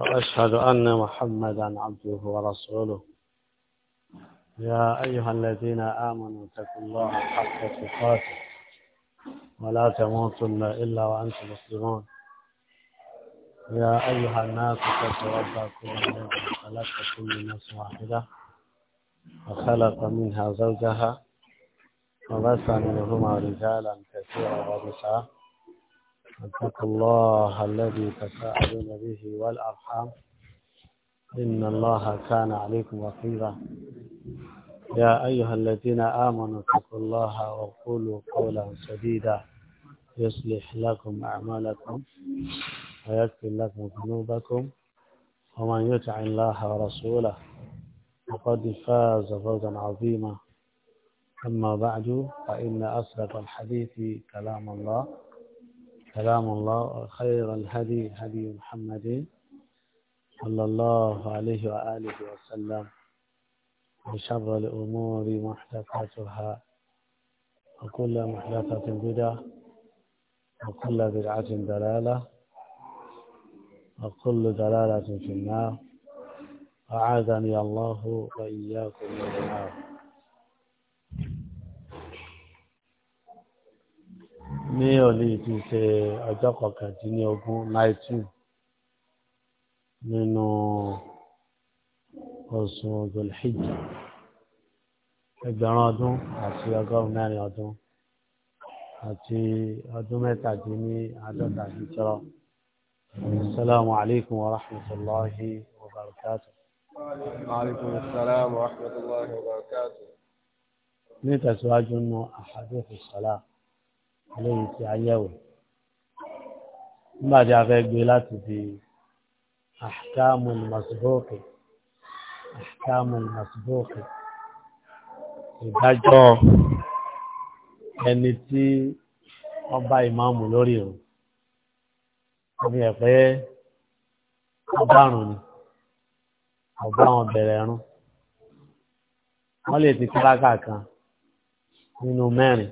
وأشهد أن محمدا عبده ورسوله يا أيها الذين آمنوا اتقوا الله حق تقاته ولا تموتن إلا وأنتم مسلمون يا أيها الناس اتقوا ربكم الذي خلق كل نفس واحدة وخلق منها زوجها وبث منهما رجالا كثيرا ونساء واتقوا الله الذي تساءلون به والأرحام إن الله كان عليكم وقيرا يا أيها الذين آمنوا اتقوا الله وقولوا قولا سديدا يصلح لكم أعمالكم ويكفر لكم ذنوبكم ومن يطع الله ورسوله فقد فاز فوزا عظيما أما بعد فإن أصدق الحديث كلام الله كلام الله خير الهدي هدي محمد صلى الله عليه وآله وسلم وشر الأمور محدثاتها وكل محدثة بدعة وكل بدعة دلالة وكل دلالة في النار أعاذني الله وإياكم من النار ní òní ti ṣe ọjọ́ kọkàndínlógún nineteen nínú oṣù Dhul-Hijjah ẹgbẹ̀rún ọdún àti ọgọ́rùn-ún mẹ́rin ọdún àti ọdún mẹ́tàdínní àádọ́ta ìjọ Assalamu alaikum wa rahmatullahi wa barakatuh. Wa alaikum assalam wa rahmatullahi wa barakatuh. Ní ìtẹ̀síwájú nù àhàdé ìṣọ́lá eléyìí ti àyẹ̀wò nígbà tí a fẹ́ gbé láti fi ahkamul masbuqi ahkamul masbuqi ìdájọ́ ẹni tí wọ́n bá ìmáàmù lórí ìrùn àbí ẹ̀pẹ́ ọgọ́rùn-ún ni ọba wọn bẹ̀rẹ̀ ẹ̀rún wọ́n lè ti kíláàkà kan nínú mẹ́rin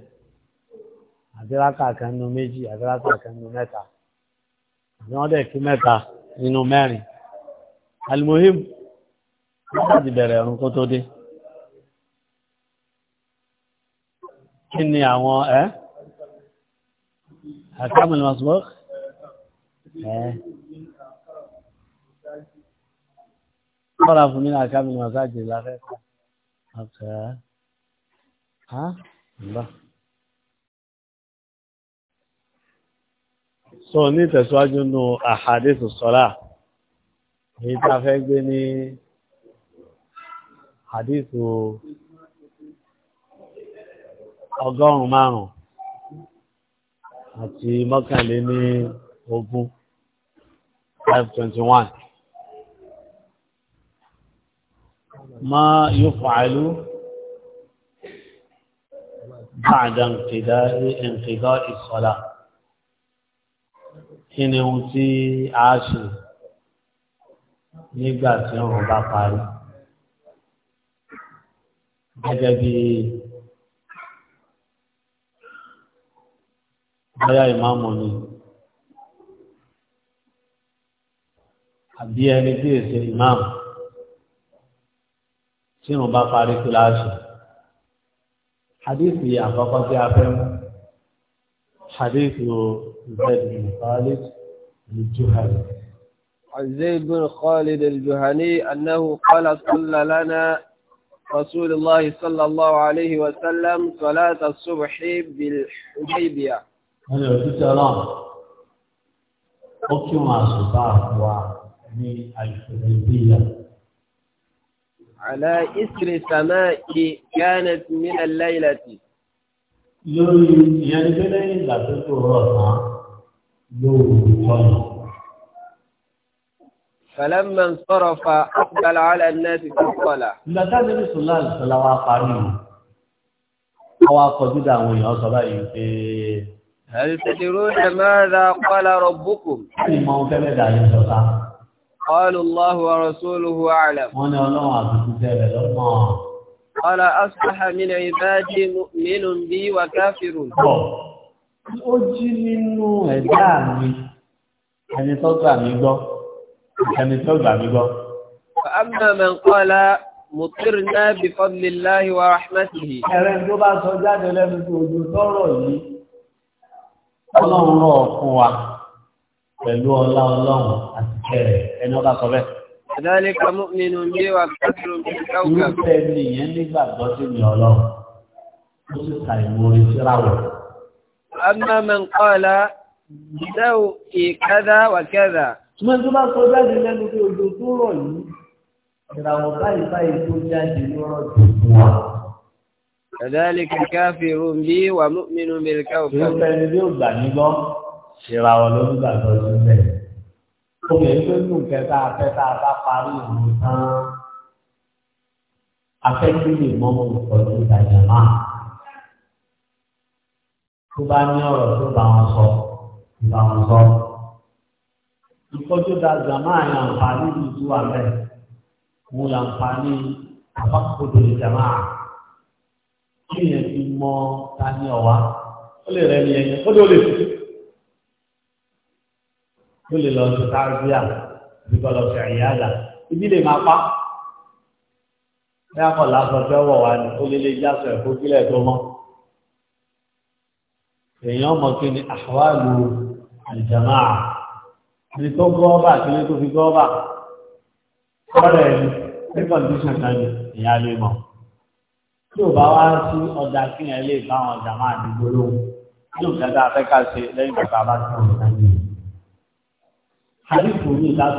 àdíraka kan nínú méjì àdíraka kan nínú mẹ́ta àwọn ọdẹ kí mẹ́ta nínú mẹ́rin alimohim láti bẹ̀rẹ̀ ẹ̀rùn kó tó dé kí ni àwọn ẹ́ àkàmìlì masmọ́k ẹ́ kọ́ra fún mi ní àkàmìlì masájì láfẹ́ ọ̀kẹ́ ẹ́ ha ń bá. sọ ní ìtẹ̀síwájú nù àhàdìsù sọ́lá èyí tá a fẹ́ gbé ní àdìsù ọgọ́rùn-ún márùn-ún àti mọ́kànlé ní ogún 521 ma yuf'alu ba'da inqida'i inqida'i sọ́lá kí ni ohun tí a ṣe nígbà tí ọ̀run bá parí gẹ́gẹ́ bí bóyá ìmáàmù ni àbí ẹni tí èsè ìmáàmù tí wọ́n bá parí kíláàsì hadithi àkọ́kọ́ tí a fẹ́ mú hadithi زيد بن خالد الجهني عن زيد بن خالد الجهني أنه قال صلى لنا رسول الله صلى الله عليه وسلم صلاة الصبح بالحديبية أنا قلت أوكي أكتم صلاة وعني الحديبية على إثر سماء كانت من الليلة يعني بلا إلا تقول lóòótọ́. فلما انصرف أقبل على الناس فقال لا كان النبي صلى الله عليه وسلم قارئ أو أقصد أن يصل هل تدرون ماذا قال ربكم قال الله ورسوله أعلم قال أصبح من عبادي مؤمن بي وكافر ó jí nínú ẹ̀dá mi ẹni tó gbà mí gbọ́ ẹni tó gbà mí gbọ́. Amma man qala mutirna bi fadlillahi wa rahmatihi. Ẹ̀rẹ́ tó bá sọ jáde lẹ́nu tó ojú tọ́rọ̀ yìí, ọlọ́run rọ̀ fún wa pẹ̀lú ọlá ọlọ́run àti kẹrẹ̀ ẹni ọba sọ bẹ́ẹ̀. Adhalika mu'minun bi wa kafirun bi kawkab. Irúfẹ́ nìyẹn nígbàgbọ́ sí mi ọlọ́run. Ó sì ta ìmúrí síráwọ̀. أما من قال بذوء كذا وكذا ṣùgbọ́n tó bá sọ jáde lẹ́nu pé òjò tó rọ̀ yìí ìràwọ̀ báyìí báyìí tó jáde lọ́rọ̀ tó fún wa. كذلك كافر بي ومؤمن بالكوكب. Irú ẹni bí ó gbà mí gbọ́, ìràwọ̀ ló ń gbàgbọ́ sílẹ̀. Obìnrin tó nù kẹta afẹ́ta bá parí ìlú tán. Afẹ́kí lè mọ́ mọ́ ìkọ̀lù ìdájà máa tó bá ní ọ̀rọ̀ tó bá wọn sọ ìbá wọn sọ. ìkọjú da jàmá yẹn àǹfààní yìí tó wà bẹ́ẹ̀ mo yà àǹfààní àpapọ̀dọ̀ ìjàmá kí yẹn fi mọ tani ọ̀wá ó lè rẹ̀ ní ẹ̀yẹ ó lè lè ó lè lọ sí káríbíà bí lọ sí àyè ibi lè máa pa bẹ́ẹ̀ kọ́ lásán fẹ́ wọ̀ wá ní ó lè lè jásọ̀ ẹ̀kọ́ kílẹ̀ tó mọ́ èèyàn mọ̀ kí ni àwálù àlìjàmáà ní tó gọ́ọ́bà tí ní tó fi gọ́ọ́bà kọ́dẹ̀ ẹni ní kọ̀ǹdíṣàn kan ní ìyá lè mọ̀ tí ò bá wá sí ọjà kí ẹ lè bá àwọn jàmáà ní gbólóhùn ní òkèdè afẹ́ká ṣe lẹ́yìn bàbá bá tó ń sáré. حديث من ذات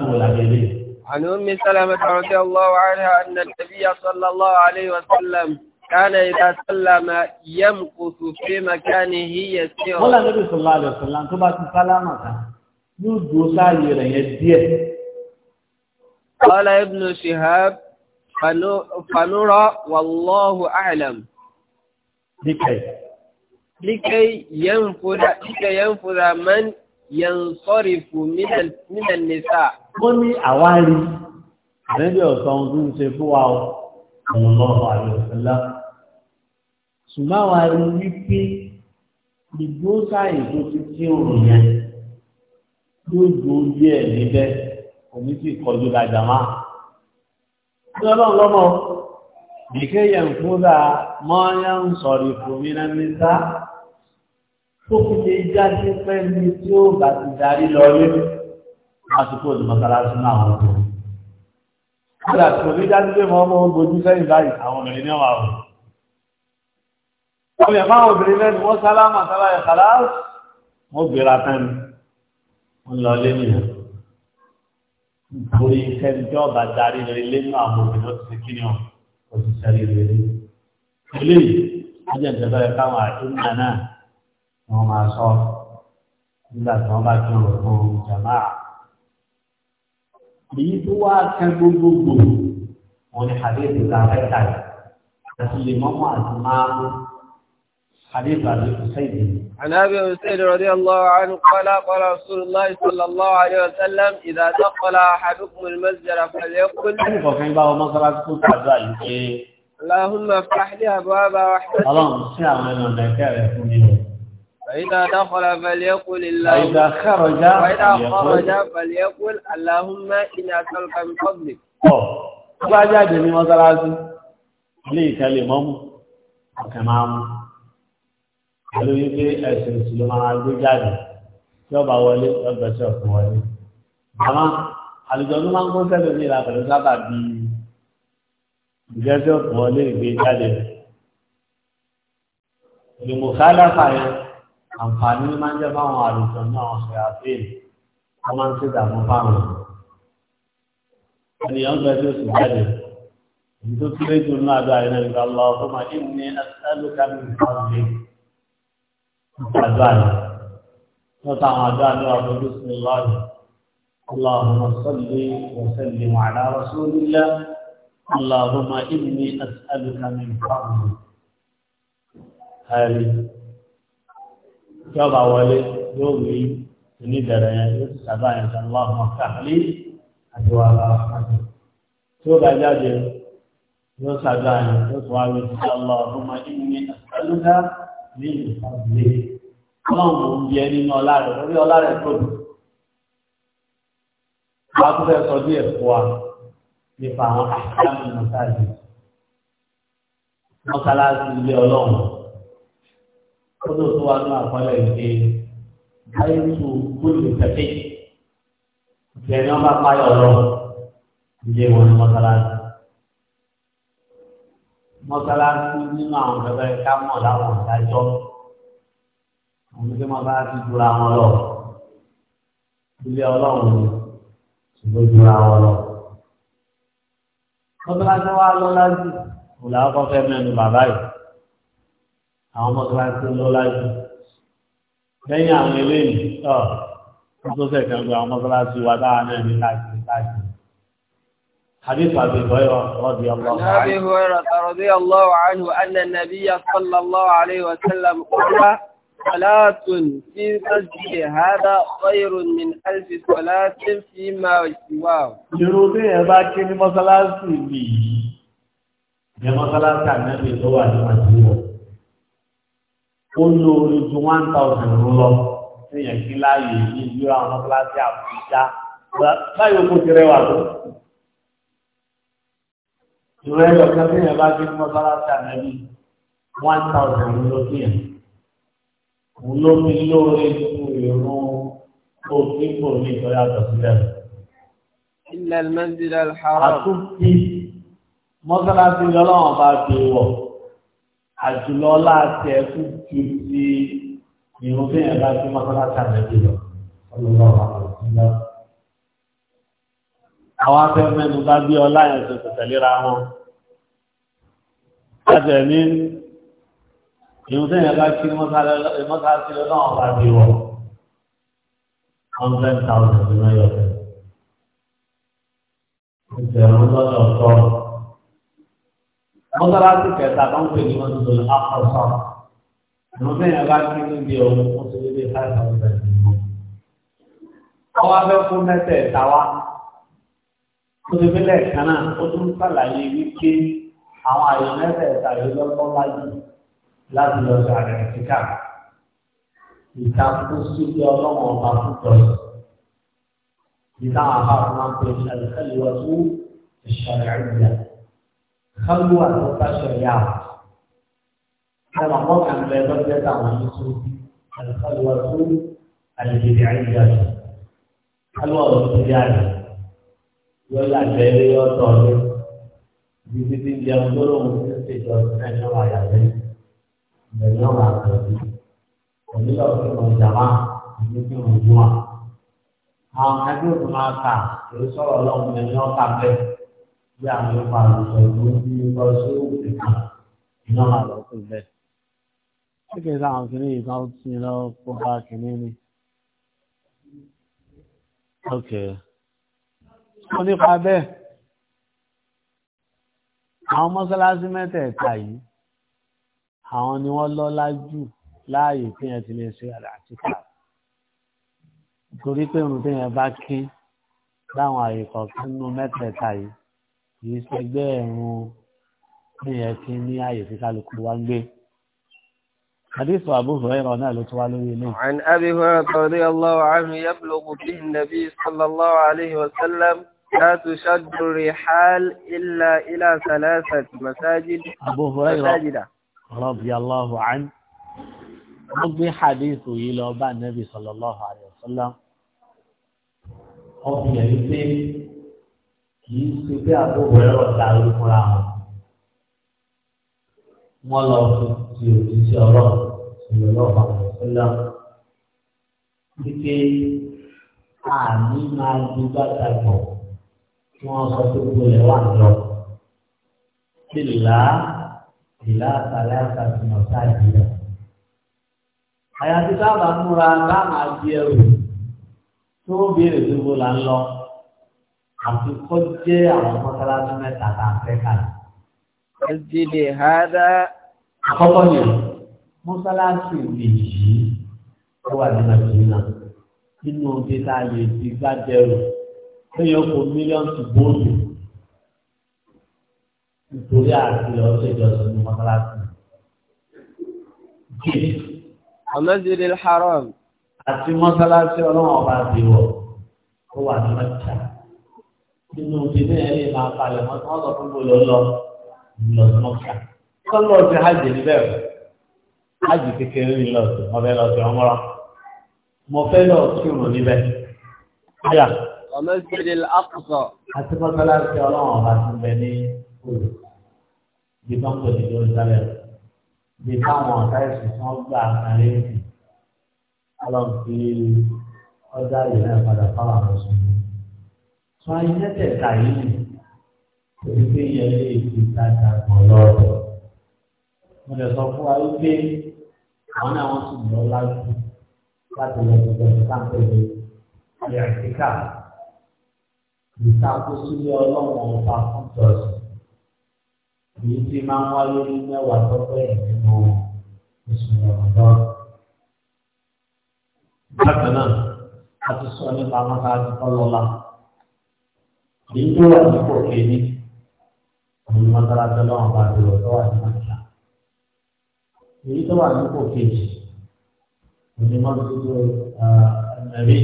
عن أم سلمة رضي الله عنها أن النبي صلى الله عليه وسلم كان إذا سلم يمكث في مكانه يسيرا ولا النبي صلى الله عليه وسلم تبا سلامة يوجد سائر يديه قال ابن شهاب فنرى والله أعلم لكي لكي ينفذ لكي ينفذ من ينصرف من من النساء wọ́n ní àwárí àrẹ́bẹ̀ ọ̀sán ohun tó ń ṣe fún wa ọ̀hún lọ́wọ́ àlùfẹ́lá ṣùgbọ́n àwọn arú wípé gbogbo sáyìn tó ti tí òrùn yẹn yóò ju ojú ẹ̀ níbẹ̀ òní sì kọjú dájà máa. Ṣé ọlọ́run lọ́mọ nìkẹ́ yẹn fún ra mọ́ọ́yá ń sọ̀rọ̀ ìfòmìnà níta tó fi lè já sí pẹ́ ní tí ó bá ti darí lọ rí àsìkò ìdìmọ̀sáláṣí náà wọ́n tó. Ṣé àsìkò ní dájú pé mọ́ ọmọ ogun sẹ́yìn báyìí àwọn obìnrin náà wà wọ̀ wọ́n yẹ fáwọn obìnrin lẹ́nu wọ́n sálámà sáláyà kàláàsì wọ́n gbéra tán wọ́n lọ lé nìyẹn nítorí sẹ́ńtẹ́ ọba darí lórí lẹ́nu àwọn obìnrin ti kí ni ọ òṣìṣẹ́ rí lórí eléyìí wọ́n jẹ́ ìjọba yẹ káwọn àdúrà náà wọ́n máa sọ nígbà tí wọ́n bá kí wọn kó jàmá èyí tó wá kẹ́ gbogbogbò wọn ni àdéhùn kàfẹ́ tàyè àti lè àti máa mú. حديث عن حسين عن ابي حسين رضي الله عنه قال قال رسول الله صلى الله عليه وسلم اذا دخل احدكم المسجد فليقل اللهم افتح لي ابواب رحمتك اللهم سلام لنا فإذا دخل فليقل الله وإذا خرج وإذا خرج فليقل اللهم إني أسألك من فضلك. أوه. ما جاء مثلا ليك الإمام كمام pẹ̀lú wípé ẹ̀sìn ìṣìlẹ̀ máa gbé jáde tí ọba wọlé ọgbẹ̀sẹ̀ ọ̀fún wọlé. Àmọ́ àlùjọ ló máa ń kó sẹ́lẹ̀ ní ìlà pẹ̀lú sábà bí ìgbẹ́sẹ̀ ọ̀fún wọlé ìgbé jáde. Ìmùsálàfà yẹn àǹfààní máa ń jẹ́ fáwọn àlùjọ náà ọ̀sẹ̀ àfẹ́ẹ̀lì wọ́n máa ń ṣèdààmú fáwọn. Ènìyàn gbẹ́sẹ̀ oṣù jáde. Ìtòkìlẹ́jù náà dá iná ìgbà lọ fún màá ní àtàlùkà mi àdúrà rẹ̀ nípa àwọn àdúrà ní ọdún bísí lọ́rẹ̀ اللهم صل وسلم على رسول الله اللهم إني أسألك من فضلك هذه جواب ولي يومي onídàrá yẹn yóò ti sábà yẹn sọ lọ́wọ́ ọmọ káàlì àdúrà àti tí ó bá jáde yóò sábà yẹn yóò tún wá lójú sọ lọ́wọ́ ọmọ ìní àtàlùkà ní ìfọ̀dílé ọlọ́run ń yẹ nínú ọlá rẹ̀ lórí ọlá rẹ̀ tó dùn. wọ́n á tún fẹ́ sọ díẹ̀ fún wa nípa àwọn àṣìláàmù mọ́sáàjì mọ́sálásí ilé ọlọ́run ó tó tó wá ní àkọọ́lẹ̀ ìṣe káyọ̀tù gbòòlù kẹfẹ́ ìṣẹ̀lẹ̀ wọn bá páyọ̀ ọlọ́run ilé wọn ní mọ́sálásí mọ́sálásí nínú àwọn bẹ̀rẹ̀ ká mọ̀ láwọn ìdájọ́ àwọn tí wọ́n bá ti dúra wọn lọ ilé ọlọ́run ṣùgbọ́n dúra wọn lọ. mọ́sálásí wa lọ́lá jù òun làwọn kọ́ fẹ́ mẹ́nu bàbá yìí àwọn mọ́sálásí lọ́lá jù lẹ́yìn àwọn eléyìí ọ̀ wọ́n tó sẹ̀kẹ́ gbé àwọn mọ́sálásí wa dáhà náà ní káàkiri káàkiri. حديث أبي هريرة رضي الله عنه أبي هريرة رضي الله عنه أن النبي صلى الله عليه وسلم قال صلاة في مسجد هذا خير من ألف صلاة فيما سواه. Yorùbá yẹn bá kí ní mọ́sálásì mi. Ní mọ́sálásì ànábì tó wà ní Màdúwọ̀. Ó lo ojú one thousand lọ sí yẹn kí láàyè ní ìlú àwọn mọ́sálásì Àbújá. Báyọ̀ kò ti rẹwà tó ìwé ẹ̀rọ kan tí yẹn bá gbé mọ́ bálátà nàbí one thousand ló bí yẹn òun ló fi lóore ju ìrún òkè kò ní ìtọ́jà tó sílẹ̀. ilé al-manzil al-haram. mọ́sálásí lọ́lọ́wọ́n bá fi wọ̀ àjùlọ láti ẹkú ju ti ìrún tí yẹn bá gbé mọ́ bálátà nàbí lọ. àwọn afẹ́ mẹ́nu bá bí ọlá yẹn tó tẹ̀lé wọn àtẹ̀ ní ìrúnṣẹ́yìn bá kí mọ́sálásí lọ náà bá ti wọ̀ hundred thousand ní ọ̀yọ́ rẹ̀. ìṣẹ̀rùn lọ́dọ̀ tọ́ mọ́sálásí kẹta tó ń pè ní wọ́n ti lọ àkọsọ ìrúnṣẹ́yìn bá kí níbi ọ̀hún ó ti lé five thousand ní ọ̀hún. àwa fẹ́ fún mẹ́tẹ̀ẹ̀ta wa. ó ti fi lẹ́ẹ̀kan náà ó tún sàlàyé wípé. àwọn àyè mẹ́fẹ̀ẹ̀ta yìí lọ́kọ́ láyé láti lọ sí àrẹ̀ kíkà ìtakùsí bí ọlọ́wọ́ ọba púpọ̀ ìta àbá máa ń pè ní ṣàlùkẹ́lì wọ́n tó ìṣẹ̀lẹ̀ àìyá kálù àtúntà ṣẹ̀yà ẹ̀rọ mọ́kàn lẹ́ lọ́jọ́ táwọn yìí tó ṣàlùkẹ́lì wọ́n tó àlejò àìyá kálù ọ̀rọ̀ tó yára yọ yàgbẹ́ lé ọ̀tọ̀ ọ̀rẹ́. ibi tí ń jẹun tó lóun ti ń ṣèjọ ẹni ọmọ àyàlẹ́ ẹni ọmọ àtọ̀jú onílọ̀ fún ọmọ ìjàmá ìlú fún ọmọ ìjùmọ̀ àwọn ẹgbẹ́ òkú máa ta èyí sọ̀rọ̀ ọlọ́run ẹni ọ̀ta bẹ́ẹ̀ bí àwọn ìfà àlùsọ ìlú bí ikọ̀ sí òkè kan iná máa lọ sí bẹ́ẹ̀. Ṣé sáwọn kìnìún yìí kan ti lọ kó bá àwọn mọ́sálásí mẹ́tẹ̀ẹ̀ta yìí àwọn ni wọ́n lọ́lá jù láàyè tí yẹn ti lè ṣe àtìkà torí pé irun tí yẹn bá kí láwọn àyè kọ̀ọ̀kan nínú mẹ́tẹ̀ẹ̀ta yìí kì í ṣẹgbẹ́ ẹ̀rùn tí yẹn ti ní àyè tí kálukú wá ń gbé. حديث أبو هريرة نال توالوينه عن أبي هريرة رضي الله عنه يبلغ به النبي صلى الله عليه وسلم لا تشد الرحال إلا إلى ثلاثة مساجد أبو هريرة مساجد. رضي الله عنه رضي حديثه إلى النبي صلى الله عليه وسلم ọkùnrin yẹn wípé kìí ṣe pé àbúrò ẹ̀rọ darí fúnra wọn wọn lọ fi ti òjíṣẹ́ ọlọ́run ìlú ọlọ́pàá ìṣẹ̀lẹ̀ wípé àmì máa ń gbé bàtà gbọn kí wọ́n sọ pé gbogbo ẹ̀ wà lọ. Ìlà ìlà àtàlẹ́ àtàkùn ọ̀tá ìdílé. Àyàfi sábà múra láàmú àbí ẹrù tó ń béèrè gbogbo là ń lọ. Àti kọ́ jẹ́ àwọn mọ́sálásí mẹ́ta tá a fẹ́ kà. Ẹ̀jìnlẹ̀ hádá. Àkọ́kọ́ yẹn, mọ́sálásí mi ó wà nínú ìlànà nínú ibi tá a lè ti gbá jẹrù kéèyàn kó mílíọ̀nù bóòlù nítorí àti ọ̀sẹ̀ ìjọsìn ní mọ́sálásí. Ọlọ́dìrí Haram. Àti mọ́sálásí ọlọ́run ọba ti wọ̀ ó wà ní mẹ́ta. Nínú ìdílé ẹ̀ lè máa palẹ̀ mọ́ tí wọ́n sọ fún gbòòlò lọ lọ sí mọ́ta. Sọ́lọ́ ti hajj níbẹ̀ rẹ̀. Hajj kékeré ni lọ sí, mo fẹ́ lọ sí ọmọ rọ. Mo fẹ́ lọ kírun níbẹ̀. Báyà. ومسجد الأقصى حسب الله تعالى حسب بني كل بيتم كل يوم سلام بيتم وعطايا سيسون بلا عمالين ألم في ọjà ìlànà padà fáwọn àmọ̀sùn mi. Sọ ayé mẹ́tẹ̀ẹ̀ta yìí torí pé yẹn lè fi tajà kan lọ́dọ̀. Mo lè sọ fún ìtakùsílẹ̀ ọlọ́run ọba fún tọ̀sán èyí tí máa wáyé ní mẹ́wàá tọ́pẹ́ nínú oṣù ọ̀dọ́. bákan náà a ti sọ nípa mọ́ta ọlọ́lá èyí tó wà kéde àwọn mọ́tàlásẹ́ lọ́wọ́ bá ti tó wà ní mọ́tàlá. èyí tó wà nípò kejì onímọ̀tò ẹ̀mẹ́rì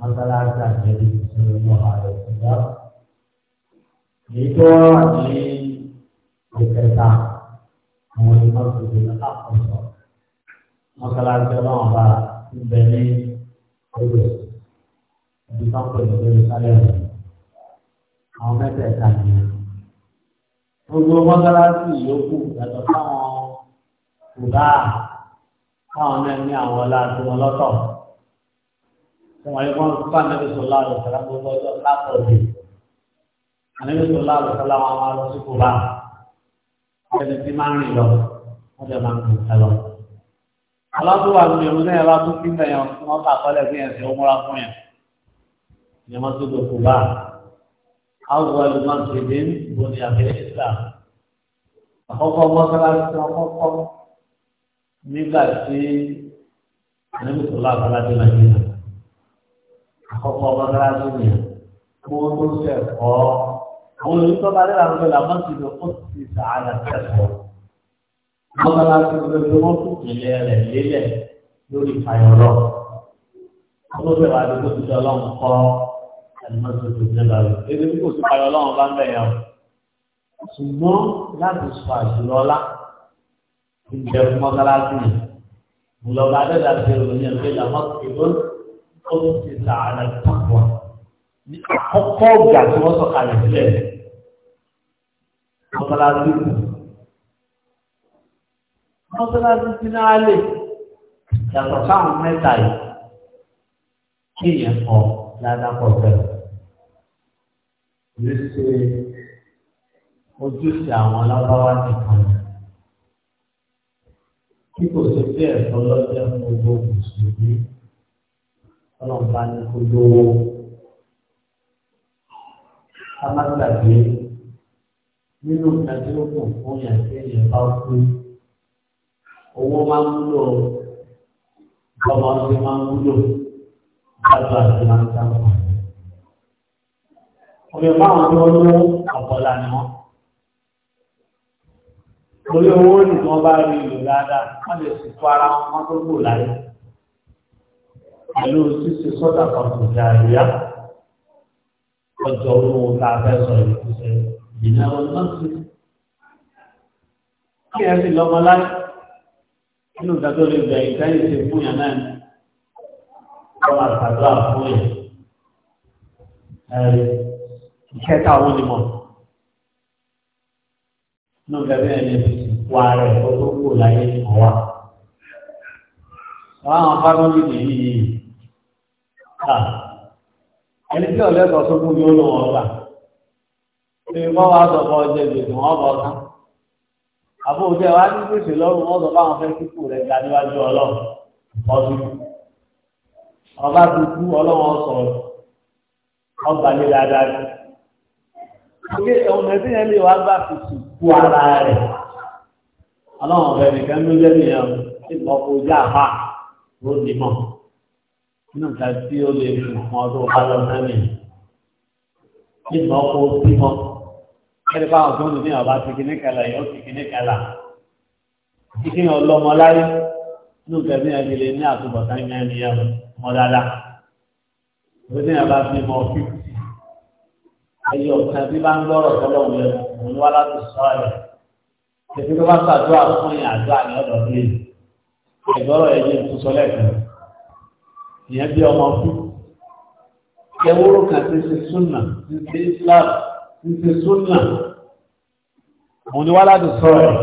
mọ́sálásí àjẹbí tuntun ní ọ̀hàrẹ̀ ìṣúná. èyí tó wà ní ìkẹta àwọn ìmọ̀ tuntun ní àkọsọ mọ́sálásí ọlọ́run bá ń bẹ ní ọgbẹ́ ibi tó ń pè ní Jerusalem àwọn mẹ́tẹ̀ẹ̀ta nìyẹn. gbogbo mọ́sálásí yòókù yàtọ̀ sáwọn fún wa ẹ̀gbọ́n fún anabi sọlá àlùsọlá gbogbo ọjọ́ látọọdẹ anabi sọlá àlùsọlá wọn máa lọ sí kóbá ẹni tí máa ń rìn lọ wọn jẹ máa ń rìn sẹlọ. aláàbò wa ní ìrún náà bá tún kí mẹyàn tí wọn kà kọlẹ fún yẹn tí ó múra fún yẹn ní wọn tó do kóbá awọ ẹlòmíràn ti dé bóni àbẹrẹ islam àkọ́kọ́ mọ́sálásí tí wọn kọ́kọ́ àkọ́kọ́ mọ́sálásí ni kó o tó ṣe ẹ̀kọ́ àwọn olùtọ́ bá dé làwọn ọ̀la máa ti lọ fún ti sàánà kẹsọ̀ mọ́sálásí ni lórí wọn kò tẹ̀lé rẹ̀ lélẹ̀ lórí fàyọ̀rọ̀ àwọn ọ̀bẹ̀ wà lóko ti dọ́lọ́ kọ́ àdìmọ́sọ̀tò nígbà rẹ̀ èdè bí kò sí fàyọ̀ lọ́wọ́ bá ń bẹ̀ yẹn ṣùgbọ́n láti sọ àjùlọ ìjẹ mọ́sálásí ni ìlọ́ba ta'ala taqwa ní àkọ́kọ́ ọ̀gá tí wọ́n sọ̀kalẹ̀ sílẹ̀ mọ́sálásí kù mọ́sálásí sí náà lè yàtọ̀ sáwọn mẹ́ta yìí kí èèyàn kọ ládàpọ̀ bẹ́ẹ̀ yìí ṣe ojúṣe àwọn alábáwá nìkan tí kò sí bí ẹ̀tọ́ lọ́jọ́ gbogbo mùsùlùmí ọlọ́run ní kó lówó ká má gbàgbé nínú ìdájọ́ fún yàn tí èèyàn bá kú owó máa ń wúlò ọmọ ọdún máa ń wúlò gbàgbọ́ àti máa ń sábà. Òye máa ń lọ ní ọ̀pọ̀lá ni wọ́n. Orí owó ni bá rí ìlú dáadáa, wọ́n lè sìnkú ara wọn tó gbò láyé pẹ̀lú ṣíṣe sọ́dà kan kò dà ìyá ọjọ́ olówó tá a fẹ́ sọ ìfúnṣẹ́ ìdílé àwọn nọ́ọ̀sì. kí ẹ sì lọ́mọ láì nínú ìdájọ́ lè bẹ̀rẹ̀ ìdáyìí ṣe fún yàn náà ọmọ àgbàdo àfún yẹn ìkẹta àwọn onímọ̀ nínú ìdájọ́ yẹn lè wà rẹ̀ ọdún kò láyé ọ̀wà. wọ́n á wọn fáránlì yìí gbà ah. ẹni tí ọ̀lẹ́kọ̀ọ́ tó kún yóò lò wọ́n gbà wọ́n wá sọ fún ọjọ́ ìgbèsè wọn bọ̀ ká àbó òjò ní gbèsè lọ́rùn wọn sọ fún fẹ́ kíkù rẹ̀ ga níwájú ọlọ́run ọdún ọba dúdú ọlọ́wọ́n sọ̀rọ̀ ọgbà ní dáadáa ní. Oge ọ̀nà tí yẹn lè wá gbà fi sùkú ara rẹ̀. Ọlọ́wọ́n ọ̀bẹ nìkan ló jẹ́ nìyẹn ìgbọ̀kọ̀ ojú nígbà tí ó lè fi kan tó bá lọ sẹ́mi nígbà ọkọ̀ bímọ kẹ́lẹ́ báwọn tó ń lò ní ọba ti kíní kẹlẹ̀ yóò ti kíní kẹlẹ̀ kíkí ọlọ́mọ láyé nígbà tí ẹni lè ní àtúbọ̀tán ní ẹni yẹn mọ́ dáadáa ó ní ọba bímọ fífi ẹyẹ ọ̀sán tí bá ń gbọ́rọ̀ tọ́lọ̀ wọlé òun wá láti sọ ẹ̀ tẹ̀sí tó bá ṣàdúrà fún ìyàdúrà ní ọ̀dọ̀ bíi ẹ̀gbọ́rọ̀ ẹ̀yẹ ìtúsọ́lẹ̀ kan ìyẹn bí ọmọ fún ẹwúrò kan ti ṣe súnà ti ṣe islam ti ṣe súnà òun ni wá láti sọ̀rọ̀ ẹ̀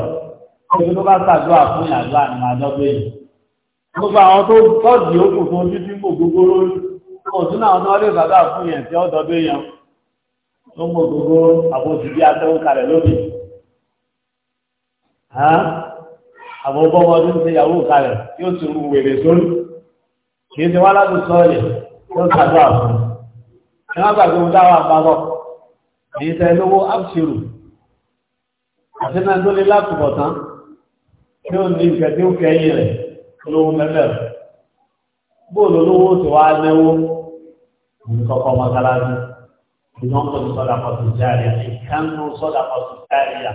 ọdún tó bá ṣàdúrà fún ìyàgbá ni màá dọ́gbé yìí gbogbo àwọn tó tọ́jú òkú fún ojú tí mò gbogbo lórí ọdún àwọn tó lè ṣàdúrà fún yẹn tí ó dọ́gbé yẹn tó mò gbogbo àbòsí bí atẹ́wọ́ kalẹ̀ lóbi àbọ̀bọ̀ ti yàwó kalẹ̀ yóò ti rú wèrè sórí kì í ti wá ládùn sọ́ọ̀lì tó ń sàdúrà fún ẹ má gbàgbé ohun táwọn àpapọ̀ èyí tẹ lówó ápṣirù àti náà tó lé látùbọ̀ tán tí ó ní nǹkan tí ó kẹ́yìn rẹ̀ lówó mẹ́fẹ́ rẹ̀ bóòlù olówó ti wá náwó nǹkọ̀kọ̀ mọ́sálásí ìdán tó ní sọ́dà pọ̀tù járíà ìkánú sọ́dà pọ̀tù járíà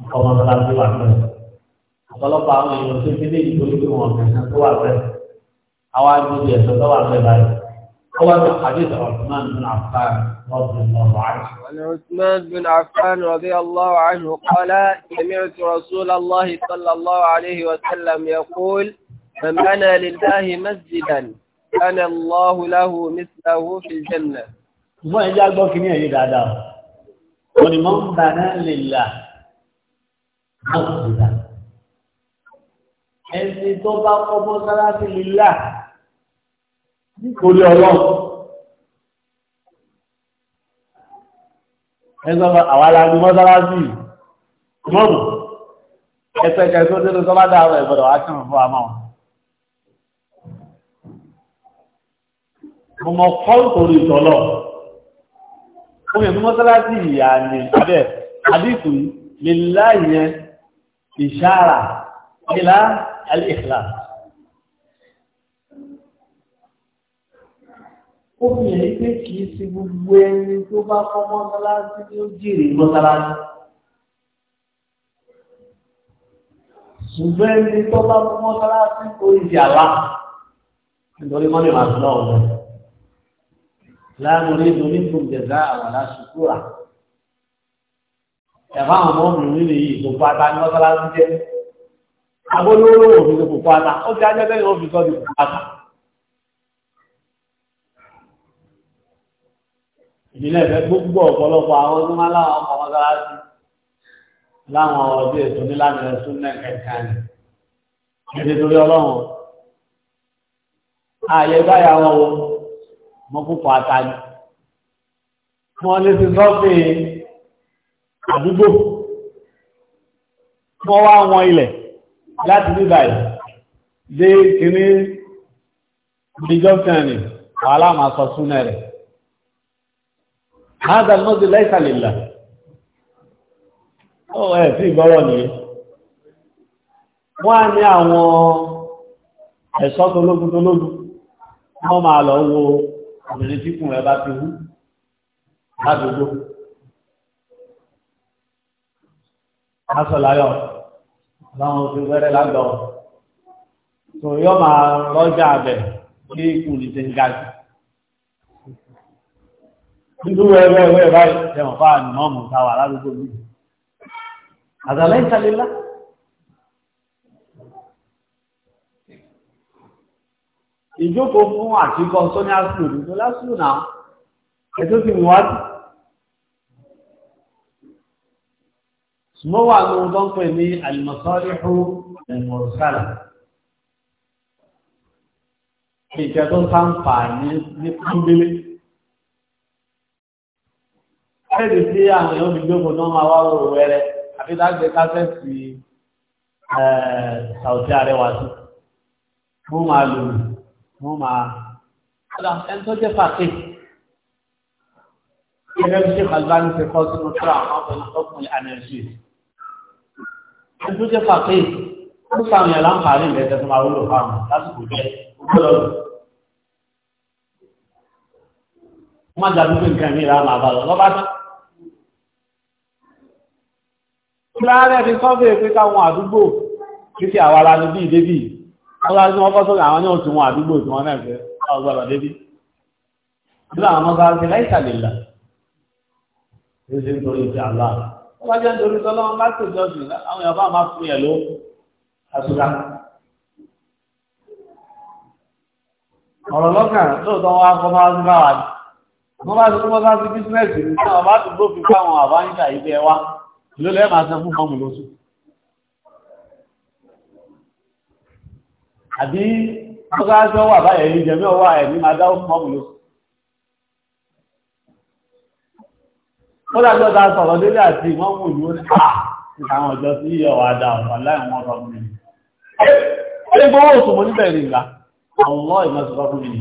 nǹkọ̀ mọ́sálásí wà pẹ́ ọ̀pọ̀lọpọ̀ àwọn èèyàn tó ti ní ìdílé àwọn agbègbè ẹ̀sọ́ tó wà lẹ́bàá rẹ̀ هو حديث عثمان بن عفان رضي الله عنه عن عثمان بن عفان رضي الله عنه قال سمعت رسول الله صلى الله عليه وسلم يقول من بنى لله مسجدا كان الله له مثله في الجنة ṣùgbọ́n ẹjẹ́ agbọ́ kìíní ẹ̀yí dáadáa wọ́n ni wọ́n ń bà náà lè là áàkùnrin ẹni tó bá kọ́ mọ́sálásí lè là nítorí ọlọ́run ẹgbẹ́ àwọn aláàbí mọ́sálásí mọ́mù ẹsẹ̀ kẹsọ́ tó tó bá dáhùn ẹ̀gbọ́dọ̀ wá kí wọ́n fún wa máa mo mọ kọ́ nítorí ìtọ́lọ̀ ó yẹ kí mọ́sálásí ìyá ni abẹ́ àdìsù lílá ìyẹn ìṣára ìlà alìkìlá ó fi hàn pé kì í ṣe gbogbo ẹni tó bá kọ́ mọ́sálásí ni ó jèrè mọ́sálásí. ṣùgbọ́n ẹni tó bá kọ́ mọ́sálásí kò ń jà wá nítorí mọ́ni màá tún náà lọ. láàrin orí ìdùnnú ìfún jẹ̀dá àwọn aláṣùkú rà. ẹ̀fọ́ àwọn ọmọbìnrin nìyí tó pátá ní mọ́sálásí jẹ́. agbólóró òfin tó kò pátá ó ti ajẹ́ bẹ́ẹ̀ ni ó fi sọ́ di kò pátá. ìdílé ẹ̀fẹ́ gbogbo ọ̀pọ̀lọpọ̀ àwọn tó máa láwọn ọmọ mọ́sálásí láwọn ọdún ètò nílànà ẹ̀sùn náà kẹ̀kẹ́ ni ẹ̀dẹ̀ torí ọlọ́run ààyè báyà wọn wo mọ́kúkọ̀ àtàlù wọn lè ti sọ́ọ̀fì àdúgbò wọ́n wá wọn ilẹ̀ láti bíbà yìí dé kìíní ìjọ́sìn ni àwọn aláàmà sọ súnẹ̀ rẹ̀. هذا المسجد ليس لله ó ẹ̀ sí ìgbọ́rọ̀ ní wọ́n á ní àwọn ẹ̀ṣọ́ tó lógún tó lógún wọ́n máa lọ wo obìnrin tí kùn rẹ̀ bá ti wú ládùúgbò lásọ̀láyọ̀ láwọn òfin wẹ́rẹ́ lágbọ̀ tó yọ́ máa rọ́jà abẹ̀ kí ikùn ní ti ń ga jù nínú wẹ́wẹ́wẹ́ báyìí ẹ̀wọ̀n fáà ní mọ́mù táwà ládùúgbò mi àtàlẹ́ ìtàlélá ìjókòó fún àtíkọ́ sọ́ní àṣìlò nínú lásìlò náà ẹ̀tọ́ ti wádìí ṣùgbọ́n wà ní ọdọ́ ń pè ní alìmọ̀sọ́ríhù ẹ̀mọ̀rọ̀sálà ìjẹ́ tó ń sáǹfà ní kúndélé kẹ́ẹ̀dì sí àwọn èèyàn mi jókòó náà máa wá wòrò wẹ́rẹ́ àbí dágbé kásẹ̀tì eh, sàùtí àrẹwà sí mo máa lò mo máa kọ́dà ẹni tó jẹ́ fàáké gẹ́gẹ́ bí Sheikh Albani ṣe kọ́ sínú tó àwọn ọkùnrin ọkùnrin ànẹ́sì ẹni tó jẹ́ fàáké ó sàmì ẹ̀ láǹfààní ìrẹsẹ̀ tó máa wúlò fáwọn lásìkò jẹ́ ògbólọ́dún má dàbí nǹkan mi ra lọ lọ́ba tán. láàárẹ̀ fi sọ́fẹ́ pé káwọn àdúgbò kí sí àwọn aláàrùn bí ìdébì ọlọ́run tí wọ́n kọ́ sọ́rọ̀ àwọn yóò tí wọ́n àdúgbò tí wọ́n náà fẹ́ ọgbọ́dọ̀ débì nígbà àwọn ọmọ sáà láìsàlélà ní sí nítorí ti àlá wọ́n bá jẹ́ nítorí tọ́lọ́wọ́n bá tó jọ́sìn àwọn èèyàn bá máa fún yẹ̀ ló àtúrà ọ̀rọ̀ lọ́kàn lóòótọ́ wọn akọ máa ń bá wa wọ́n ló lẹ́ máa san fún mọ́mù lóṣù àbí ọgáṣọ́ wà báyẹ̀ ní jẹ́mí ọwọ́ ẹ̀mí máa dáwọ́ fún mọ́mù lóṣù ó dájọ́ ta sọ̀rọ̀ délé àti mọ́mù ìlú ní ah, àwọn ọjọ́ sí iye ọ̀wà dà ọ̀pọ̀ láìwọ̀n ọ̀rọ̀ mi ní gbówó oṣù mo níbẹ̀ ní ìgbà àwọn ìmọ̀sọ̀rọ̀ fún mi ní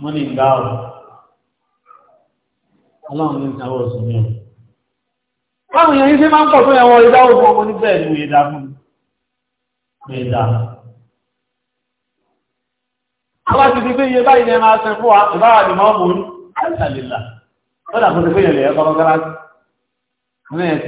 mo ní ìgbà ọ̀rọ̀ ọlọ́run ní ìsanwó oṣù mi ọ̀rọ̀ Báwọn èèyàn yìí ṣe máa ń pọ̀ tó yẹn wọ́n ìdáwó fún ọmọ níbẹ̀ ni òye dá fún mi. Òye dá. Àwọn àti ti pé iye báyìí ni ẹ máa ṣe fún wa, ìbára ni máa mú un, àìsàlélà. Ó dà fún ti pé yẹn lè ẹ kọ́kọ́ kára. Wọ́n yẹn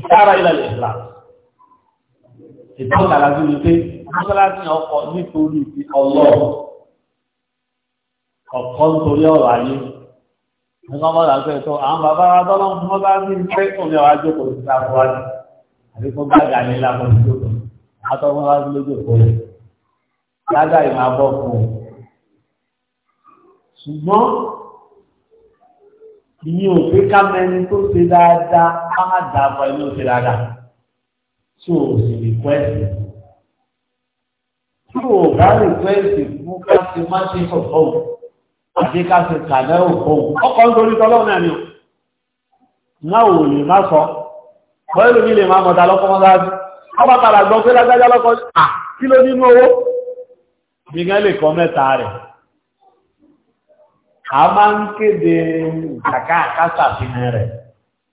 ìsára ìlàlẹ̀ ìlà ìtọ́ka láti rí pé mọ́sálásí ọkọ̀ nítorí ti ọlọ́ọ̀ ọ̀kọ́ nítorí ọ̀rọ̀ ayé nígbà mọ́ra pé tó àwọn bàbá wa tọ́lọ́ fún mọ́sá ní pé òun yà wá jókòó sí sáfù wa ní àbí kó bá gà ní lápọ̀ sí jókòó àtọ́wọ́n wá sí lójú òkú rẹ̀ lágbà ìmọ̀ abọ́ fún un ṣùgbọ́n ìyẹn ò pé ká mẹni tó ṣe dáadáa ká má dà á pẹ̀lú òsè dáadáa tí o sì rìkwẹ́sì tí o bá rìkwẹ́sì fún ká ti má ṣe sọ̀tọ̀ àti ká ti kàlẹ́ òkòwò ọkọ̀ ń torí tọ́lọ́ náà ni náà ò lè má sọ pẹ̀lú mi lè má mọ̀ta lọ́kọ́ mọ́ta ọba padà gbọ́ pé lágbájá lọ́kọ́ kí ló nínú owó mi gan lè kọ́ mẹ́ta rẹ̀ a máa ń kéde kàkà fi hàn rẹ̀.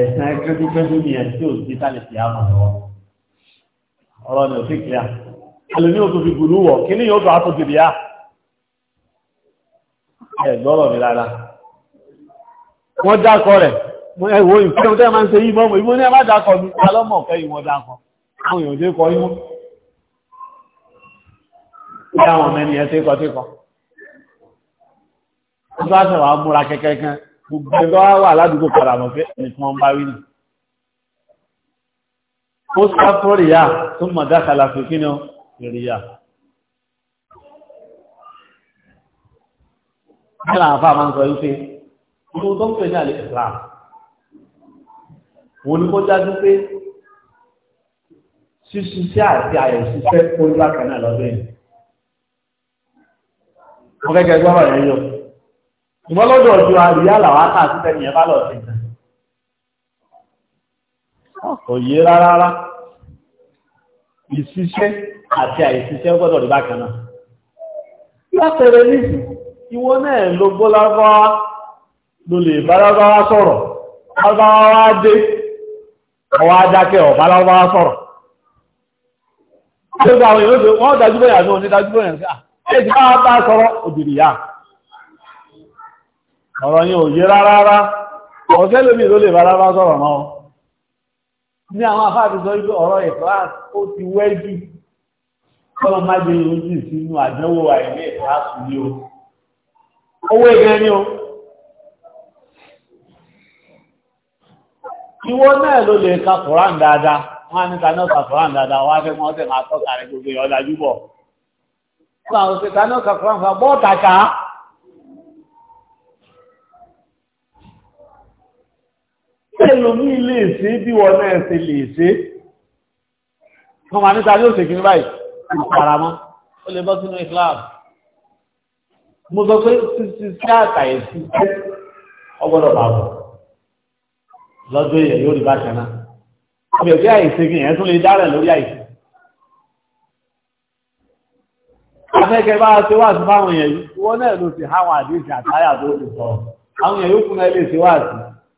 ẹ̀sán kẹ́kẹ́kẹ́kẹ́ ní ẹ̀sí òsì tàbí ti àmà lọ́wọ́ ọ̀rọ̀ ni òsì kìlá alẹ́ ní òtò fi gùnú wọ̀ kí ní yóò tó àtò ti bìá ẹ̀gbọ́rọ̀ mi rárá wọ́n dákọ̀ rẹ̀ ẹ̀wọ̀ ìfẹ́ tẹ́ máa ń ṣe yíbọn mọ̀ ìbọn ní ẹmá dákọ̀ mi alọ́mọ̀ fẹ́ ìwọ̀n dákọ̀ àwọn èèyàn dé kọ yíwọ́n ní àwọn mẹ́ni ẹ̀ tẹ́kọ̀ tẹ́kọ̀ wọ́n gbogbo ẹgbẹ́ wá wà ládùúgbò padà mọ̀ pé ẹ̀kan bá rí nì ó sáfọ́rì yá tó mọ̀ dákàlà fi kí ni ó rí yá nílà àfà máa ń sọ wípé inú tó ń pè ní àlè Islam òun ni kó dájú pé ṣíṣiṣẹ́ àti àyẹ̀ṣiṣẹ́ kó lákànnà lọ́dún yìí wọ́n kẹ́kẹ́ gbọ́rọ̀ yẹn yọ ìwọ́n lọ́dọ̀ ọjọ́ àríyá làwọn àtà àti tẹ́ni ẹ̀ lọ sí ìtàn kò yé rárá rá ìṣiṣẹ́ àti àìṣiṣẹ́ gbọ́dọ̀ rí bákan náà látẹ̀rẹ̀ nìsí ìwọ náà ló gbọ́ lárúbáwá ló lè bá lárúbáwá sọ̀rọ̀ lárúbáwá dé ọwọ́ adákẹ́ ọ̀bá lárúbáwá sọ̀rọ̀ wọ́n dájú bẹ́yà ní onídájú bẹ́yà sí à ọ̀rọ̀ yẹn ò yé rárá rá ọ̀sẹ́ lómi ló lè bá rárá sọ̀rọ̀ náà ní àwọn afáàbí sọ wípé ọ̀rọ̀ ìflas ó ti wẹ́ jù kọ́lọ́ má gbé ojú sínú àdánwò àìní ìflas ní o owó ìgbẹ́ ni o ìwọ náà ló ka Quran dáadáa wọn á ní ka Quran dáadáa wọn á fẹ́ máa tọ́ka gbogbo bọ̀ ta náà ka fún ẹlòmí lè ṣe bí wọn náà ṣe lè ṣe wọ́n ma níta yóò ṣe ní báyìí ìparamọ́ ó lè bọ́ sínú Islam mo sọ pé títí sí àtàyè jẹ́ ọgbọ́dọ̀ bàbọ̀ lọ́jọ́ èèyàn yóò rí bákan náà ọbẹ̀ òkè àìsè kí èèyàn tún lè dárẹ̀ lórí àìsè afẹ́kẹ́ bá ṣe wá sí yìí wọ́n náà àdéhùn àtàyà tó ti àwọn yóò lè ṣe wá sí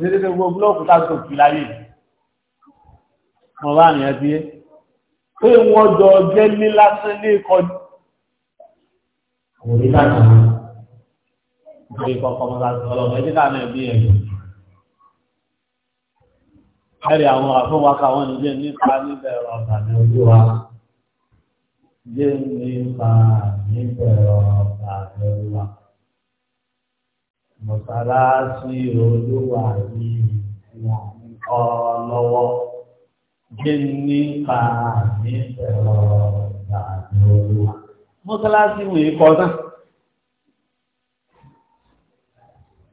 ṣe dédé gbogbo búlọ́ọ̀kù táàtò kì láyé wọn bá nìyẹn bí pé wọn jọ jẹ ní lásán ní ìkọjú. òní kàkà ní kọ̀ọ̀kan mọ́ta ọlọ́mọ ẹ̀jẹ̀ náà náà bí ẹ̀yọ́. ẹ̀rì àwọn àfọwọ́ká wọn níjẹ́ nípa níbẹ̀rẹ̀ ọ̀tà ní ojú wa. jẹ́ nípa níbẹ̀rẹ̀ mọ̀sálásí olúwa yìí wọ́n ń kọ́ lọ́wọ́ gbé nípa ní ẹ̀rọ ìgbàdo olúwa. mọ́sálásí wò é kọ́ náà.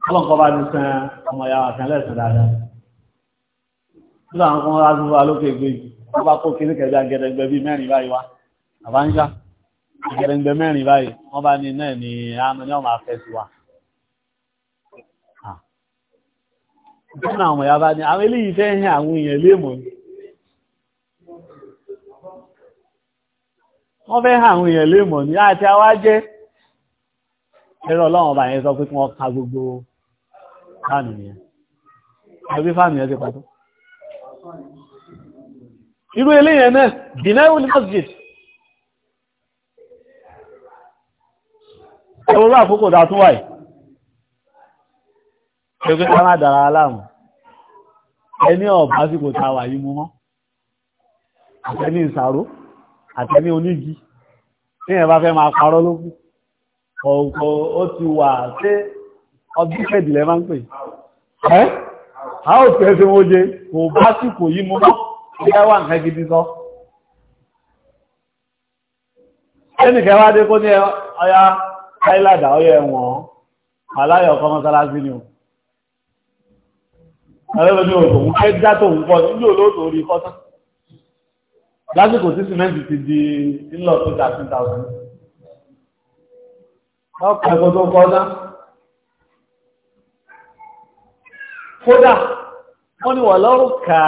ọlọ́nkọ́ bá ti sàn ọmọ ìyàwó àtẹlẹ́sìn dáadáa. nígbà wọn kọ́ lásìkò wa lókè gbé yìí wọ́n bá kó kiri kẹjá gẹ̀dẹ̀gbẹ̀ bíi mẹ́rin báyìí wá àbáńjá gẹ̀dẹ̀gbẹ̀ mẹ́rin báyìí wọ́n bá ní náà ní àmì ní ọmọ afẹ́sí wa. Bọ́nà àwọn ọmọ yàbá ni, àwọn eléyìí fẹ́ hẹ́ àwọn èèyàn léèmọ̀ ni. Wọ́n fẹ́ hẹ́ àwọn èèyàn léèmọ̀ ni, àti àwa jẹ́. Ẹ̀rọ ọlọ́run ọba yẹn sọ pé kí wọ́n ka gbogbo fáànù yẹn. Ẹbí fáànù yẹn ti pàtó. Irú eléyẹn náà, Bìnáwó ni Masjid. Ẹ̀rọ ọlọ́run àkókò ẹgbẹ́ ká má dára aláàmù ẹni ọ̀bá sí kò ta wà yí mú mọ́ àtẹni ìsàró àtẹni onígi ní ẹ̀bá fẹ́ máa parọ́ lókù ọ̀pọ̀ ó ti wà tí ọdún kẹ́dìlẹ̀ máa ń pè ẹ́ a ó fẹ́ sí wọ́n jẹ kò bá sí kò yí mú mọ́ ẹgbẹ́ wà nǹkan gidi sọ ẹnìkẹ́ wá dé kó ní ọya áìlàdà ọyẹ ẹ̀wọ̀n aláyọ̀ kọ́mọ́sálásí ni o àwọn ẹgbẹ́ mi ò tòun fẹ́ já tòun kọ́ nílò olóòtú orí kọ́tà lásìkò tí sìmẹ́ǹtì ti di ńlọ tó ta two thousand. ọkọ̀ ẹ̀kọ́ tó kọ́ ná. kódà wọ́n ní wà lọ́rùn kà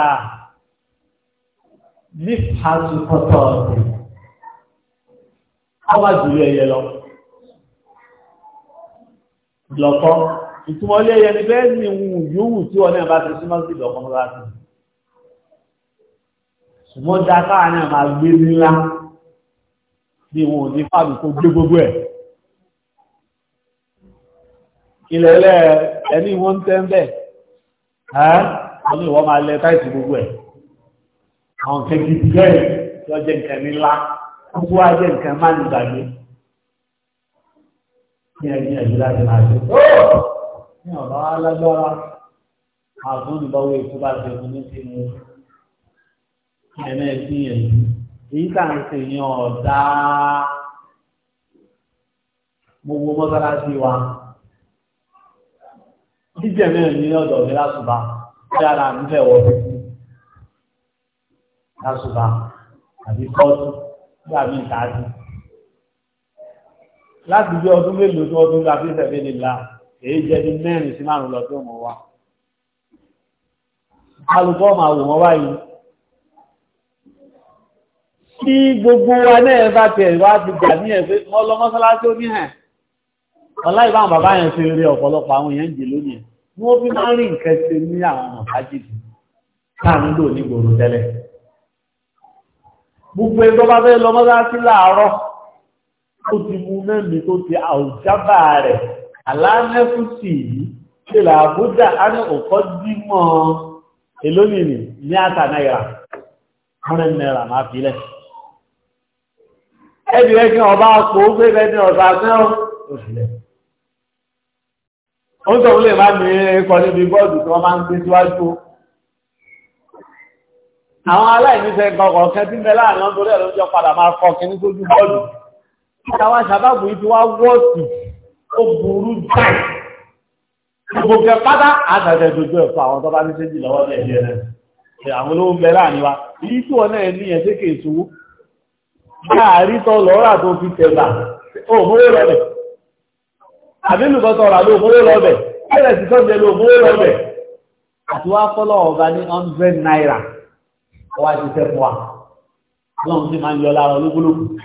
ní pàṣẹ kọ́tọ̀ ọ̀sẹ̀. wọ́n bá jù ú ẹyẹ lọ. lọ́kọ́ ìtumọ̀ ilé ẹyẹ ni bẹ́ẹ̀ ni wù yòówù tí wọn náà bá ti súnmọ́ sí ìdọ̀kan lọ́la sí i ṣùgbọ́n da káà náà máa gbé ńlá bí wọn ò ní fáàbì kó gbé gbogbo ẹ̀ ilẹ̀lẹ̀ ẹni wọ́n ń tẹ́ ń bẹ̀ wọ́n ní ìwọ́n máa lẹ táìsì gbogbo ẹ̀ àwọn kẹ́kì bẹ́ẹ̀ yọ jẹ́ nǹkan ńlá gbogbo wa nǹkan má ní gbàgbé ní ẹ̀yìn ẹ̀yìn láti máa ṣe ní ọ̀bá alágbára àtúndìbọ̀wé ikú bá ṣe fún ní ti mú ẹ̀mẹ́ sí ẹ̀yìn èyí tá à ń ṣe yan ọ̀dá gbogbo mọ́sálásí wa jíjẹ̀ mẹ́rin ní ọ̀dọ̀ mi lásùbà dára nífẹ̀ẹ́ wọ bí lásùbà àbí kọ́ọ̀tù nígbà míì tààdì láti bí ọdún mélòó tó ọdún gbà fi ṣẹ̀fẹ̀ lè èyí jẹ́ bí mẹ́rin sí márùn lọ tí ó mọ̀ wá alùpọ̀ máa wò wọ́n báyìí kí gbogbo wa náà bá ti ẹ̀rọ àti gbà ní ẹ̀fẹ́ wọ́n lọ mọ́sálásí ó ní hàn ọlá ìbáwọn bàbá yẹn fi rí ọ̀pọ̀lọpọ̀ àwọn èèyàn jì lónìí wọ́n fi máa ń rí nǹkan ṣe ní àwọn ọmọ fájìdì káàmì lò ní gbòòrò tẹ́lẹ̀ gbogbo ẹgbẹ́ bá fẹ́ lọ mọ́sálásí láàárọ̀ ó ti mú mẹ́rin tó ti àwùjábà rẹ̀ aláàmẹ́fùtì yìí ṣe làbújá á ní òkọ́ dímọ̀ elónìní ní àtà náírà hundred naira máa fi lẹ̀. ẹbí rẹ kí ọba kò ó gbé bẹ́ẹ̀ ní ọ̀sán náà ó sì lẹ̀. ó ń sọ fún lè má mi kọ níbi bọ́ọ̀dù tí wọ́n máa ń gbé síwájú àwọn aláìníṣẹ́ gbọ́gbọ́ kẹ́ tí mẹ́lá àná torí ẹ̀lọ́jọ́ padà máa kọ́ kí ní sójú bọ́ọ̀lù ó burú jáì gbogbo kẹ pátá àtàtẹ dojú ẹ̀fọ́ àwọn tó bá ní séjì lọ́wọ́ bẹ́ẹ̀ yẹn rẹ̀ àwọn olówó ń bẹ láàrin wa èyí tí wọn náà ní ẹ̀ sékè ìṣòwò láàrí tọ́ lọ́ọ́rà tó fi tẹ̀gbà ó mọ́rẹ́ lọ́bẹ̀ àbílù kan tọ̀rọ̀ àlọ́ mọ́rẹ́ lọ́bẹ̀ ẹ̀rẹ̀ sì tọ́jẹ́ lọ mọ́rẹ́ lọ́bẹ̀ àti wá fọ́lọ́ ọ̀gá ní 100 náírà wá ti tẹ́ fún wa lọ́run sì máa ń yọ lára olúgbólógún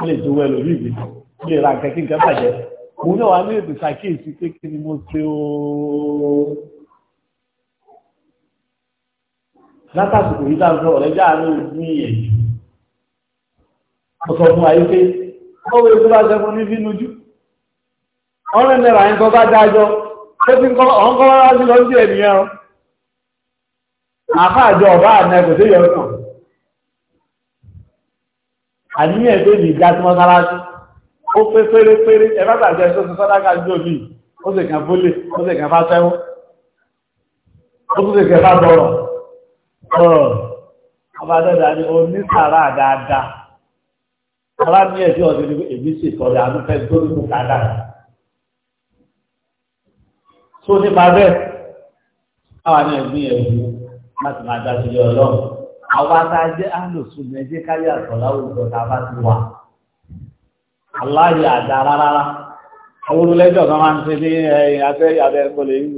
ó lè òun náà wà ní èdè ṣàkíyèsí ni mo ṣe ooo látàsìkò yìí láti ọ̀rẹ́ já ní ojú ìyẹn ọ̀sọ̀ fún ayé pé ọwọ́ èso bá ṣẹ́gun ní sínú jù ọ̀rẹ́ mẹ́ra bá dájọ́ ó ti ń kọ́ sí lọ sí ènìyàn ọ̀bá àná kò sí àníyàn ó pé pérépéré ẹ̀fẹ́ gbàgbé tó ti sọ́dá kan jò mí ó sì kàn fólè ó sì kàn fásẹ́wó ó tún sì kàn bá bọ̀rọ̀ ọ̀rọ̀ ọba dẹ́dà ni ó ní sàrà dáadáa ọba ní ẹ̀sí ọ̀sẹ̀ ni èmi sì kọ̀rọ̀ àánú fẹ́ tó ní kùkà dáa tó nípa bẹ́ẹ̀ káwa ní ẹ̀gbìn ẹ̀wù láti máa dá sílé ọlọ́run àwa tá a jẹ́ àlòsùn ẹ̀jẹ̀ káyà sọ̀láwùjọ tá a bá ti wà aláyà àdá rárá awúrú lẹ́jọ́ kan máa ń ṣe ní ẹ̀yìn abẹ́ abẹ́ ìpolè yìí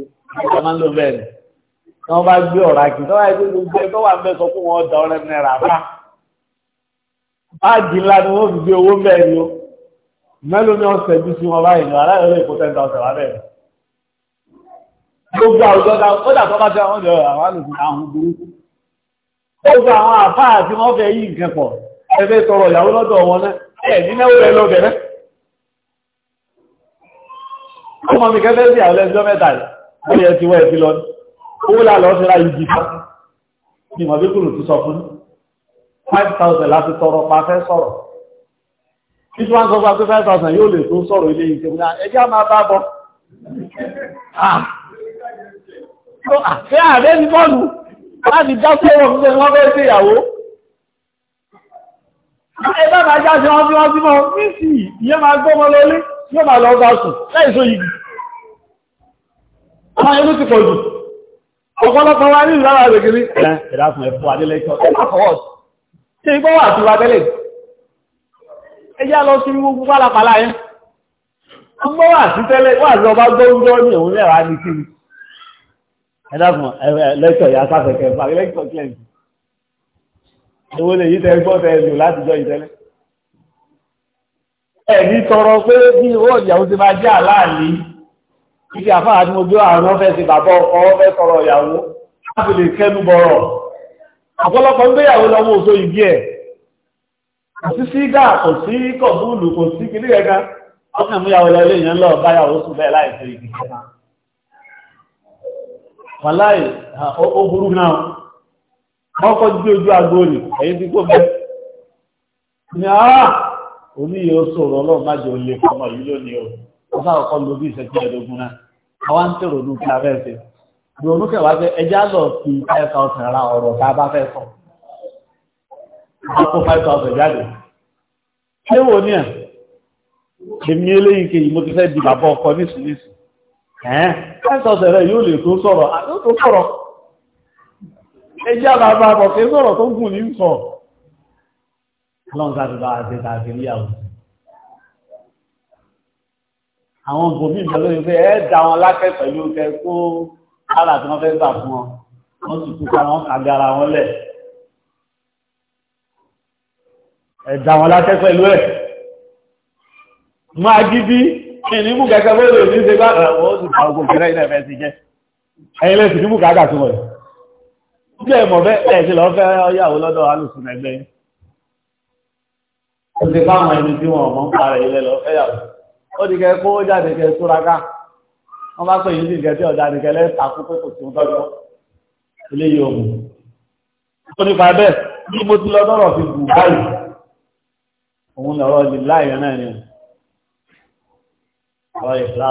wọ́n máa ń lò bẹ́ẹ̀ ni wọ́n bá gbé ọ̀rá kì í tọ́wọ́ ẹgbẹ́ gbogbo ẹ̀ tọ́wọ́ abẹ́ sọ fún wọn ọ̀dà ọ̀rẹ́ mi rà bá báàgì ńlá ni wọ́n fi gbé owó bẹ́ẹ̀ ni ó mẹ́lòó ni wọ́n ṣẹ̀jú sí wọn báyìí lọ aláyọ̀ lè kó ten thousand wá bẹ́ẹ̀ gbogbo àwùjọ ta ó dà tọ́ka tí àwọn àwọn àlùkù àwọn burúkú ẹ̀ nínáwó rẹ̀ lọ bẹ̀rẹ̀ ọmọ mi kẹfẹ́ sí àwọn ẹjọ́ mẹ́ta rẹ̀ ó yẹ ti wọ́ ẹ̀fí lọ owó lálọ́ sí ra ìjì fún ni wọ́n bí kúrò ti sọ fún 5000 láti tọrọ pa fẹ́ sọ̀rọ̀ títí wọ́n sọ pé 5000 yóò lè tó sọ̀rọ̀ ilé ìṣẹ́ múná ẹjá máa bá bọ́ ah. ah, àfẹ́ àrẹ́ ní bọ́ọ̀lù láti dá sọ́wọ́ fún ẹgbẹ́ ìyàwó ẹgbẹ́ máa já ṣe wọ́n tí wọ́n tí mọ́ mísì ìyẹ́ máa gbọ́mọ lọlé yóò máa lọ bá sùn láìsó yìí àwọn ẹlú ti pọ̀ jù ọ̀pọ̀lọpọ̀ wa nílùú lára rẹ̀ kiri ẹ̀dàkùn ẹ̀fọ́ adélẹ́kọ́ ṣe igbó wà tí wa tẹ́lẹ̀ ẹjá lọ sí gbogbo pálapàla yẹn ọgbọ́ wà sí tẹ́lẹ̀ wà lọ bá gbọ́ngbọ́ ní òun lẹ́wàá ní kiri ẹ̀dàkùn lẹ́kọ̀ọ́ yà sáfẹ́kẹ́ owó lè yí tẹ́ gbọ́ jọ lò látijọ́ ìtẹ́lẹ̀ ẹ̀mí tọrọ pé bí owó ìyàwó ti máa jẹ́ àláàlì ìdí àfáà tí mo gbé àrùn fẹ́ ti bàbá ọkọ ọ̀fẹ́ tọrọ ìyàwó láti lè kẹ́nu bọ̀rọ̀ ọ̀pọ̀lọpọ̀ ń gbéyàwó lọ́wọ́ ìbí ẹ̀ kò sí kò sí kò sí ọkàn mú wọ́n kọ́ ojú agbo rè ẹ̀yìn tí kò bẹ́ẹ̀. ní ara òní yóò sọ̀rọ̀ ọlọ́run má olè fọmọ yìí lónìí o wọ́n sáà kọ́ lo ìṣẹ́jú ẹ̀ẹ́dógún náà àwa ń tèrò ní kí a fẹ́ ṣe. ìrònú kẹwàá lọ five thousand ra ọ̀rọ̀ tá a bá fẹ́ sọ. a kó five thousand jáde. ṣé wo ni èmi eléyìí kejì mo ti fẹ́ di bàbá ọkọ nísìnyìí. five thousand yóò lè tó sọ̀rọ̀ ẹjá bàbá bọ̀ kí sọ̀rọ̀ tó gùn ní sọ lọ́nkà tó bá ṣe tàbírí àwọn àwọn gòmí ìjọba yìí pé ẹ da wọn lákẹ́ pẹ̀lú kẹ kó ara tí wọ́n fẹ́ gbà fún ọ wọ́n sì kúkà wọn kàgbé ara wọn lẹ̀ ẹ da wọn lákẹ́ pẹ̀lú ẹ̀ máa gidi kí ni mú kẹ̀kẹ́ bó lè ní ṣe bá ọ̀rọ̀ ó sì bá ogun kẹrẹ́ ilẹ̀ fẹ́ ti jẹ́ ẹ̀yin lẹ́sìn ní mú kàgbà tó wọ̀ yìí. Ilé ìmọ̀ bẹ́ ẹ̀ṣẹ̀ lọ fẹ́ ọyàwó lọ́dọ̀ alùsùn ẹgbẹ́ Ó ti fáwọn ẹni tí wọ́n mọ́ ń parẹ̀ ilẹ̀ lọ fẹ́ Ó ti kẹ kó jáde kẹ súraká. Wọ́n bá pè yìí sí ìkẹ́ tí ọ̀dà nìkẹ́ lẹ́tàkú pé kò sí ń tọ́jọ́. Ilé yìí òun. Ó nípa bẹ́ẹ̀ bí mo ti lọ lọ́rọ̀ fi bù báyìí. Òun lọ̀rọ̀ lè láìyàn náà ni. Ọ̀rọ̀ ìfúlà.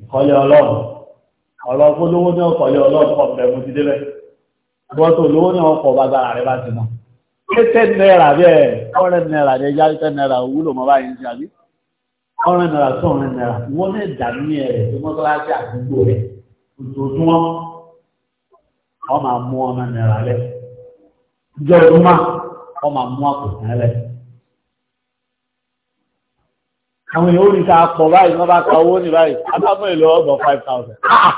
Ìkọ́lé ọlọ́run ọ̀rọ̀ olówó ní ọkọ̀ lé ọlọ́pọ̀ bẹ̀rù ti délẹ̀ wọ́n tó olówó ní ọkọ̀ bàbára rẹ̀ bá ti mọ̀ tẹ́tẹ́ náírà bẹ́ẹ̀ ọ̀rẹ́ náírà ní ẹja tẹ́ náírà wúlò mọ́ báyìí ń ṣe àbí ọ̀rẹ́ náírà tó ọ̀rẹ́ náírà wọ́n lè dà ní ẹ̀rẹ̀ tó mọ́tọ́láṣí àdúgbò rẹ̀ ojoojúmọ́ wọ́n máa mú ọmọ náírà lẹ̀ ìjọ ìdúmọ̀ wọ́n máa mú àkùnrin lẹ̀ àwọn èèyàn ó rí ta pọ̀ báyìí wọ́n bá ka owó ní báyìí adámọ̀ èlò ọgbọ̀n five thousand. Ah!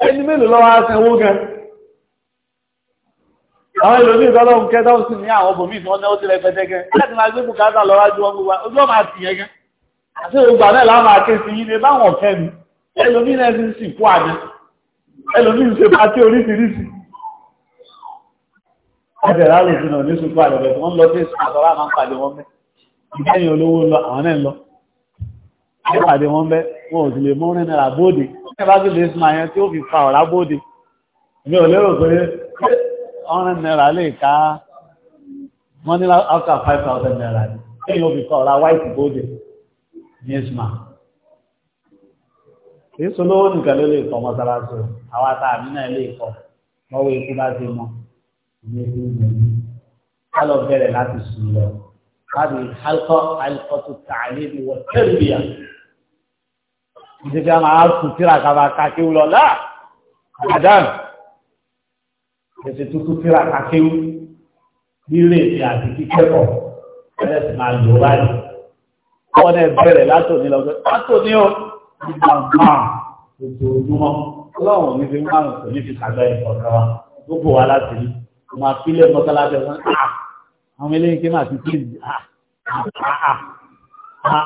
ẹni mélòó lọ́wọ́ aṣẹ́wó gan àwọn ìlòmí ìtọ́lọ́ ń kẹta òsì ní àwọn ọbòmí ìfọ́n náà ó ti rẹpẹtẹ gan láti máa gbé bùkátà lọ́wájú wọn gbogbo ojú ọmọ àti ìyẹn gan àti ògbà náà láwọn akéèsì yìí ni báwọn ọ̀kẹ́ mi ẹlòmí náà ti ń sì kú àná ẹlòmí ń ṣe pàtí oríṣiríṣi ọjọ́ra lòdì náà ní sùkú àlọ́bẹ̀ tí wọ́n lọ sí àtọ́lá máa ń pàdé wọn mẹ́ ìgbẹ́yìn olówó lọ àwọn náà lọ nípàdé wọn bẹ́ wọn ò sì lè mú rìn náírà bóde nígbà tó lè sinmi àyẹn tí ó fi fa ọ̀rá bóde mi ò lérò pé ọ̀rìn náírà lè ká wọ́n ní after five thousand naira ni kí ni ó fi fa ọ̀rá white bóde ní isma kìí solówó nìkan ló lè kọ́ mọ́sálásí àwọn àtàmì náà lè kọ́ lọ́wọ́ ikú bá ti mọ́ ní ikú mẹ́rin ká lọ bẹ̀rẹ̀ láti sùn lọ. هذه الحلقة حلقة التعليم والتربية ìdí fi àwọn àásùn tíra kaba kakéwù lọ láà àdáàmù ètò tuntun tíra kakéwù nílé ìdí àti kíkẹ́kọ̀ọ́ ẹ̀rẹ́ sì máa lò báyìí wọ́n náà bẹ̀rẹ̀ látòní lọ́gbẹ́ látòní ó nígbà máa ojoojúmọ́ ọlọ́run ní fi máa kò ní fi kàgbẹ́ ìfọ̀kà wa gbogbo wa láti rí kò máa fi ilé mọ́tálá bẹ̀ wọ́n ah, àwọn eléyìí kí máa ti kí ah,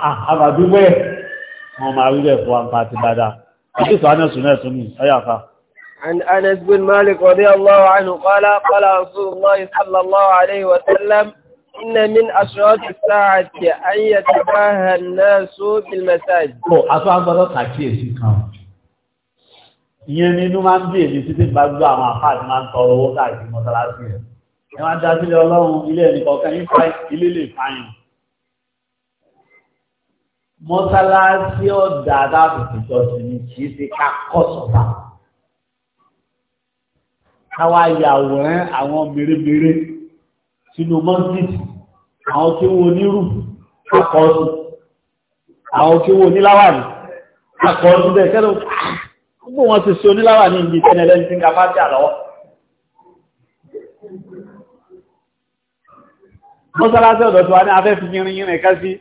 ah, àbàdúgbò wọ́n máa wílẹ̀ fún wa nípa ti dáadáa. Àti sọ Anas náà tún ní ọyàfà. عن أنس بن مالك رضي الله عنه قال قال رسول الله صلى الله عليه وسلم إن من أشراط الساعة أن يتباهى الناس بالمساجد. Ó aṣọ agbọ́dọ̀ kàkíyèsí kan. Ìyẹn ni inú máa ń bí èmi títí gbàgbọ́ àwọn àpáàdì máa ń tọrọ owó káàkiri mọ́sálásí rẹ̀. Ẹ máa dá sílẹ̀ ọlọ́run ilé ẹnì kọ̀ọ̀kan yín fáìn ilé lè fáìn mọ́sálásí ọ̀dà adáàbòbò ìjọsìn ni kì í ṣe ká kọ́ sọ̀tà. Káwa yàwòrán àwọn mèremère sínú mọ́sítì, àwọn tí wọ́n onírù akọ́sù, àwọn tí wọ́n oníláwàní akọ́sù bẹ́ẹ̀ kẹ́lẹ́ gbogbo wọn ti ṣe oníláwàní ibi tẹ́lẹ̀ lẹ́ni tí ń ka fájà lọ́wọ́. Mọ́sálásí ọ̀dọ̀ tí wà ní afẹ́fẹ́ yìnrìn yìnrìn kásí.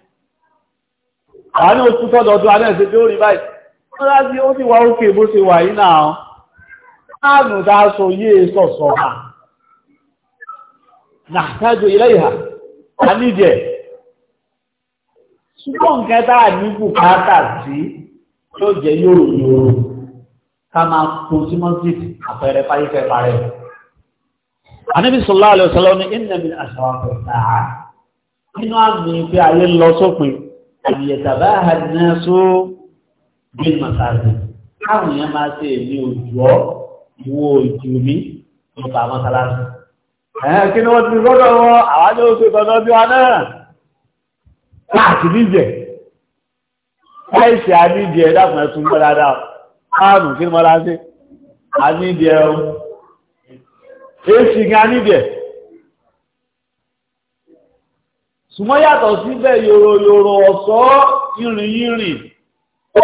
àánú oṣù tọ́dọ̀ ọdún alẹ́ ṣe tí ó rí báyìí rárá ó wá ókè bó ṣe wà yí náà láàánú tá a sọ yé sọ̀sọ̀ ha nàtàjò ilé ìhà a nídìí ẹ̀ ṣùgbọ́n nǹkan tá a ní bùkátà sí yóò jẹ́ ká máa kó sí àpẹẹrẹ fáyífẹ́ parẹ́ àmì ayé lọ sópin àyẹ̀tàbá àdínáṣó bí màsáàdì káwọn èèyàn máa ṣe èmi òjò ọ́ ìwọ òjò mi nípa mọ́sálásì. ẹ̀hẹ́n kí ni wọ́n ti rọ́dọ̀ wọn àwọn yóò ṣe tọ́jọ́ bí wa náà láti níjẹ̀ láìsí àníjẹ̀ ẹ̀dàkùn ẹ̀tún mọ́ dáadáa káàmù kí ni mọ́ láti àníjẹ̀ ọ́ ṣùgbọ́n yàtọ̀ síbẹ̀ yòrò yòrò ọ̀sọ́ irin irin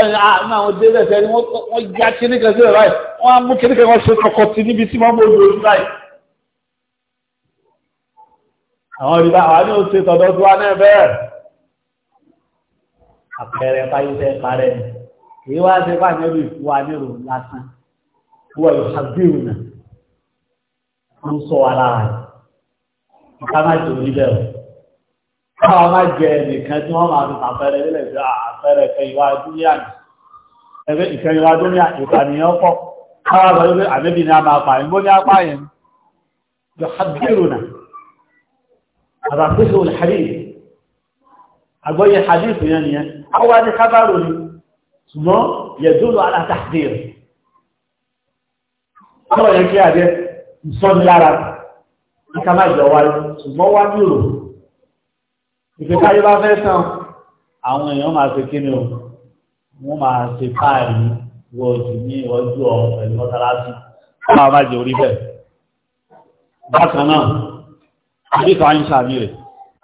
ah, àwọn débẹ̀ fẹ́ni wọ́n já kíníkà sílẹ̀ báyìí wọ́n á mú kíníkà wọn ṣe kọ̀kọ̀ tí níbi tí wọ́n bójú ojú báyìí. àwọn ìdíbà àwọn ní ó ṣe tọ̀dọ̀ tó wá náà bẹ́ẹ̀. àpẹẹrẹ fáyọsẹ parẹ èyí wá ṣe fáyọ bí ìfú wa nírò lásán wọ́n yóò ṣàgbéwò náà ń sọ wa lára ìkámájò níbẹ̀ o. káwọn má jẹ nìkan tí wọ́n máa fi àpẹẹrẹ nílẹ̀ sí àpẹẹrẹ kẹyìnwá dúníà ní ẹgbẹ́ ìkẹyìnwá dúníà ìpànìyàn pọ̀ káwọn sọ wípé àbẹ́bí ni a máa pààyàn bó ní apá yẹn yóò hàbírù nà àbàkóso olùhàdìrì àgbọ́yẹ hadithu yẹn nìyẹn àwọn ni kábàrò ni ṣùgbọ́n yẹ̀dúrò alátàdìrì ọ̀rọ̀ yẹn kí adé ìsọ́nilára ní ká má jọ wáyé ṣùgbọ́n wá ní òrò ìfẹ́ká yóò bá fẹ́ sàn àwọn èèyàn máa ṣe kí ni o wọ́n máa ṣe fáàrí wọ́ọ̀dù ní ọjọ́ pẹ̀lú mọ́sálásí wọ́n máa máa jẹ orí bẹ́ẹ̀. bákan náà àbíkọ àyíṣà mi rè.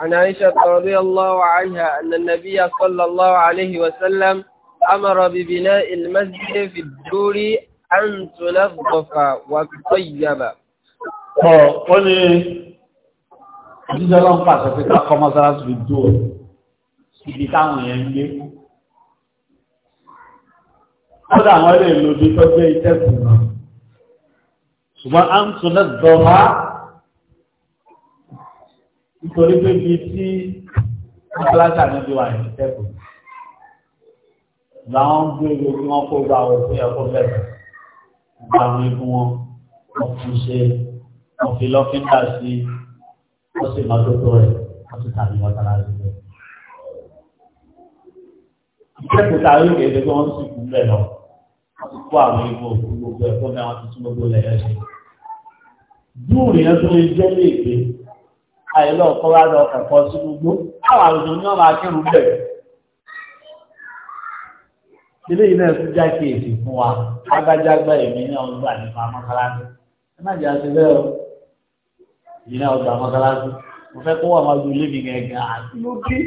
عن عائشة رضي الله عنها أن النبي صلى الله عليه وسلم أمر ببناء المسجد في الدور أن تنظف وتطيب àtijọ́ ọlọ́run pàṣẹ pé ká kọ́ mọ́sálásí fi dúró ibi táwọn yẹn ń gbé. Kódà àwọn ilé ìlòdì tó gbé ìtẹ́kùn náà. Ṣùgbọ́n a ń tún lẹ́dọ̀ wá nítorí pé ibi tí mọ́sálásí àníbi wà ní ìtẹ́kùn. Làwọn ń gbé ewu kí wọ́n kó gba àwọn òfin ẹ̀kọ́ bẹ̀rẹ̀. Gba àwọn ikú wọn, wọ́n fi ṣe, wọ́n fi lọ́fíńdà sí i wọ́n sì máa tótó rẹ̀ wọ́n sì tàbí wọn tàbí àti rẹ̀. Ìkẹ́kọ̀ọ́ ta ló kéde pé wọ́n sì kú bẹ̀ lọ. Wọ́n ti kó àwọn ibo òkú gbogbo ẹ̀kọ́ náà wọ́n ti tún gbogbo lẹ́yìn ẹ̀ṣẹ̀. Dúùrì yẹn tó lè jẹ́ léèké. Àìlọ́ ọ̀kọ́ wá lọ ẹ̀kọ́ sí gbogbo. Àwọn àrùn ni wọ́n máa kírun bẹ̀. Ilé iná ẹ̀sùn já kéèsì fún wa. Agbájá gbá èmi náà ń nípa mọ́kálá. Ẹ má jẹ́ àti bẹ́ẹ̀ o ìyá ọgbà mọ́sálásí mo fẹ́ kó wà máa ju ilé mi gẹ̀gẹ̀ àti ah, lókè.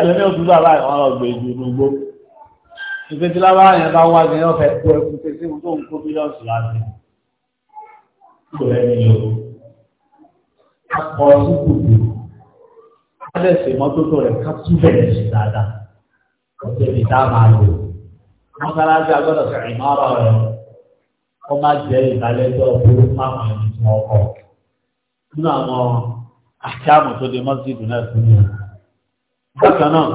ẹlẹ́ni òtún bàbá yẹn wọ́n lọ gbé ju inú gbó. ìpèsè lábá yẹn bá wá ní ọ̀fẹ́ kó ẹkú pèsè tó ń kó mílíọ̀nù láti. kò lẹ́nu ni o. akọ síkùkù kálẹ̀sì mọ́tótó rẹ̀ ká túbẹ̀ sí dáadáa. ọ̀sẹ̀ mi tá a máa lò. mọ́sálásí agbọ́dọ̀ sọ̀rọ̀ ìmọ̀ kọ́ má jẹ́ ìbálẹ́jọ́ burú fáwọn ẹni tí wọ́n kọ́. Nínú àwọn àṣàmù tó de mọ́sídùú náà sí ni. Bákan náà,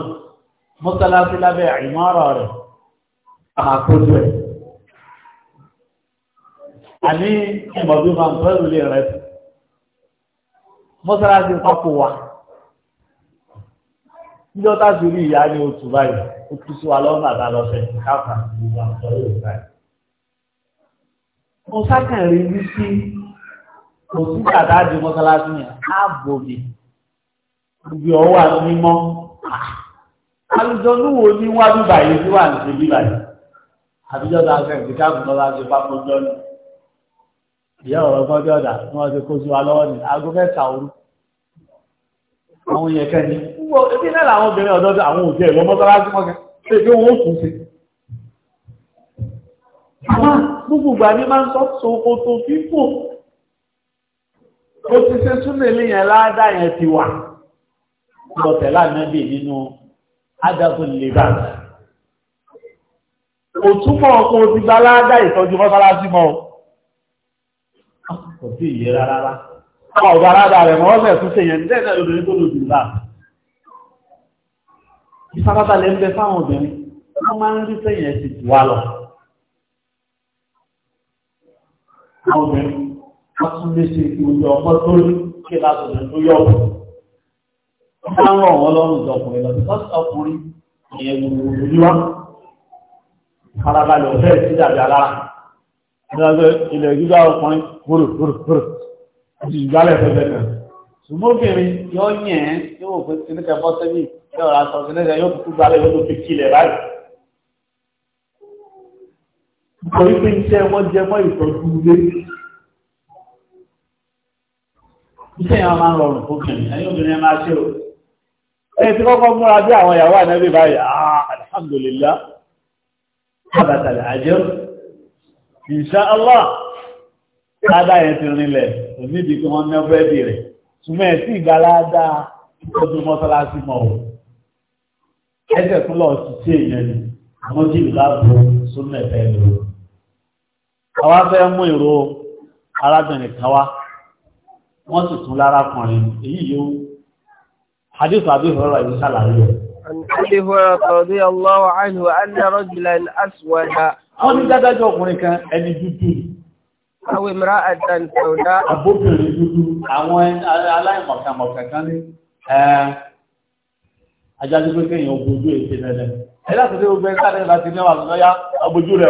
mọ́sálásí lábẹ́ ìmọ̀ọ́rọ̀ rẹ̀ àkóso ẹ̀. Àní ìmọ̀ bí wọn pẹ̀lú lè rẹ̀ Mọ́sálásí pápó wa. Níjọ́ tá a ti rí ìyá ní oṣù báyìí, ó kú sí wa lọ́nà àbálọ́fẹ́ káfà ní ìwà ìtọ́jú báyìí mo sákàrí ní sí kò sí dàdájú mọ́sálásí yẹn ààbò mi ibi ọwọ́ mímọ́ alùjọ́nú wo ní wá bíbà yìí tí wà ní ṣe bíbà yìí àbíjọ́ ta fẹ́ ìdíkà kùtọ́ láti bá pọ́njọ́ ní ìyá ọ̀rọ̀ pọ́njọ́ ọ̀dà ni wọ́n ti kó sí wa lọ́wọ́ ní aago mẹ́ta òru àwọn yẹn kẹ́ni wọ́n ebi náà làwọn obìnrin ọ̀dọ́ àwọn òjò ẹ̀rọ mọ́sálásí mọ́kẹ́ gbogbo ìgbà ní máa ń sọ ṣòkòtò fífò ó ti ṣe súnmẹ́lì yẹn láàdá yẹn ti wà lọ́tẹ̀ láàmẹ́bì nínú adágún lébà òtúmọ̀ ọkọ̀ ti gba láàdá ìtọ́jú mọ́sálásí mọ́ kò sí ìyẹ rárá ọmọ ọ̀gá rádà rẹ̀ mọ́ ọ̀sẹ̀ tún ṣe yẹn ní ẹ̀ẹ́dẹ̀ obìnrin tó lòdì ńlá ìfarabalẹ̀ ń bẹ fáwọn obìnrin wọ́n máa ń rí sẹ́yìn ẹ̀sìn wà lọ. àwọn obìnrin wọ́n tún lé sí ìgbòjì ọmọ tó rí kí lásìkò tó yọ̀ ọ́. wọ́n máa ń rọ̀ wọ́n lọ́rùn jọ ọkùnrin lọ sí ọkùnrin ìyẹn gbogbo níwá farabalẹ̀ ọ̀fẹ́ sí dàbí alára ìdájọ́ ilẹ̀ gíga ọkùnrin gbòrò gbòrò gbòrò ti ìgbálẹ̀ fẹ́fẹ́ kan ṣùgbọ́n obìnrin yóò yẹn yóò fẹ́ sí nípa bọ́sẹ́bì yóò rà sọ sí nípa yóò tún gbálẹ̀ yóò tún fi kílẹ̀ báyìí nítorí pé iṣẹ́ wọn jẹ mọ́ ìtọ́jú ilé iṣẹ́ yẹn máa ń rọrùn fún kìnnì ẹ̀yìn obìnrin máa ṣe o ẹ̀ tí kọ́kọ́ múra bí àwọn ìyàwó ànẹ́bí báyìí ah alhamdulillah abatalẹ̀ àjẹ́ insha Allah ládá yẹn ti rinlẹ̀ òníbi tí wọ́n ná bẹ́ẹ̀dì rẹ̀ ṣùgbọ́n ẹ̀ sí ìgbàládá ọdún mọ́sálásí mọ́ o ẹsẹ̀ tún lọ sí sí èèyàn ni àwọn jìbìlá bu súnmẹ̀fẹ́ lóru àwa fẹ́ mú ìró arábìnrin kan wá wọ́n sì tún lára kùnrin èyí yóò hadith àbí ìfọ́rọ̀ ìlú sàlàyé wọ́n ní dádájọ́ ọkùnrin kan ẹni dúdú àwọn ìmìrá àdán àbókùnrin dúdú àwọn aláìmọ̀kànmọ̀kànkan ní ajájú pé kéèyàn ojú èdè lẹ́lẹ́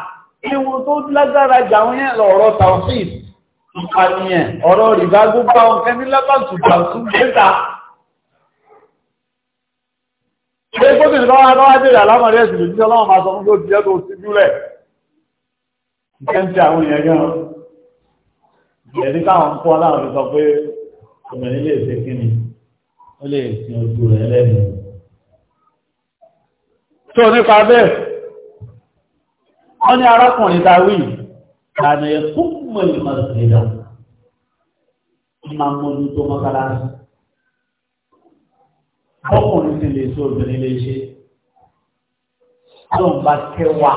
ewu tó lágbára jà wọ́n yẹn lọ ọ̀rọ̀ tàwọ́fíì ìpànìyàn ọ̀rọ̀ rìbá gbogbo àwọn kẹ́ni lábàtù bàtù gbẹ́ta. ṣé gbọ́dọ̀ ní lọ́wọ́ lọ́wọ́ bèrè àlámọ̀rí ẹ̀sìn lòdì sí ọlọ́run máa sọ fún lóòdì ẹ̀dọ̀ síjú rẹ̀. ìkẹ́ntì àwọn èèyàn gan ìyẹ̀dí káwọn ń kọ́ láwọn fi sọ pé obìnrin lè ṣe kí ni ó nípa bẹ́ẹ̀ wọ́n ní arákùnrin dáwì ìlànà ẹ̀kún mọ̀ ìmọ̀ ìlẹ̀ máa mọ́jú tó mọ́kálásí ọkùnrin sì lè so obìnrin lè ṣe tó ń bá kẹwàá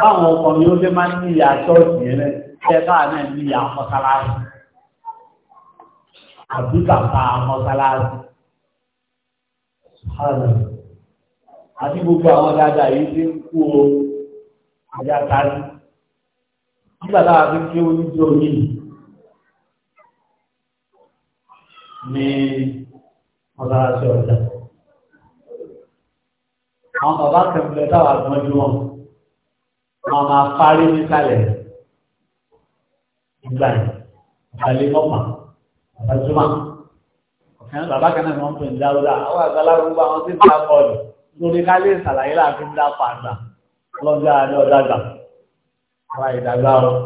báwọn ọkùnrin ó lé máa ń ní ìyá ṣọ́ọ̀ṣì yẹn lẹ́ tẹ́ báà náà ní ìyá mọ́kálásí àbí bàbá mọ́kálásí àbí gbogbo àwọn dáadáa yìí ti ń kú ooru àjà kárí nígbà tá a fi kí oníjẹ omi ní mọ́sálásí ọjà àwọn bàbá kẹfìlẹ táwọn àgbọ̀njú wọn wọn máa parí níkàlẹ̀ ìgbà yìí àlè mọ́pà àbájúmọ́ ọ̀kan bàbá kan náà ni wọ́n pè ní dáwúdà àwọn àgbàlárúgbà wọn sì ń dá bọ́ọ̀lù lórí ká lè láàfin dá pàdà ọlọ́jà ni ọ̀dà gbà ara ìdàgbà wọn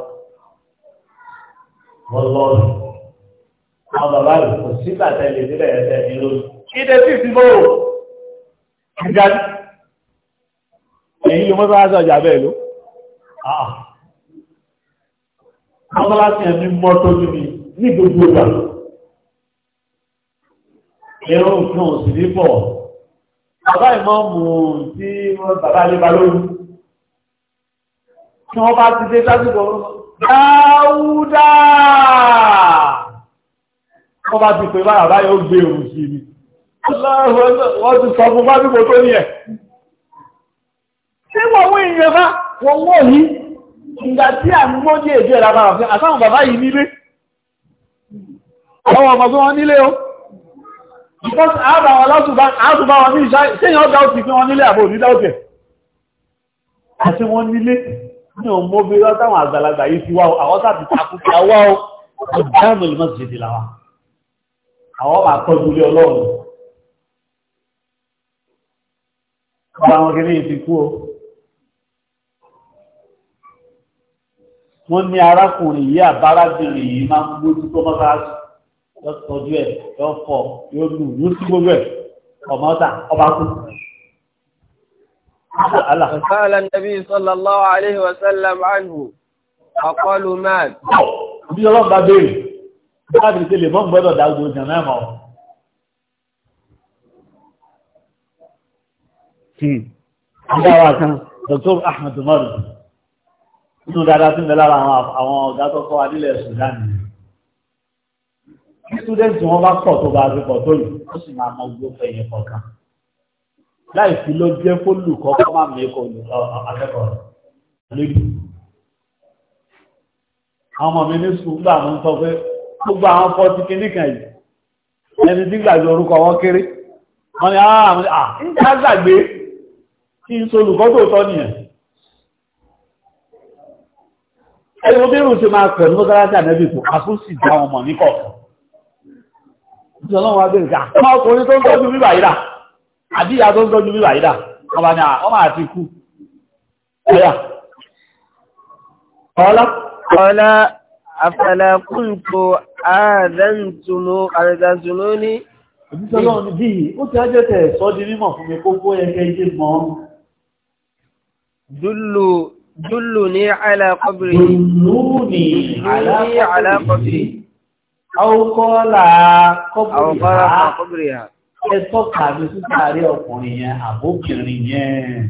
wọn lọ́ọ̀rù àwọn bàbá rẹ̀ kò sí bàtẹ́lẹ̀ nílẹ̀ ẹ̀sẹ̀ ní lónìí. ìdè tí ti bó o ìjà èyí ló mọ́tò láti ọjà bẹ́ẹ̀ ló. mọ́tò láti ẹ̀mí mọ́tò ju mi ní gbogbo ìgbà. èrò nǹkan ò sì ní bọ̀. bàbá ìmọ̀ mú un tí bàbá lé balógun tí wọ́n bá ti dé lásìkò dáúdà wọ́n bá ti pè bára báyọ̀ ó gbé òun sí ni wọ́n ti sọ fún fábíkò tó ní ẹ̀ tí wọ́n wọ́n èèyàn bá wọ́n wọ́n yìí ìgbà tí à ń gbọ́njẹ́ èdè ẹ̀rà bára fún àtàwọn bàbá yìí nílé àwọn ọmọ tó wọ́n nílé o because àbà wọn látùbá wọn ní ìṣáyẹ̀ sẹ́yìn ọ̀dá òtì fún wọn nílé àbò onídá àti wọn nílé ní ọmọ obìnrin táwọn àgbàlagbà yìí ti wá o àwọn tàbí takùkù àwá o ọ̀dáàmù lè mọ́sí jìdì láwá àwọn bá tọ́jú lé ọlọ́run ọba àwọn kìíní yìí ti kú o wọ́n ní arákùnrin yìí àbárábìnrin yìí máa ń gbójú tó mọ́sáàsì lọ́tọ́jú ẹ̀ lọ́fọ̀ yóò lù yóò sí gbogbo ẹ̀ قال النبي صلى الله عليه وسلم عنه أقل مال bí ọlọ́run bá béèrè láti ṣe lè mọ́ gbọ́dọ̀ dágbò jàn náà mọ́ ìdáwà hmm. kan Dr. Ahmed Umar nínú dáadáa tí ń bẹ lára àwọn ọ̀gá tó kọ́ láì fi ló jẹ́ fólù kọ́kọ́ má mi kọ́ ní akẹ́kọ̀ọ́ lébi. àwọn ọmọ mi ní sùúrù gbà mú sọ pé gbogbo àwọn fọ́tí kìnnìkan yìí ẹni tí gbàgbé orúkọ wọn kéré wọ́n ni àwọn àà gbàgbé kí n so olùkọ́ tó tọ́ nìyẹn ẹni wọ́n bẹ̀rù sí máa pẹ̀lú mọ́sálásí ànẹ́bì tó àtúnṣì dá wọn mọ̀ ní kọ̀ọ̀kan ìjọlọ́wọ́ abẹ́rẹ̀ ah, àbí ìyá tó ń tọ́jú bíbà yìí dà ọba ni ọmọ àti kú ẹ̀yà ọlá. ọlá àfàlàkùnkò àádẹ́ntùnú àrẹ̀dàntùnú ní. òjíṣẹ́ náà ní bíi ó ti ájẹ́ tẹ̀ sọ di mímọ̀ fún mi kó kó ẹgbẹ́ ilé mọ́. dúlù dúlù ní alákọ̀bìrì. dúlù ní alákọ̀bìrì. àwòkọ́lá kọ́bìrì ha. kọ́bìrì ha ẹ tọ́ka mi sísàárẹ̀ ọkùnrin yẹn àbókìnrin yẹn.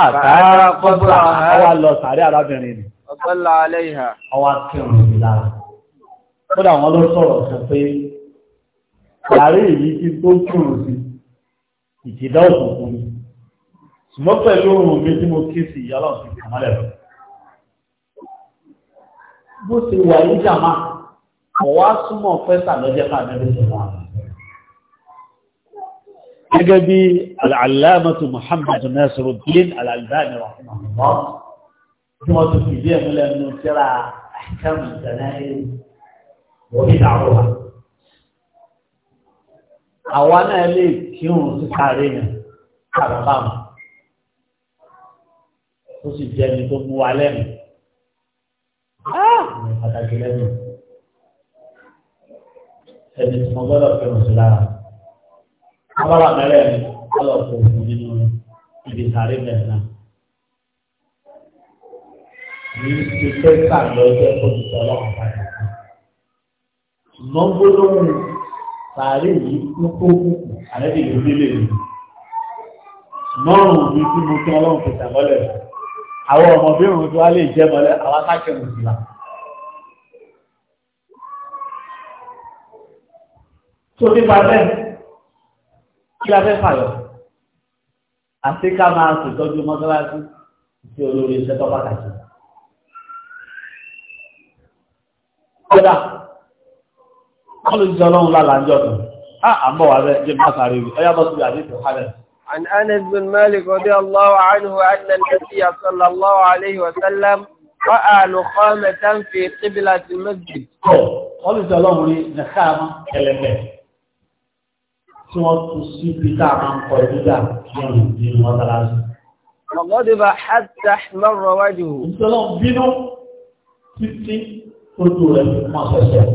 Àtàrà kọ́bùrà ọwà lọ sàárẹ̀ arábìnrin ni. Ọ̀pẹ́lá alẹ́ ìhà. Ọwà kírun mi lára. Kódà wọn ló sọ̀rọ̀ sọ pé sàárẹ̀ èyí ti tó kírun sí ìtìdá òkùnkùn ni. Ṣùgbọ́n pẹ̀lú ohun mi tí mo kí sí ìyá ọlọ́run ti kà mọ́lẹ̀ lọ. Bó ti wà ní jàmá, ọ̀wá súnmọ́ fẹ́sà lọ́jẹ́ ká nẹ́bí sọ̀rọ̀ àná. نجدي العلامة محمد ناصر الدين الألباني رحمه الله هو تفيدهم لأنه شرع أحكام الزنائل وبدعوها أوانا لي كيون سكارين كارقام خصي جاني كم معلم آه هذا كلامه هذه مظلة في مسلاه abala mẹ́rẹ̀ ni ọlọ́ fún òkú nínú ibi sáré bẹ̀rẹ̀ náà. Ní ìpè sàlọ́jọ́ olùsọ ọlọ́run padà. Ṣùgbọ́n gbólóhùn sáré yìí ló kó kú àlẹ́bí ló délé mi. Mọ́rùn-ún mi tí mo kí ọlọ́run fi tàbọ́lẹ̀. Àwọn ọmọbìnrin tó wá lè jẹ́ mọ́lẹ́ àwọn akákẹ́rù sí la. Tó nípa bẹ́ẹ̀ kí la fẹ́ fàyọ̀ àti ká máa ṣètọ́jú mọ́sálásí sí olórí iṣẹ́ tó pàtàkì. kódà wọ́n lè jẹ́ ọlọ́run á àmọ́ wà bẹ́ẹ̀ jẹ́ máa rí ọyá bọ́ sí àdéhùn hálẹ̀. عن أنس بن مالك رضي الله عنه أن النبي صلى الله عليه وسلم رأى نخامة في قبلة المسجد. قال الله لي نخامة كلمة tí wọ́n tún sí peter máa ń kọ ìdúgà lọ́nà nínú mọ́sálásí. ọ̀gọ́dìbà hàtà lọ́rọ̀ wájú. ìṣọ́lọ́ bínú títí tó tó rẹ̀ mọ́ ṣẹ̀ṣẹ̀.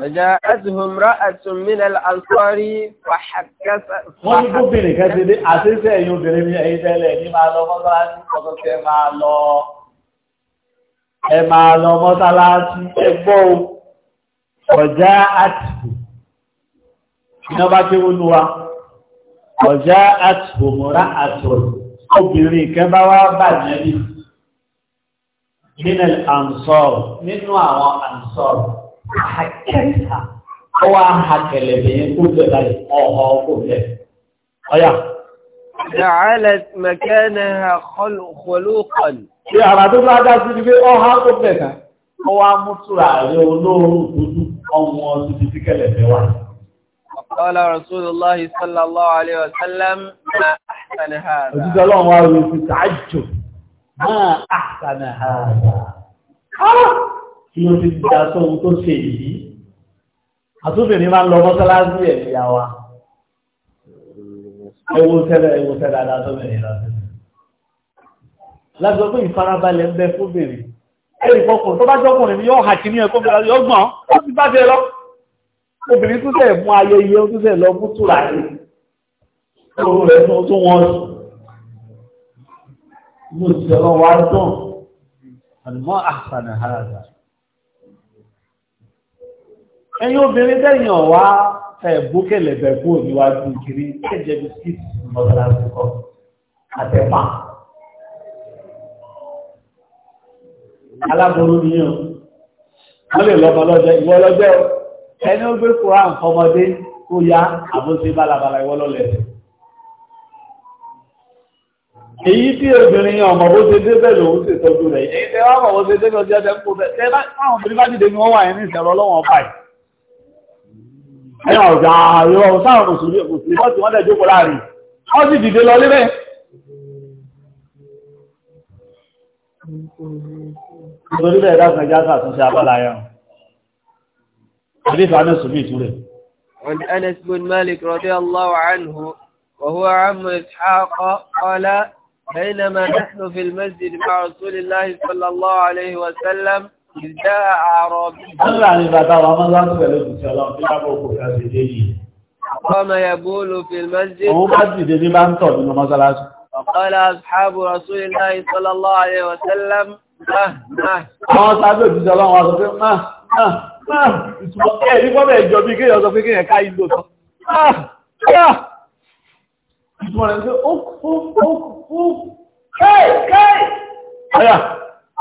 فجاءتهم امرأة من الأنصار فحكت wọ́n ní bóbìnrin kan ti dé àṣẹ́sẹ́ ẹ̀yìn obìnrin ní ẹ̀yìn tẹ́lẹ̀ ní máa lọ mọ́sálásí ọ̀sọ̀tẹ̀ ẹ máa lọ ẹ máa lọ mọ́sálásí ẹgbọ́ ọjà àtìkù iná bá tí ó lú wa ọ̀já àti òmùrá àtọ̀rọ̀ obìnrin kan bá wá bà nẹ́bí nínú àǹsọ̀rọ̀ nínú àwọn àǹsọ̀rọ̀ àkẹ́ta ó wá àkẹlẹ̀ bẹ̀yẹn kó fẹ́ ọ̀họ̀ kó fẹ́ ọ̀yà. جعلت مكانها خلقا Ṣé àrà tó bá dá sí ni pé ọha kó fẹ̀ kan, ó wá mú túra rẹ̀ olóòrùn dúdú ọmọ títí kẹlẹ̀ fẹ́ wà. قال رسول الله صلى الله عليه وسلم ما أحسن هذا أجد الله وعلي في تعجب ما أحسن هذا kí ló ti di aṣọ ohun tó ṣe yìí àtúbìnrin máa ń lọ mọ́sálásí ẹ̀ ní àwa ewu sẹ́lẹ̀ ewu sẹ́lẹ̀ adájọ́bìnrin lọ sí. lágbàgbọ́ ìfarabalẹ̀ ń bẹ fún bèrè ẹ̀rì fọkùnrin tó bá jọkùnrin ni yóò hàkí ní ẹ̀kọ́ mi lọ yóò gbọ̀n ó ti bá bẹ́ẹ̀ lọ obìnrin tún tẹ̀ mú ayẹyẹ tún tẹ̀ lọ mú túra ní ọ̀rọ̀ rẹ̀ tún tún wọ́n mo ti sọ̀rọ̀ wá dùn àmọ́ àṣàna àràdà ẹ̀yin obìnrin tẹ̀yìn ọ̀wá ẹ̀bùkẹ̀lẹ̀ bẹ̀kú níwájú kiri ẹ̀jẹ̀ bisikíìtì mọ́tàlásì kọ́ àtẹ̀pà aláboyún ni yàn wọ́n lè lọ́mọ lọ́jọ́ ìwọ lọ́jọ́ ẹni ó gbé koran fọmọdé kó ya àbóṣe bálabàlà ìwọ́lọ́lẹ̀ èyí tí obìnrin ọmọ bó ṣe débẹ̀ lòun ṣe tọ́jú rẹ̀ èyí tẹ́ wá bọ̀ ṣe débẹ̀ ọjọ́ ẹ̀kú bẹ̀ tẹ́ bá àwọn obìnrin bá dìde ni wọ́n wà ní ìṣẹ̀rọ ọlọ́wọ́n báyìí ẹ̀yàn ọ̀gá ìwọ̀ sáwọn òṣèlú òṣèlú wọ́n ti wọ́n dẹ̀ jókòó láàrin wọ́n sì dìde lọ lébẹ̀ nítorí bẹ́ẹ̀ dákùnrin jáde àtúnṣe abala yẹn حديث عن أنس بن عن أنس بن مالك رضي الله عنه وهو عم إسحاق قال بينما نحن في المسجد مع رسول الله صلى الله عليه وسلم إذ جاء أعرابي يعني قام يبول في المسجد وقال أصحاب رسول الله صلى الله عليه وسلم مه مه آه، ẹ̀rí fọ́bẹ̀ ìjọ bí kéèyàn sọ pé kéèyàn ká ìlò tán ìtumọ̀ rẹ̀ ń pé ó kú ó kú kéè kéè ọ̀yà.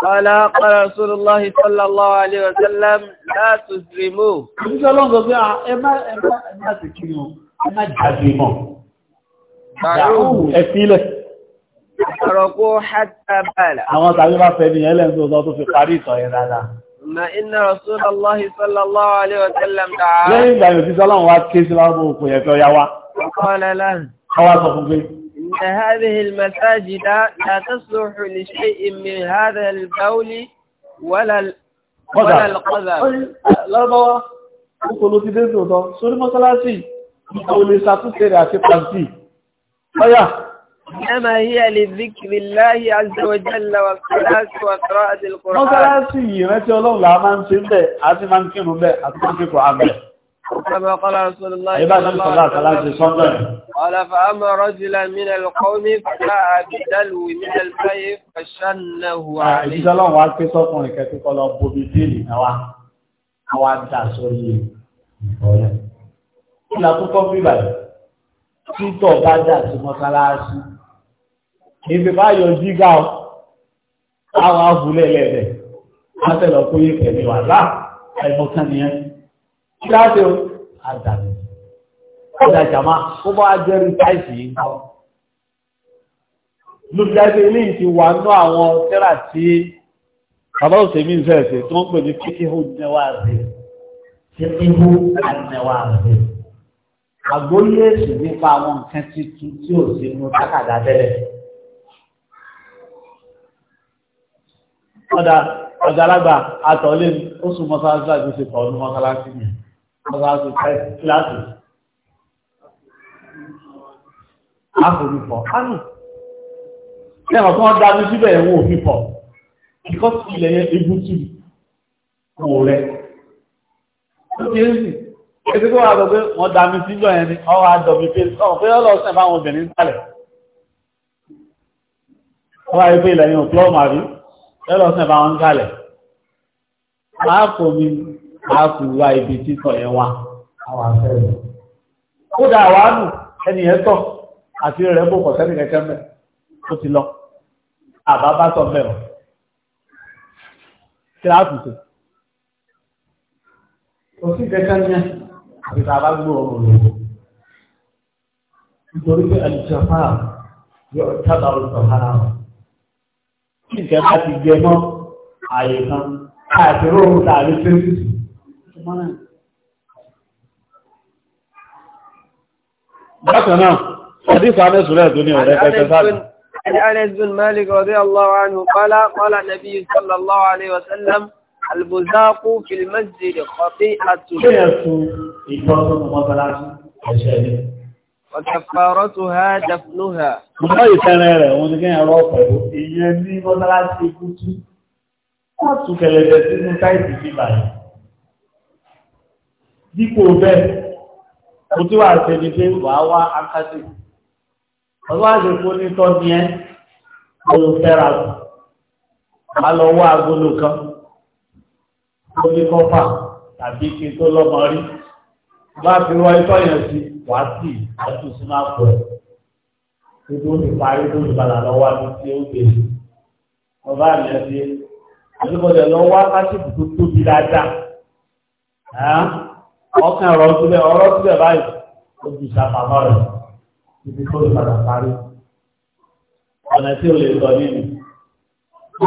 قال قال رسول الله صلى الله عليه وسلم لا تسلموا Àrọ̀kú hàtàbàlà. Àwọn tàbí máa fẹ́ ní ẹlẹ́gbẹ̀ẹ́ tó fi parí ìtọ̀ yẹn dáadáa. Mà iná Rasulullah sallallahu alaihi wa sallam dáa. Lẹ́yìn ìgbà yóò ti sọ́lọ́run wá ké sí láwọn òkú yẹn fẹ́ wá. Ọkọ̀ọ́lẹ́ Ọwá sọ fún pé. Ìnà هذه المساجد لا تصلح لشيء من هذا البول ولا القذب. Lọ́bọ́wọ́, ó kò ló ti dé sí ọ̀tọ̀, sórí mọ́sálásì, إنما هي لذكر الله عز وجل والصلاة وقراءة القرآن. mọ́sálásí yìí rántí ọlọ́run là máa ń ṣe ń bẹ̀ àti máa ń kírun bẹ̀ àti máa ń kíkọ̀ àmẹ́. كما قال رسول الله صلى الله عليه وسلم قال فأما رجلا من القوم فجاء بدلو من البيت فشنه ah, عليه. ìjọ lọ́wọ́ wá pé sọ́kùnrin kẹ́kẹ́ kọ́ lọ bobi díìlì náà wá wá dà sórí ìfọ̀rẹ́. kí ni àkókò bíbà yìí títọ̀ bá dà sí mọ́sálásí kì bá yọ jígà ọ àwọn afúlẹ̀ lẹ́lẹ̀ látẹ̀lọ kó yé pẹ̀lú wàhálà ẹ̀mọ́ kan nìyẹn kí láti o àdàbí àdàjàmá ó bá jẹ́rìí táìsì yìí ń kọ́ lùdájọ́ ilé wà ní àwọn tẹ́rà tí bàbá òsèmí ìfẹ́ẹ̀fẹ́ tó ń pè ní fíkíhù nẹwà rẹ̀ fíkíhù nẹwà rẹ̀ àgbóyè èsì nípa àwọn nǹkan tuntun tí ò sí inú tákàdá tẹ́lẹ̀ ọ̀dà ọ̀gàlágbà àtọ̀lé oṣù mọ́sálásí láti ṣe pọ̀ ọdún mọ́sálásí mi mọ́sálásí kíláàsì àfòmífọ̀ ánù ní ẹ̀mọ̀ kan dá ní síbẹ̀ ẹ̀wọ̀n òfífọ̀ kíkọ́ sí ilẹ̀ yẹn ebútù kò rẹ̀ ó ti ń sìn ètò tó wà lọ pé wọ́n dá mi síjọ́ yẹn ni ọwọ́ àdọ̀bí pé ọ̀hún pé ọlọ́ọ̀sẹ̀ báwọn obìnrin sálẹ̀ ọwọ́ àyíkó ilẹ̀ yẹn ò lọ́lọ́ sẹ́ bá wọn kálẹ̀ láàpòmí àkùwà ibi títọ̀ yẹn wá kódà àwánù ẹniyẹn tọ̀ àti rẹ̀ bò kọ̀sẹ́nì kẹ́kẹ́ mẹ́ ó ti lọ àbá bá kẹ́kẹ́ ní nítorí pé fáà kí nǹkan bá ti jẹ mọ́ ààyè kan káàkiri òun tààrí pé bákan náà حديث عن سلاه بن مالك رضي الله عنه قال قال النبي صلى الله عليه وسلم البزاق في المسجد خطيئة Ọ̀kẹ̀fàrọ́tùhá dàfnúhà. Mọ́ ìfẹ́rẹ́ rẹ̀ wọ́n ti gẹ́yàn rọ́ pẹ̀lú ìyẹn ní mọ́sálásí kútú. Wọ́n tún kẹlẹ̀bẹ̀ sínú táìsì sí báyìí. Dípò bẹ́ẹ̀, mo tí wà ṣe ni pé wàá wá akásì. Ọlọ́ àṣepọ̀ nítọ́ ni ẹ́, olùfẹ́ra lọ. A lọ wá agolo kan. Ó ní kọ́fà tàbí kí n tó lọ́mọ rí bá fi wọ ikọ́ yẹn sí wá sí àti ìsúná pọ̀ ẹ̀ gbogbo ó ti parí tó ti balà lọ́wọ́ àti tí ó gbé ọba mi ẹ̀ fi àdúgbòdè lọ́wọ́ kásìkò tó tóbi dáadáa ọkàn ọ̀rọ̀ sílẹ̀ ọ̀rọ̀ sílẹ̀ báyìí ó ju ìsàpamọ́ rẹ̀ ibi tó ti padà parí ọ̀nà tí o lè sọ nínú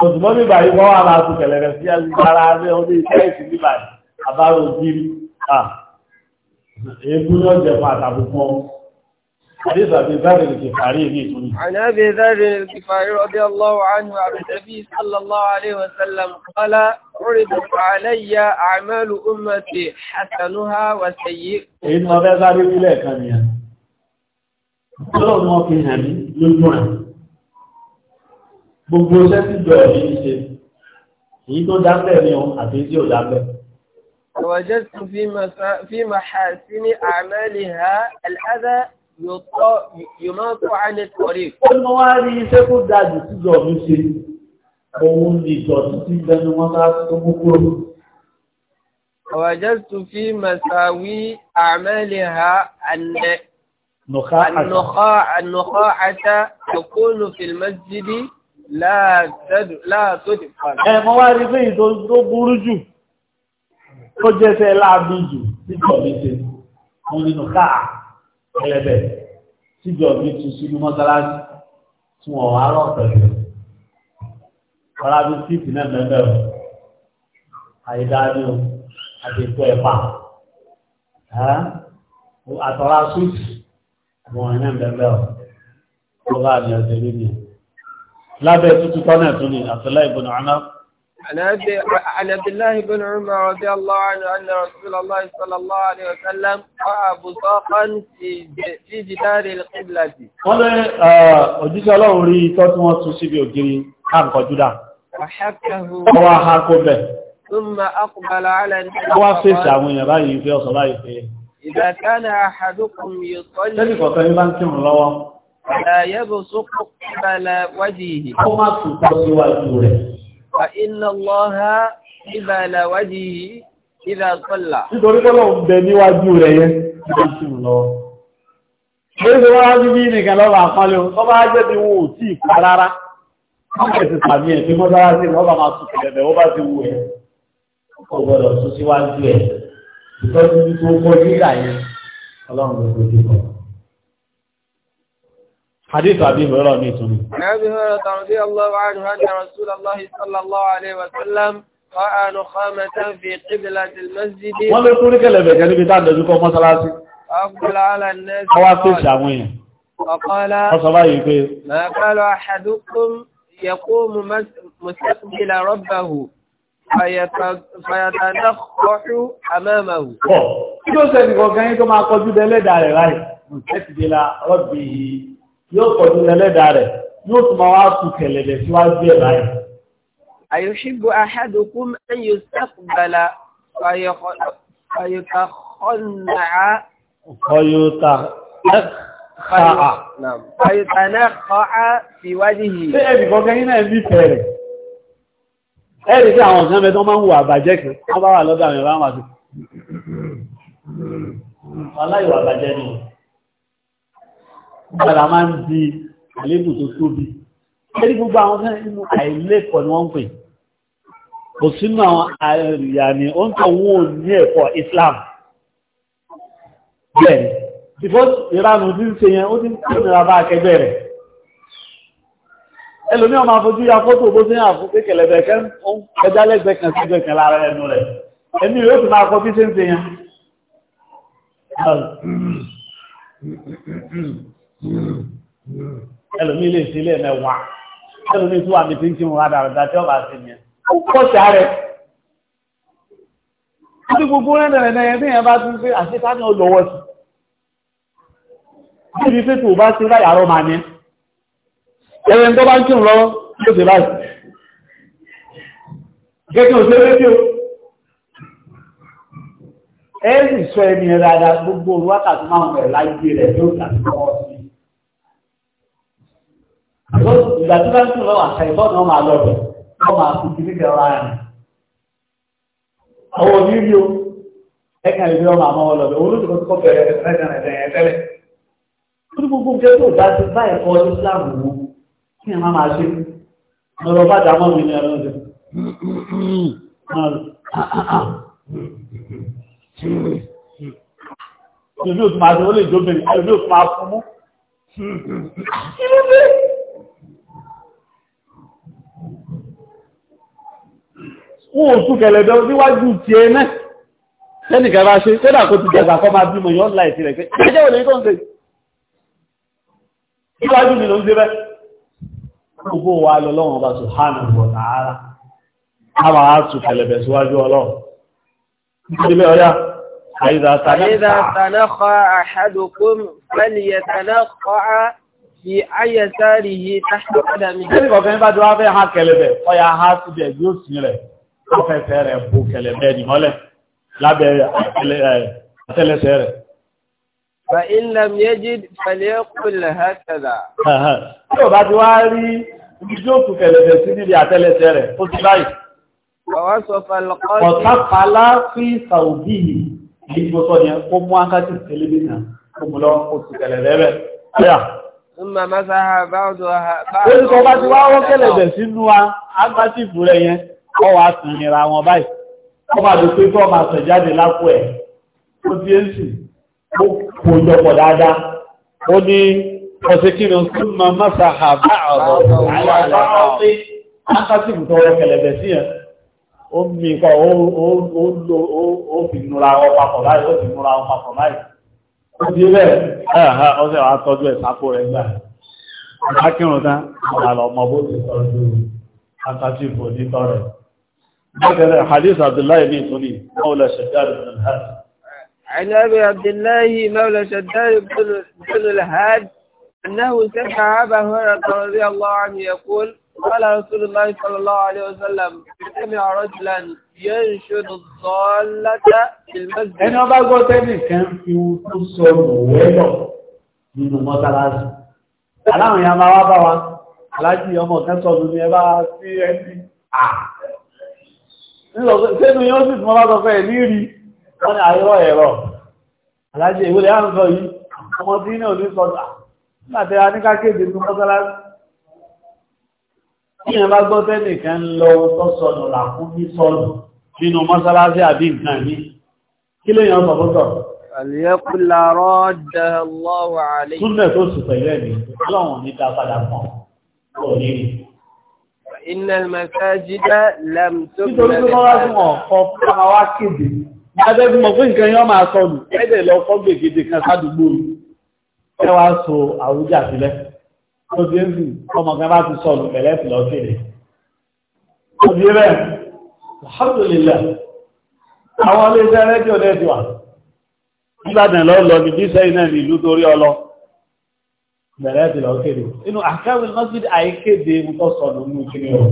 òṣùmọ́ mi bàyí wọ́n wà láti kẹlẹ̀rẹ̀ sí ẹgbẹ́ ara rẹ̀ ó ní ìfẹ́ ìsìn mi bàyí àbárò bíi èébú ní ọjọ́ ẹ̀fà àtàbùkọ́ حديث أبي ذر الكفاري فيه عن أبي ذر الكفاري رضي الله عنه عن النبي صلى الله عليه وسلم قال عرض علي أعمال أمتي حسنها وسيئها إن أبي ذر إليك يا Ọlọ́run ọkùnrin àmì lójú rẹ̀. Gbogbo ṣẹ́ ti jọ ẹ̀mí ṣe, èyí tó dábẹ̀ ní ọ àti tí ò dábẹ̀. وجدت في مسا... في محاسن أعمالها الأذى يماط عن الطريق. Ọmọ wa rí iṣẹ́ kó dájú tí jọ mi ṣe, òun وجدت في مساوي أعمالها أن النخاعة النخاعة تكون في المسجد لا تد... لا تدفن. Ẹ mọ wá rí pé tó jẹ́sẹ́ láàbí jù síjọ mi ṣe mo nínú káà ẹlẹ́bẹ̀ síjọ mi tu sínú mọ́sálásí tí wọ́n wá rọ̀ pẹ̀lú ọ̀rá bí síìtì náà mẹ́fẹ́ o àìdáni o àti ètò ẹ̀fà àtọ̀rá súùtì àwọn ẹ̀nà mẹ́fẹ́ o tó bá ní ọ̀sẹ̀ lónìí lábẹ́ tuntun tọ́nà tún ni àtọ́lá ìbùnà ọ̀nà. عن عبد الله بن عمر رضي الله عنه أن رسول الله صلى الله عليه وسلم رأى بصاقا في جدار القبلة. wọ́n lé òjíṣẹ́ ọlọ́run rí itọ́ tí wọ́n tún síbi ògiri káàkọ́ júdà. wọ́n wá ha kó bẹ̀. ثم أقبل على النبي. wọ́n wá fèsì àwọn èèyàn báyìí fi ọ̀sán báyìí fi. إذا كان أحدكم يصلي. lẹ́yìn kọ̀ọ̀kan ní bá ń kírun lọ́wọ́. لا يبصق قبل وجهه. ó má sùn tó síwájú rẹ̀. فإن الله ìdá ìlàwájì yìí ìdá sọ́là. nítorí pé lóun bẹ níwájú rẹ̀ yẹn nígbà tí mo lọ. lórí tó wáá bí nìkan lọ́ba àpọ́nlé o tọ́ba jẹ́ bí wọn ò tí ì pa rárá. wọ́n bẹ̀ ti sàmì ẹ̀ bí mọ́sálásí wọ́n bá máa tún kẹ̀kẹ́ wọ́n bá ti wù ẹ̀. ó gbọ́dọ̀ tún síwájú ẹ̀ ìtọ́jú tó kọ́ nígbà yẹn ọlọ́run ló fojú kọ́. حديث أبي هريرة عن أبي هريرة رضي الله عنه أن رسول الله صلى الله عليه وسلم قاء نخامة في قبلة المسجد wọ́n lè kúrú kẹlẹ̀bẹ̀ kẹ́ níbi tá dojú kọ mọ́sálásí أقبل على الناس àwọn afẹ́ṣẹ́ àwọn èèyàn báyìí pé ما قال أحدكم يقوم مستقبل ربه فيتنخح أمامه ọ̀ kí ó sẹ́ni kọ̀ọ̀kan yín tó máa kọjú dẹ́lẹ́dàá rẹ̀ láì mùsẹ́kìdì la rọ́bì yìí yóò kọjú dẹ́lẹ́dàá rẹ̀ yóò أيحب أحدكم أن يستقبل فيتخنع فيتخنع نعم فيتنخع في وجهه ẹ̀rì kọ̀ọ̀kan iná ẹ̀bí fẹ̀rẹ̀ ẹ̀rì tí àwọn ọ̀sán mẹ́tọ́ máa ń hùwà bàjẹ́ kan wọ́n bá wà lọ́dọ̀ àwọn ìbáwọn àti aláìwà bàjẹ́ ni wọ́n padà máa ń di àlébù tó tóbi Ẹni gbogbo àwọn fẹ́ inú àìlẹ́kọ̀ọ́ ni wọ́n ń pè. Kò sínú àwọn àìrìyà ni ó ń tọ̀ wọ́n ní ẹ̀kọ́ Islam. Bẹ́ẹ̀ni, because ìranù tí ń ṣe yẹn ó ti ń kí nira bá akẹgbẹ́ rẹ̀. Ẹlòmí ọmọ afojú ya fótó bó ṣe ń àfún pé kẹlẹ̀bẹ̀ kẹ́ ń kọjá lẹ́gbẹ̀ẹ́ kan síbẹ̀ kan lára ẹnu rẹ̀. Ẹni yóò ti máa kọ bí ṣe ń ṣe yẹn. Ẹlòmí lè sílẹ̀ mẹ́wàá ẹlò ní ìtúwà bìtì ń kí wọn adà ọ̀dà tí ọba sí ni ẹ ó pọ̀ sí ààrẹ títí gbogbo rẹ̀ nẹ̀rẹ̀ yẹn bí yẹn bá tún pé àṣetá ní olówó sí níbi pé tó bá ṣe láyà rọ màá ní ẹ̀rẹ̀ tó bá ń kírun lọ́wọ́ yóò ṣe báyìí gẹ́gẹ́ òṣèré rédíò ẹ̀ sì sọ ẹni ẹ̀ dáadáa gbogbo wákàtí máa ń rẹ̀ láyé rẹ̀ yóò dà sí sí ìgbà tí wọ́n ń sùn lọ́wọ́ àṣà ìbọn náà máa lọ́dọ̀ wọ́n máa fi kiri kẹwà rẹ̀. àwọn onírí o ẹ̀ka ìlú ọmọ àmọ́ wọn lọ́dọ̀ olóṣèlú tó kọ́ bẹ̀rẹ̀ ẹ̀fẹ́ tẹ́lẹ̀. ó ní gbogbo nǹkan tó dá sí báyìí kọ́ Islam wò kí ẹ̀ má máa ṣe ọ̀rọ̀ bá dà mọ́ mi ní ẹ̀rọ ọ̀dọ̀. ìlú òtún máa ṣe ó lè ìlú òtún máa fún mú. kí wọn ò tún kẹlẹ̀ bẹ́ẹ̀ níwájú ti ẹ náà sẹ́nìkẹ́ bá ṣe kódà kó ti dẹ̀gbà kọ́ máa bímọ yọ́n láì sílẹ̀ pé ẹjẹ́ òní tó ń ṣe níwájú mi ló ń ṣe bẹ́ gbogbo wa lọ lọ́wọ́n bá sùhánà bọ̀ tààrà bẹ̀ síwájú ọlọ́run nítorí ó fẹ́fẹ́ rẹ̀ bó kẹlẹ̀ bẹ́ẹ̀ ni mọ́lẹ̀ lábẹ́ àtẹ́lẹsẹ̀ rẹ̀. Fa ilẹ̀ méjì pẹ̀lẹ́ kúlẹ̀ hẹ́tẹ̀dà. Tí ò bá ti wá rí ìjó kù kẹlẹ̀bẹ̀ sí níbi àtẹ́lẹsẹ̀ rẹ̀, ó ti báyìí. Àwọn sọ falọ̀kọ́ sí. tó ha. Ó ti sọ bá ti wá wọ́n kẹlẹ̀bẹ̀ sínú agbátìfù rẹ̀ yẹn wọ́n wá sùn nira wọn báyìí wọ́n máa dùn pé kí wọ́n máa sàn jáde lápò ẹ̀ ó ti ń sì ó kò jọpọ̀ dáadáa ó ní ọ̀sẹ̀ kí ni sún mọ́ mọ́sà àbá ọ̀rọ̀ àwọn ọ̀sẹ̀ akásìkò tó wọ́n kẹlẹ̀bẹ̀ sí yẹn ó mi kọ́ ó fi nura wọn papọ̀ báyìí ó fi nura wọn papọ̀ báyìí ó ti bẹ́ẹ̀ ọ̀sẹ̀ wa tọ́jú ẹ̀ sápò rẹ̀ gbà akírun tán ọ̀là ọmọ bó ti tọ́jú akásìkò onítọ́ rẹ̀. بكر حديث عبد الله بن سليم مولى شداد بن الهاد عن أبي عبد الله مولى شداد بن الهاد أنه سمع أبا هريرة رضي الله عنه يقول قال رسول الله صلى الله عليه وسلم سمع رجلا ينشد الضالة في المسجد ẹni ọba gbọ́ tẹ́lẹ̀ kan fi ohun tó sọ wẹ́lọ̀ nínú mọ́sálásí aláwọn ya máa wá bá wa aláàjì ọmọ kan sọ ọdún ní ẹ bá sí ẹbí sẹ́nu yóò sì tún lọ́sọ fẹ́ líri wọ́n ni àyọ́ ẹ̀rọ alájẹ ìwòlẹ̀ à yìí ọmọ tí ní òní sọ láti ra ní mọ́sálásí tí yẹn bá gbọ́ lọ́wọ́ àlẹ́. Súnlẹ̀ tó sì pẹ̀lú ẹ̀mí, ní dá kan, kò innal masajida lam tó bí lẹ́yìn. nítorí pé wọ́n wá fún ọ̀kọ́ fún àwọn wá kéde. Ìgbàgbẹ́ bí mo fún nǹkan yẹn máa sọ nù. Ẹ̀dẹ̀ lọ kọ́ gbègede kan sádùúgbò yìí. Ẹ wá so àwùjá sílẹ̀. Ó ilé iṣẹ́ rédíò náà ti wà. Ìbàdàn lọ́ lọ ìlú torí ọlọ́ bẹ̀rẹ̀ ti lọ kéde inú àkẹ́wìn masjid àìkéde mutọ́ sọ̀nù ní kíní ọ̀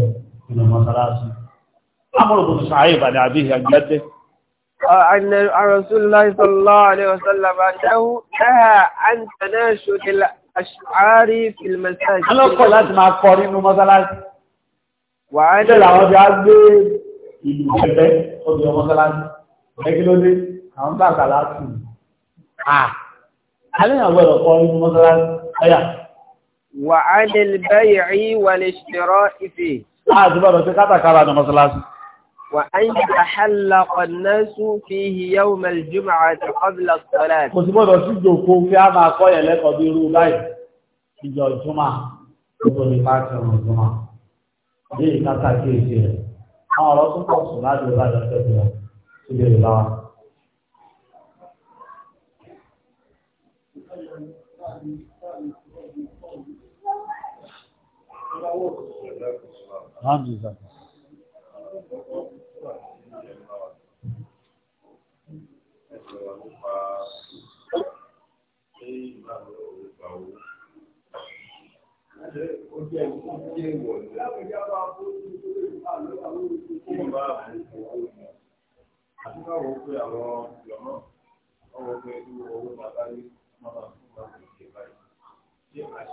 inú mọ́sálásí amúrùkùn sàáyé bàdé àbí ìyàgbẹ́tẹ́ أن رسول الله صلى الله عليه وسلم أنه عن تناشد الأشعار في المساجد. أنا أقول لك قرين مصلاتي. وعن إذا لو جاز ìlú pẹpẹ ọdún ọmọsálásí ẹgbẹlódé àwọn bá àgbàlá sí i. àlẹ́ àwọn ẹ̀rọ kọ́ inú mọ́sálásí ọ̀yà. wà á lè báyìí rí wà lè ṣèrọ ìfè. láti bọ̀dọ̀ sí kátàkárà ní mọ́sálásí. wà á ń yà hàlà ọ̀nà sùn fi hìyàwó mẹ́lìjúmọ̀ àti ọ̀bìlà sọ̀rọ̀. kò sí bọ̀dọ̀ sí jòkó kí a máa kọ́ yẹn lẹ́kọ̀ọ́ bí irú báyìí ìjọ ìjùmọ̀ gbogbo ní pàṣẹ ọ̀rọ̀ ìjùmọ̀ bí ìkátà kí èsì rẹ̀ àwọn ọ̀rọ̀ tó pọ̀ sùn láti ìlànà ìjọba ìjọba हाँ जी sir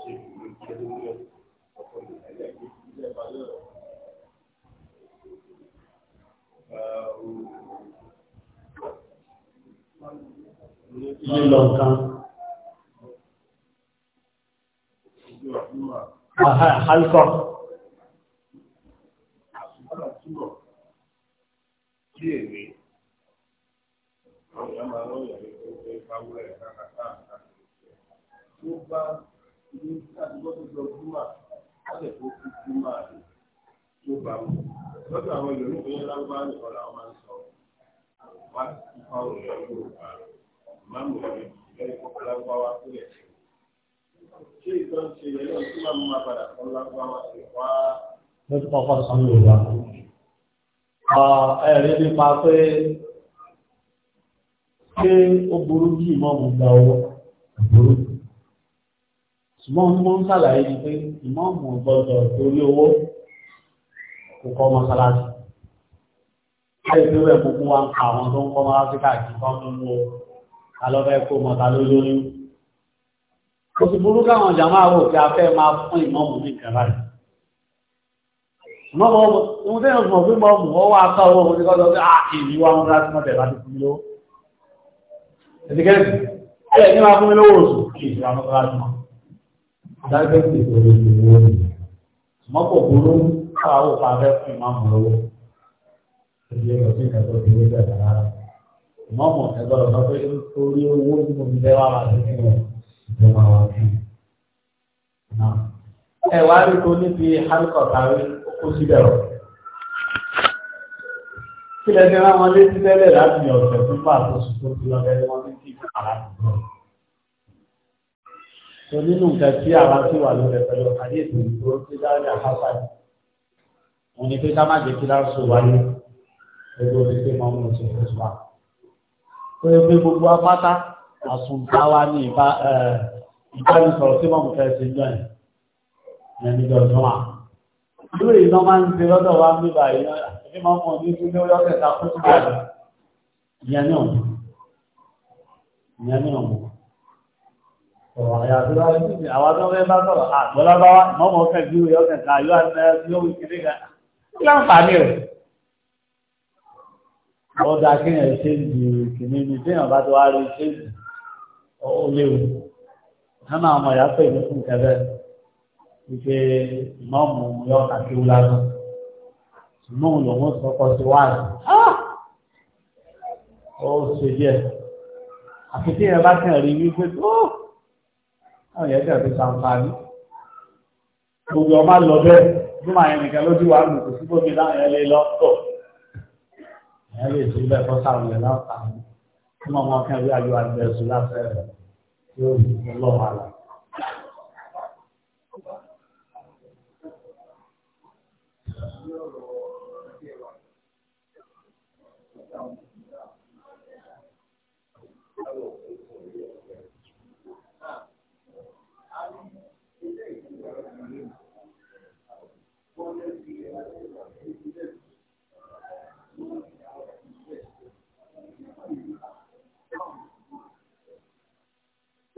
Thank you lílọ kan. Halkọ̀. Kí èrè, àwọn ọmọ ọlọ́yà ní kó fẹ́ pàwọ́ ẹ̀ káàkiri. Tó bá ní àdúgbò tó jọ ọ̀sẹ̀ tó kú kú máa rí tó bá mu lọ́dọ̀ àwọn ìlú ní lágbá nìkan làwọn máa ń sọ wá ipa òṣèlú yorùbá máa mú ọ̀rẹ́ ìgbẹ́ ìkọ́kọ́ lágbá tó yẹ sí. ṣé ìtàn ṣe yẹ lọ́wọ́ tí màmú máa padà kọ́ lágbá wá wá. ló ti kọ́kọ́ sọ ní yorùbá. ẹ̀rí nípa pé ṣé ó burú bí ìmọ̀ ọ̀hún gba owó ṣùgbọ́n mo ń ṣàlàyé ni pé ìmọ̀ọ́mù gbọ́dọ̀ torí owó kò kọ́ mọ́sálásí. Láì pé wẹ̀ kúkú wá ń ka àwọn tó ń kọ́ mọ́sálásí káàkiri kan tó ń wo alọ́fẹ́ kó mọ́ta lólórí. Kò sì burú káwọn jàmá rò pé a fẹ́ máa fún ìmọ̀ọ́mù ní ìkẹ́lá rẹ̀. Mọ́mọ́ ohun tí èèyàn mọ̀ pé wá ká owó òun kọ́ ah, ẹ̀ ní máa fún mi lówó oṣù kì í ṣe àwọn ọ̀rọ̀ àjùmọ̀ dágbẹ́sì ìṣòro ìṣòro rẹ̀ mọ́pò burú káwọ́ pa fẹ́ fún ìmáàmù lọ́wọ́ ìdílé rẹ̀ sí ìkẹ́kọ̀ọ́ ti rí bẹ̀rẹ̀ rárá ìmáàmù ẹgbẹ́rún sọ pé orí owó tí mo fi fẹ́ wá wá sí ìwọ̀n ìjọba wa sí ẹ wá rí tó níbi hálùkọ̀ tàbí ó síbẹ̀ rọ̀ kí lẹ́sẹ̀ rán wọn létí tẹ́lẹ̀ láti ọ̀sẹ̀ fún pàtó sùn tó ti ní kí ìfọ̀ àlàkùn náà. So nínú nǹkan tí àwa ti wà lórí pẹ̀lú àdéhùn ìdúró tí dáhùn àhásà òun ni pé ká má jẹ́ kí láṣọ wáyé gbogbo orí pé máa ń mú sí fún wa. Ó yẹ pé gbogbo apáta àsùnkáwa ní ìbánisọ̀rọ̀ tí wọ́n fẹ́ sí jọ yẹn lẹ́nu ìjọba wa. Ìlú ìlú máa ń ṣe lọ́dọ̀ wa ní báyìí náà ẹbí máa ń mọ̀ ní ìlú lórí ọ̀sẹ̀ ta kó síbẹ̀ ìyẹn ní Àwọn kíyàn ṣe ń di kìíní ní tí bá tó wá rí ṣe ń di ó léwu. Hánà ọmọ ìyá pè ní fún kẹfẹ́ wípé mọ́mù yóò kà kí lásán. Ṣùgbọ́n lòun sọkọ sí wáàlì. Ó ṣe díẹ̀. Àfi tí bá kàn rí wípé tó àwọn èèyàn tẹ̀ fi sàǹfààní gbogbo ọmọ lọ bẹ́ẹ̀ gbọ́mọ àyẹn nìkan ló ti wà nù kò sí gómìn láwọn èèyàn lè lọ tọ̀ èèyàn lè ṣe bẹ́ẹ̀ kọ́ sáwọn èèyàn láǹfààní kí wọ́n mọ kí wọ́n bí ayọ̀ àgbẹ̀sùn láfẹ́ rẹ̀ yóò lọ́wọ́ àlàyé.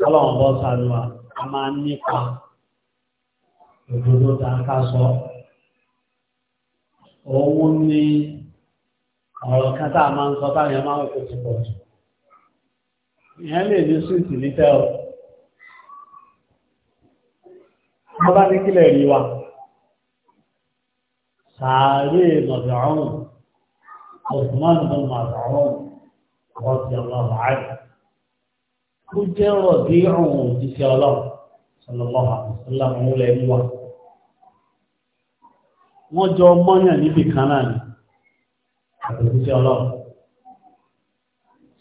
ọlọ́run bọ́ a máa ń nípa òdodo tá a ká sọ òun ni ọ̀rọ̀ kan tá a máa ń sọ táwọn ya máa ń kó ti pọ̀ jù ìyẹn lè ní síìtì nítẹ́ ọ wọ́n bá ní kílẹ̀ rí wa sàárè ó jẹ́ rọ̀bí ọ̀hún òjíṣẹ́ ọlọ́run sallallahu alaihi wasallam múlẹ̀ ń wà wọ́n jọ mọ́yàn níbi kan náà ni àtòjíṣẹ́ ọlọ́run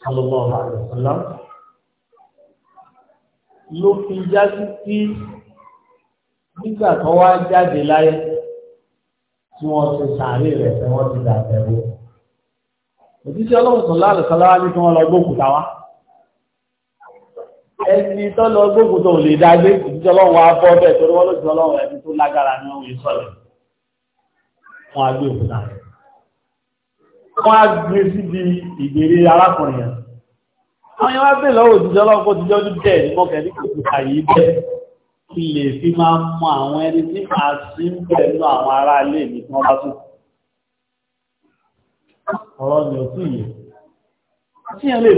sallallahu alaihi wasallam ló fi já sí sí nígbà tó wá jáde láyé tí wọ́n ti sàárè rẹ̀ tí wọ́n ti dàbẹ̀wò òjíṣẹ́ ọlọ́run sallallahu alaihi wasallam ní kí wọ́n lọ gbókùtà wá ẹni tó lọ gbógun tó lè dágbé ìdíjọlọ́wọ́ afọ́ bẹ́ẹ̀ torí wọ́n ló ti ọlọ́wọ́ ẹni tó lágbára ní òun ìsọ̀rọ̀ wọn agbé òkúta wọn agbé síbi ìgbèrè arákùnrin yẹn àwọn yẹn wá bè lọ́wọ́ ìdíjọlọ́wọ́ kó ti jọ́jú bẹ́ẹ̀ ní mọ́kẹ́ ní kòkòtà yìí bẹ́ẹ̀ kí lè fi máa mọ àwọn ẹni tí máa sí ń pẹ̀lú àwọn ará ilé mi tí wọ́n bá tún ọ̀rọ̀ mi ò tí yẹn lè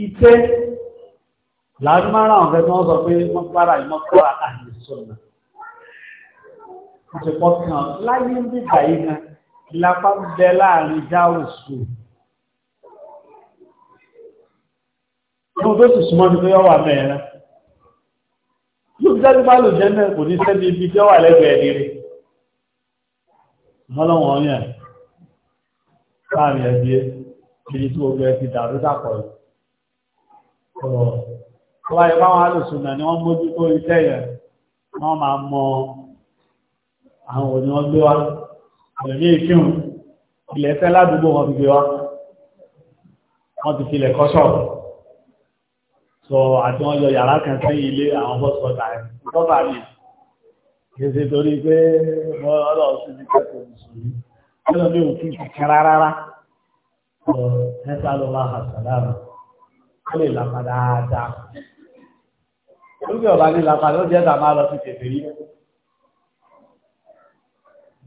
ìtẹ́ láàrínmára àwọn ẹgbẹ́ wọ́n sọ pé wọ́n pàrà ìmọ́kọ́ra àyè sọ̀nà ti pọ̀ kan láyé ń bíbà yìí gan ìlàpá ń bẹ láàrin dáhùsù ìwọ̀n tó sì súnmọ́ ní pé ó wà mẹ́rin yóò jẹ́ nípa lò jẹ́ náà kò ní sẹ́ni ibi tí ó wà lẹ́gbẹ̀ẹ́ rere mọ́lọ́wọ́n yẹn láàrin ẹbí ibi tí gbogbo ẹ ti dàrú dàpọ̀ yìí ọ̀rọ̀ ẹ̀bá wọn alùsùn náà ni wọ́n mójú tó iṣẹ́ yẹn wọ́n máa mọ àwọn òní wọ́n gbé wá ẹ̀mí ìkírùn ilẹ̀ ẹ̀fẹ́ ládùúgbò wọn ti gbé wá wọ́n ti filẹ̀ kọ́ṣọ̀ sọ àti wọ́n yọ yàrá kan sẹ́yìn ilé àwọn bọ́sọ̀tà ẹ̀ tọ́ba mi kèsè torí pé ọlọ́run sì ti kẹ́kọ̀ọ́ mùsùlùmí ọlọ́run mi ó lè lápá dáadáa lórí ọ̀bá ní lápá ló jẹ́ ká máa lọ sí tètè rí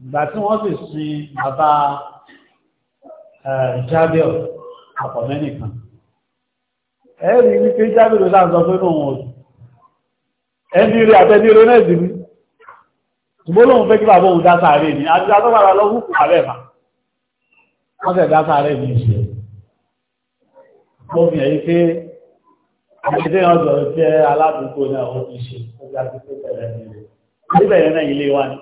ìgbà tí wọ́n sì sin bàbá jábẹ́ọ̀ àpọ̀mẹ́nìkan ẹ̀rí wípé jábẹ́ọ̀ láàzọ pé náà wọ́n ẹni rí àtẹ́ni rí náà dìbí ìgbólóhùn fẹ́ kí bàbá òun dá sáré ní àti àtọ́bàrà lọ́wọ́ kù àrẹ́ mà wọ́n tẹ̀ dá sáré ní ìṣe mo fi hàn pé àgbẹ̀dẹ́ yẹn ọ̀dọ̀ jẹ́ aládùúgbò náà ó ti ṣe ó àti pé bẹ̀rẹ̀ ní ilé níbẹ̀ yẹn ilé wa ni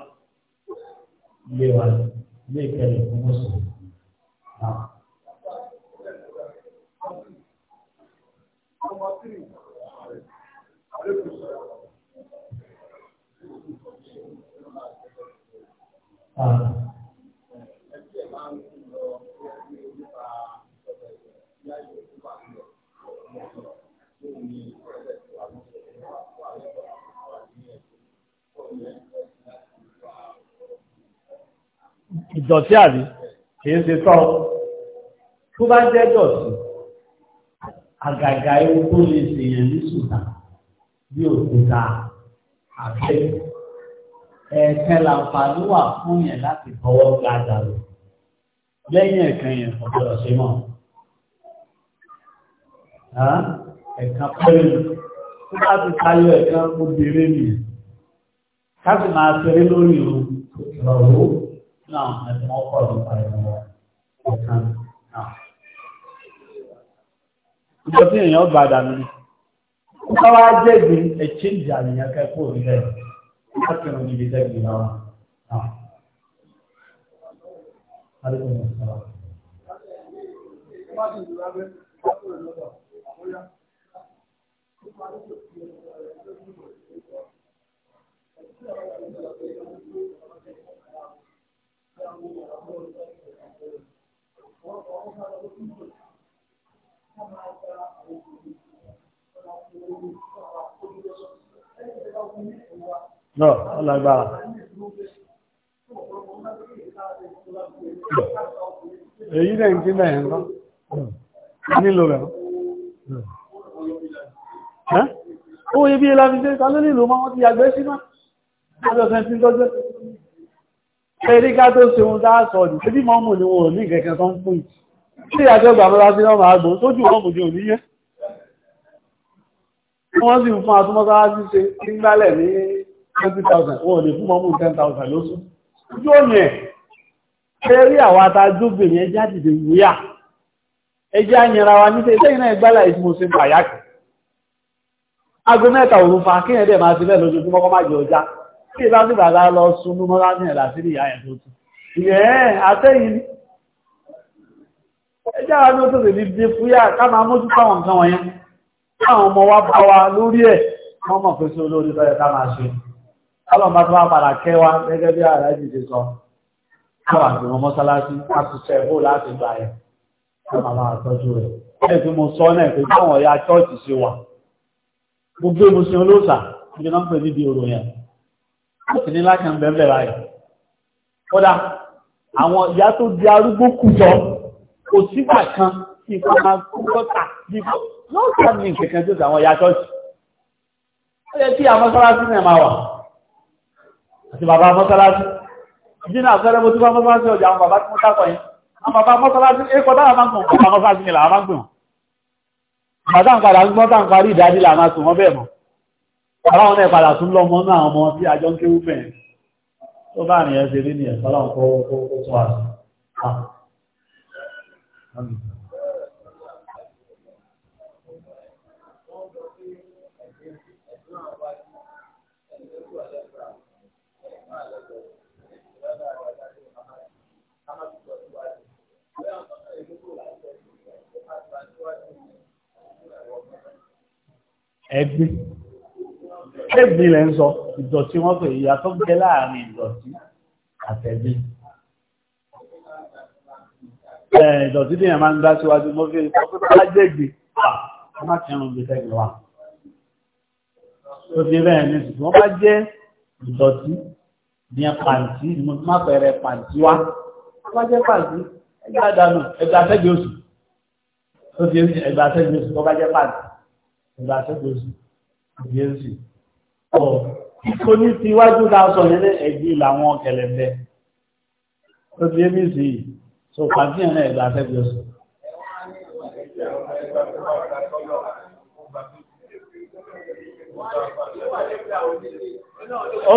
ilé wa ni ilé ìkẹlẹ̀ fún Ah. ìdọ̀tí àbí kìí ṣe tọ́ tó bá jẹ́ dọ̀tí àgàgà ewu tó lè ṣèyàn ní ṣùgbà bí òkúta àbẹ́ ẹ̀ẹ̀kẹ́ làǹfààní wà fún yẹn láti bọ́wọ́ gbájà lọ lẹ́yìn ẹ̀kan yẹn ọ̀pọ̀lọpọ̀ ṣe mọ́ ẹ̀ka pẹ́lú tó bá ti tayọ ẹ̀ka mo bèèrè nì káàkiri máa tẹ̀lé lórí o ìrọ̀rọ̀ náà ẹ̀sìn ọkọ̀ nípa ìrọ̀rọ̀ ọ̀kan náà. ìjọ tí èèyàn bá dànù ni wọ́n wá jẹ́bi ẹ̀kí ìjà nìyẹn kẹ́kọ̀ọ́ rí bẹ́ẹ̀ káàkiri ní ibi náà. Thank Rồi, lại bà. èyí rẹ̀ ń kí náà ẹ̀ ń lọ nílò rẹ̀ lọ. owó ibi ìlàmìsẹ́ ta ló nílò máa wọ́n ti yàgbẹ́ sí máa lọ́sẹ̀ tí lọ́jọ́ ẹ̀ríká tó ṣe ohun dáa sọ ọdún tí mọ́ mù ní wọn ò ní ìkẹ̀kẹ́ tó ń pín tí ìyàjọ́ gbàmọ́lá sí ọmọ àgbò sójú wọn mù ní òníyẹ́ wọ́n sì fún àtúmọ́sá sí ṣe nígbàlẹ̀ ní 20,000 wọn ò lè fún mọ́mù 10,000 lóṣù ojú ọ̀nà ẹ̀ rí àwọn atajóbìnrin ẹjá dìde wúyà ẹjá yẹra wa ní ṣe iṣẹ́ ìná ìgbàlẹ̀ ìtumọ̀ṣe pàyàkì aago mẹ́ta òun fa kí ẹ̀dẹ̀ máa ti bẹ́ẹ̀ lójoojúmọ́ kọ́ máa jẹ ọjà tí ìbá sì bàbá lọ sunú mọ́lá ní ẹ̀là sí ìyá ẹ̀ tó tù ìyẹn àtẹ́yìn ẹjá wa ní ó tòṣè ní dé fúyà ká máa mójú táwọn nǹkan wọ̀nyẹn táwọn ọmọ wa bá wa lórí ẹ̀ wọ́n mọ̀ pé sí olórí bẹ́ẹ̀ ká máa ṣe ọlọ́mọ tó wá padà kẹ́ wa gẹ́gẹ́ bí ara ẹ̀jì ti sọ káwà sí wọn mọ́sálásí láti ṣe ẹ̀kọ́ láti gbà ẹ̀ káwà máa tọ́jú rẹ̀ ẹ̀ tí mo sọ náà pé báwọn ọ̀yà chọ́ọ̀chì ṣe wà gbogbo ìmùsùn olóòsà ibi náà ń pè níbi òrò yẹn ó sì ní láti ń bẹ́ẹ̀ bẹ́ẹ̀ báyìí kódà àwọn ìyá tó di arúgbó kù jọ kò sígbà kan kí nǹkan máa kú lọ́tà bí yóò sá ní nǹkan tó sàwọn ìyá ṣọ́ọ̀ṣì ó yẹ kí àmọ́sálásí náà máa wà àti bàbá àmọ́sálásí ìdínà àfẹ́rẹ́ mo ti bá mọ́sálásí ọjà àwọn bàbá tí mo dákọ̀ yẹn àwọn bàbá àmọ́sálásí ẹ̀kọ́ dára máa ń gbọ̀n bàbá àmọ́sálásí ni làwọn máa ń gbọ̀n bàtà ń padà gbọ́n tà ń parí ìdájí làmà tún wọ́n bẹ̀ mọ́ aláwọn náà padà tún lọ́mọ náà ọmọ tí àjọ ń kéwú mẹ́rin tó bá nìyẹn ṣe rí nìyẹn sọ́lá ẹgbẹ́ ẹgbẹ́ ilẹ̀ ń sọ ìdọ̀tí wọ́n pè ìyàtọ̀ gbẹ láàrin ìdọ̀tí àtẹ̀gbẹ́ ìdọ̀tí dèèyàn máa ń dá síwájú mọ́ fi ọkọ̀ tó bá jẹ́gbẹ́ má ti rún gbèsè gbè wá tó fi bẹ́ẹ̀ ní ṣùgbọ́n bá jẹ́ ìdọ̀tí ní pàǹtí ni mo má bẹ̀rẹ̀ pàǹtí wá tó bá jẹ́ pàǹtí ẹgbẹ́ àdánù ẹgbẹ́ àtẹ́gbẹ́ oṣù tó jẹ́ pàǹtí ìgbà tó kò sí ìdí èsì. ọ̀ kíkó ní ti iwájú ta sọ nílé ẹ̀gbí làwọn kẹlẹ̀bẹ̀ ó ti ébí sí i so pàtí ẹ̀rọ ìgbà tó kò sí.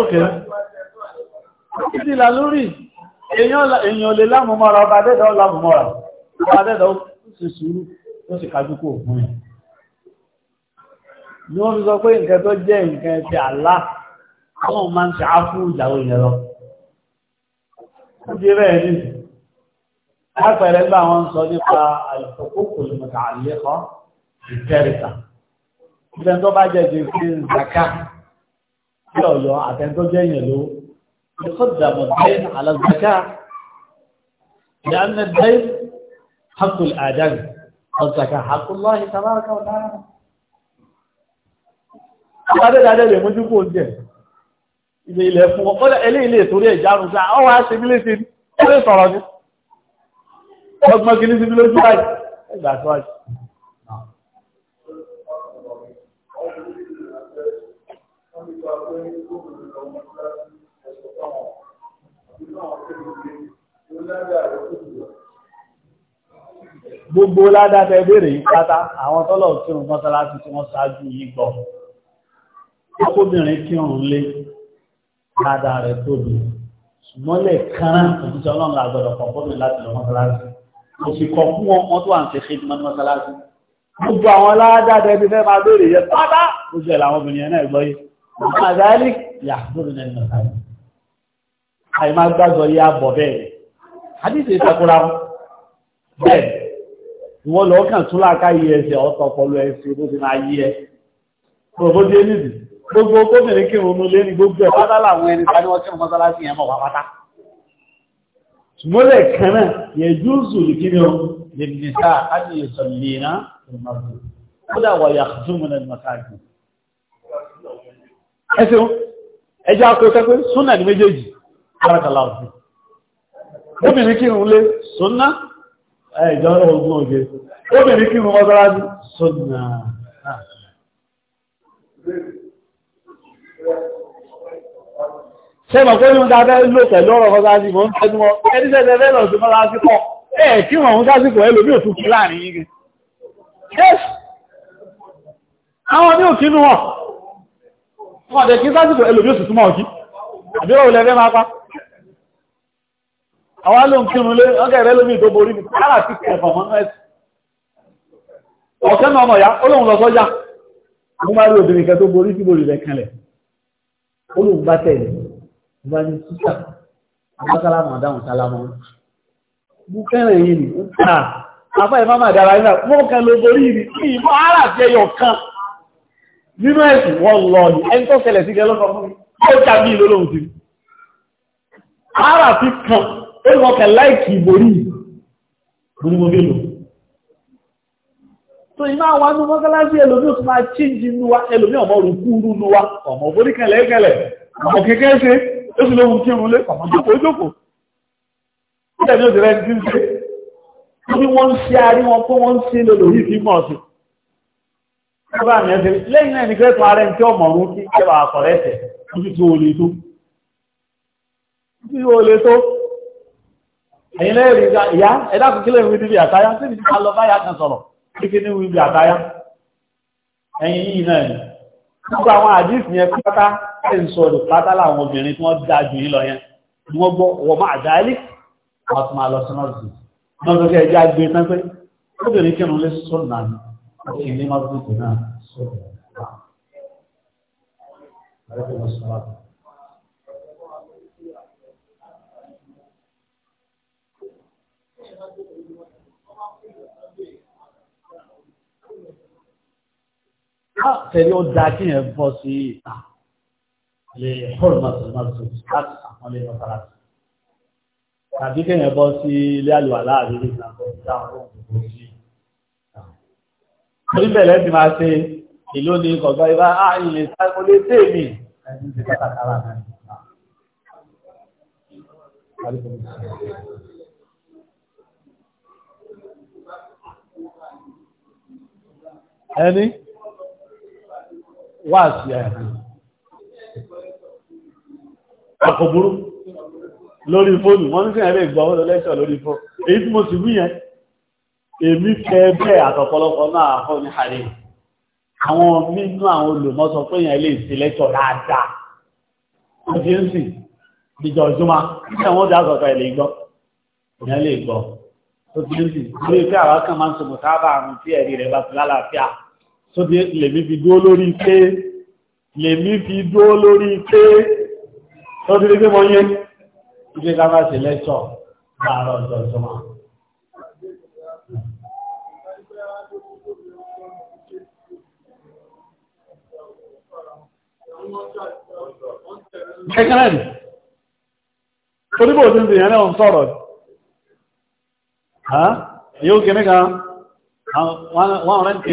ok títí là lórí èèyàn lè lámùmọ́ra ọba dẹ́dọ̀ lámùmọ́ra ọba dẹ́dọ̀ ó sì sùúrù ó sì kájú kó òfin ni wọ́n fi sọ pé nǹkan tó jẹ́ nǹkan ti àlá àwọn ọmọ ń ṣàá fún ìyàwó yẹn lọ. ó di bẹ́ẹ̀ ni lápẹẹrẹ nígbà wọn sọ nípa àìsòkòkò ìmọ̀ta àlékọ́ ìtẹ́rìta ìfẹ́ni tó bá jẹ́ ti fi ń zaka sí ọ̀yọ́ àtẹ́ni tó jẹ́ yẹn ló ìkọ́ dàmọ̀ bẹ́ẹ̀ àlàzaka ìyá ń dẹ́yìn hakùl àdáni ọ̀zàkà hakùl lọ́hìn tàbárakà ọ̀dára. Adédájẹ́ lè mójú kò jẹ́. Ilé ilẹ̀ fún ọ. Kọ́lẹ̀ ilé ilé ìtorí ẹ̀járun sáà, ọ wá ṣe bí léṣe ní, ó lè sọ̀rọ̀ ní. Ọgbọ́n kìí sí bí lójú láì, ẹgbà tó àjì. Gbogbo ládàá tẹ yìí pátá, àwọn tọ́lọ̀ tí wọ́n mọ́sálásí tí wọ́n ṣáájú yìí gbọ́ akóbìnrin kí òun lé ada rẹ̀ tóbi ṣùgbọ́n lẹ̀ kárán òṣìṣẹ́ ọlọ́run la gbọ́dọ̀ pọ̀ fọ́ọ̀mù láti lọ mọ́sálásí kò sì kọ̀ fún wọn wọn tó à ń ṣe ṣe ìdímọ̀ mọ́sálásí gbogbo àwọn aládàáda ẹbí fẹ́ máa béèrè yẹ pátá oṣù ẹ̀ làwọn obìnrin yẹn náà gbọ́ yé àdáálì yà lórí nẹ́ẹ̀ mọ́sálásí àyè máa gbàgbọ́ yé abọ̀ bẹ́ẹ̀ àdìsí ìtakùrà bẹ́ẹ̀ ìwọ lọ́ọ̀kan túnláka yí ẹsẹ̀ ọ̀tọ̀ pọ̀lú ẹsẹ̀ bó ti máa yí ẹ gbogbo gómìnà kí òun lé ní gbogbo ẹ̀ pátá láwọn ẹni tàbí wọ́n kí wọ́n mọ́sálásí ẹmọ̀ wà pátá mọ́lẹ̀ kanáà yẹ jùúsù ìkíni lèmìnìta àti ìsọ̀lẹ̀ná ìmọ̀sù ó dà wà yàtú mọ́nà ìmọ̀sáàjì ẹsẹ̀ ẹjọ́ akọ́kọ́ súnà ní méjèèjì kárakàlá òfin gómìnà kí òun lé súnà ẹjọ́ ọgbọ́n ṣe mọ̀ pé ní ọdá fẹ́ lò pẹ̀lú ọ̀rọ̀ mọ́sáàsì mọ́ ń tẹ́jú wọn ẹni sẹ́sẹ́ fẹ́ lọ sí mọ́sáàsì kọ́ ẹ̀ kí wọ́n mú sásìkò ẹ lómi òtún kí láàrin yìí àwọn ní òkínú wọn wọ́n dẹ̀ kí sásìkò ẹ lómi òtún mọ́ kí àbíwọ̀ ilẹ̀ fẹ́ máa pa àwọn ló ń kírun lé ọgẹ́ rẹ lómi ìdó borí ní ara ti kẹfọ̀ mọ́ mẹ́sì ọ̀kẹ́ náà ọmọ ya olóhun lọ sọ́jà mo máa rí obìnrin kẹ tó borí sí borí rẹ̀ kanlẹ̀ olóhun bá ìgbà ní títà àbásálámù àdáhùn sálámù mú fẹ́rẹ̀ yìí ni ó tà afá ìfá máa dára iná mọ́ kan ló borí ìrì tí ìbọn ara ti ẹyọ kan nínú ẹ̀sùn wọn lọ ní ẹni tó ṣẹlẹ̀ sí gẹlọ́kọ̀ fún mi ó jà bí ìlú lóhun ti ara ti kan ó lọ kẹ láìkì ìborí ìbò ní mo fi lò so iná wa ní mọ́sálásí ẹlòmí ò tún máa chíjì nuwa ẹlòmí ọmọ rùkú rú nuwa ọmọ borí kẹlẹ̀ kẹlẹ̀ ọmọ kékeré ó sì lóhun kí irun lé ọmọdékò ìjókò ìjẹ́ ni ó ti rẹ̀ ti ń ṣe bí wọ́n ń ṣe àrí wọn kó wọ́n ń ṣe lòlò yìí fi mọ̀ sí ọba àmì ẹ̀sẹ̀ lẹ́yìn náà ní kẹ́kọ̀ọ́ ara ẹni tí ọmọ ọ̀run kí kẹwà àkọ̀rẹ́ ẹ̀sẹ̀ títí tí ó le tó títí ó le tó ẹ̀yin lẹ́yìn ìyá ẹ̀dá kò kílẹ̀ ìwé níbi àtáyá sí ìdíkà lọ báyà kan sọ̀rọ̀ kíkí ní ìwé àtáyá ẹ̀yin yìí náà Gbogbo àwọn àdífì yẹn pátá ẹ̀ ń sọ̀rọ̀ pátá láwọn obìnrin tí wọ́n dá jù yí lọ yẹn. Ni wọ́n gbọ́ wọ́n máa dálé, wọ́n tún máa lọ sí nọ́ọ̀sì. Wọ́n sọ pé ẹja gbé tán pé obìnrin kírun lé sọ̀rọ̀ náà ni àti Ah, tẹ̀lé ó da kí yẹn bọ́ sí ìta lè hóròmọ̀tòmọ̀tò láti àpọ́nlé lọ́sàrátì tàbí kí yẹn bọ́ sí ilé àlùwà láàrin ìgbà bọ́ sí àwọn òkùnkùn sí ìta. orí bẹ̀rẹ̀ ti máa ṣe ìlú ní kọ̀gbọ́ ibà ààyè sáré tèmi ẹni ti kọ́tàkárà Ẹni? wá sí ẹ̀ àkọ̀búrú lórí fóònù wọ́n ní sí ẹ̀rẹ́ ìgbà ọ̀rọ̀ lẹ́ṣọ̀ lórí fóònù èyí tí mo sì wí yẹn èmi fẹ́ bẹ́ẹ̀ àtọ̀pọ̀lọpọ̀ náà fọ́ ní àrẹ àwọn nínú àwọn olùmọ́sọ pé yẹn lè ṣe lẹ́ṣọ̀ dáadáa wọ́n ti ń sìn ìjọ ìjọba nígbà wọn dá sọ̀tọ̀ ilé gbọ́ ìyẹn lè gbọ́ ó ti ń sìn lórí pé àwọn kan máa ń sọ̀tọ̀ sábà àrùn tí ẹ̀rí rẹ̀ bá ti lálàáfíà sóbi lèmi fi dúó lórí pé lèmi fi dúó lórí pé sóbi lè gbé mọ́yé ilé káfà sí lẹ́tọ̀ láàárọ̀ ọjọ́ ìjọba. Kẹ́kẹ́rẹ́ ni, torí bò tí ń tìyàn náà ń sọ̀rọ̀ yóò kìí níkan 100k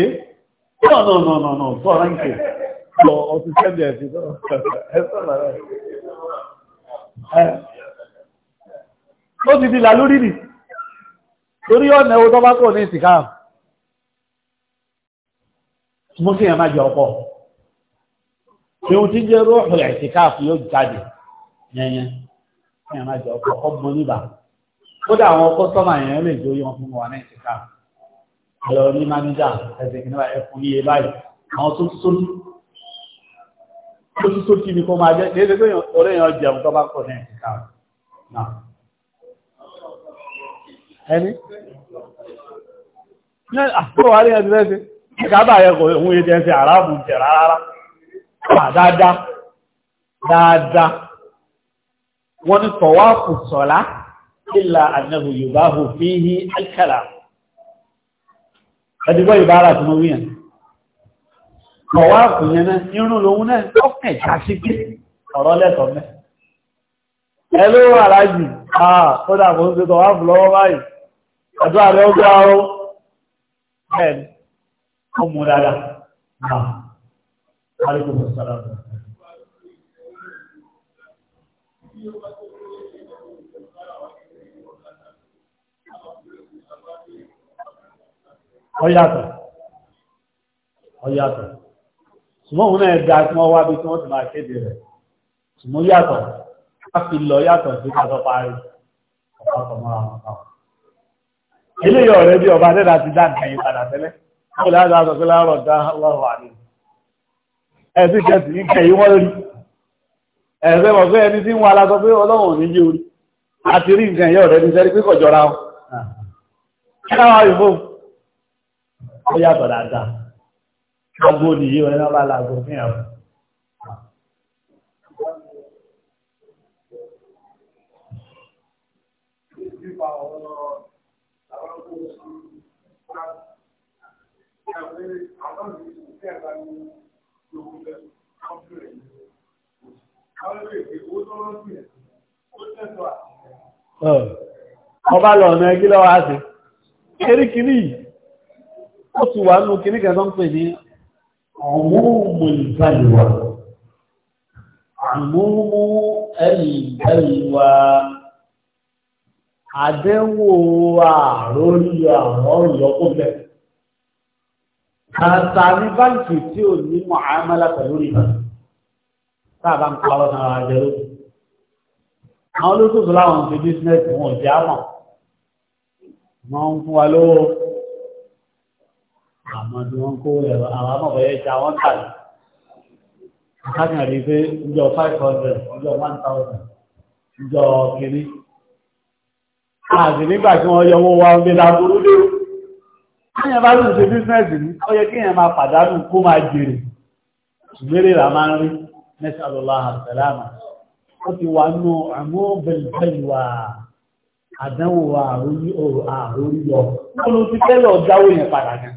No, no, no, no, no, sorry. No, o ti sẹ́ndì ẹ̀sìn náà. Ẹ sọ̀rọ̀ rẹ̀. Ó ti di làlúrí nì. Torí ọ̀nà ewu tó bá kò ní ìsìnká. Mo sì yẹn máa jẹ ọ̀pọ̀. Ìhun tí jẹ́ rọ́ọ̀hùn ìsìnká fún yóò jáde. Yẹnyẹn. Mo sì yẹn máa jẹ ọ̀pọ̀ ọmọ níbà. Kódà àwọn kọ́sọ́mà yẹn lè jó yọ fún wa ní ìsìnká ẹ̀rọ ní máníjà ẹ̀sẹ̀ kìnnà ẹ̀fún ní ebáyìí àwọn sótúsótú ní kó máa jẹ́ ní ẹgbẹ́ orí èèyàn jẹun tó bá kọ̀ ní ẹ̀ka ẹni àkókò wà ní ẹ̀sẹ̀ kò sọ̀lá ìlà àdínàbù yorùbá hù fíhí alkàlà ẹ̀dùgbọ́ ìbára tó mọ́ wíyàn ọ̀wá àkùnyẹ náà irun lòun náà ọkẹ̀ ìṣàṣí pé ọ̀rọ̀ lẹ́tọ̀ọ́ mẹ́ ẹlú àrájì àà kódà fún ṣe tọ́wá fún lọ́wọ́ báyìí ọdún ààrẹ ọgbà ó bẹ́ẹ̀ni ó mú dada náà alẹ́kùnrin sọ́dọ̀ ọyàtọ̀ ọyàtọ̀ ṣùgbọ́n òun náà ga tí wọ́n bí tí wọ́n ti máa kéde rẹ̀ ṣùgbọ́n yàtọ̀ a fi lọ yàtọ̀ sí kàtọ́ parí ọ̀pọ̀ ọ̀rẹ́ bí ọba dẹ́dà ti dá yìí padà tẹ́lẹ̀ ó lè dá lọ́rọ̀ ó yàtọ̀ dáadáa agbo nìyí wọn náà bá lágbo fún ìyàwó. Ọba lọ ọ̀nà ẹgbẹ́ lọ́wọ́ á sí. Erékìrí yìí ó ti wà nù kí nígbà tó ń pè ní ọ̀múùmù ìbáyìwá ọ̀múùmù ìbáyìwá àdéhùn àrórí àwọn olùyọkúnlẹ̀ àtàrí báńkì tí ò ní mọ̀hámálà pẹ̀lú rìbá sáàbá ń parọ́ náà àjẹrò àwọn olóṣòṣò láwọn ti bísínẹ́sì wọn ò jẹ́ àmọ̀ wọ́n ń fún wa lówó àmọ́ tí wọ́n kó ẹ̀rọ àwọn amọ̀bọ̀yẹ ṣe àwọn kàlẹ̀ káàkiri àrí pé ọjọ́ five hundred ọjọ́ one thousand ọjọ́ kìíní àti nígbà tí wọ́n yọ owó wa ń gbé láburú dé ẹ̀yẹn bá lùú ṣe bísínẹ́sì ní ó yẹ kí ẹ̀yẹn máa pàdánù kó máa jèrè ìgbérè là máa ń rí mẹ́sàlọ́lá àṣẹlámà ó ti wà nù àmú bẹ̀lùbẹ̀lùwà àdánwò àròyọ ó ló ti tẹ́lẹ̀ ọ̀dáwó yẹn padà gan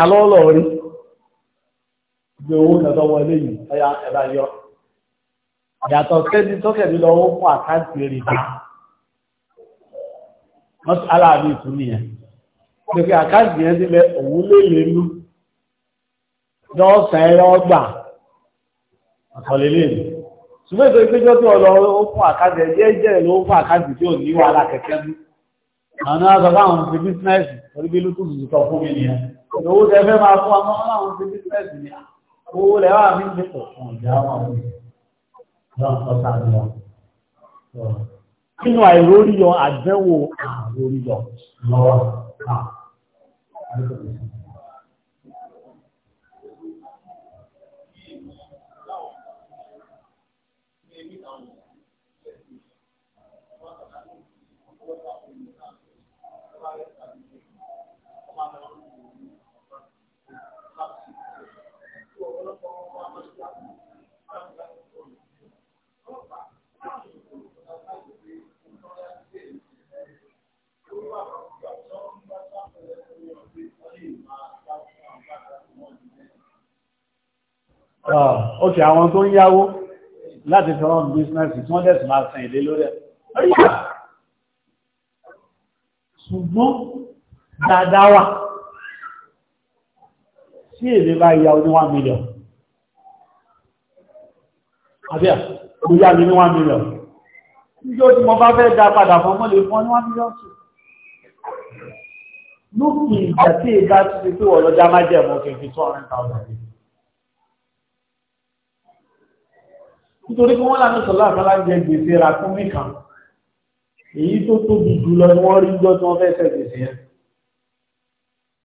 alọ́ọ̀lọ́ rí gbé owó kẹtọ́ wọlé yìí ẹ̀yà ẹ̀bá yọ yàtọ̀ kẹ́ni tọ́kẹ̀mí lọ́wọ́ fún àkáǹtì rìbá wọ́n aláàbí ìtún nìyẹn pẹ̀lú àkáǹtì yẹn sílẹ̀ òun ọgbà ṣùgbọ́n ìtọ́jú pé ó àwọn àgbàgbà àwọn ti bísínẹ́sì orí bí lókùn ìtọ̀ fún mi nìyẹn owó tẹfẹ́ máa fún àwọn àwọn ti bísínẹ́sì ni owó lẹ́wà mí ń dẹ́pọ̀ fún ìjà wọn lọ́n ọ̀sán ni wọn. nínú àìróríyọ àdánwò àìróríyọ lọ́wọ́ náà. ọ̀kẹ́ ah, àwọn tó ń yáwó láti fi rán bísínẹ́sì tí wọ́n dẹ̀ sì máa sàn ìdé lórí ẹ̀ ṣùgbọ́n dáadáa wà sí èdè bá ya oní 1 million àbíà mo yá mi ní 1 million níjọ́ tí mo bá fẹ́ dá padà fún mọ́ lè fún ọ ní 1 million sí lókùn ìgbà tí ìgbà ti fi pé wọ́n lọ dá májẹ̀mọ́ kẹfì 200,000 nítorí pé wọ́n lànà sọ̀lá àtàlà jẹ gbèsè ra fún mi kan èyí tó tóbi jù lọ ni wọ́n rí gbọ́ tí wọ́n fẹ́ fẹ́ gbèsè yẹn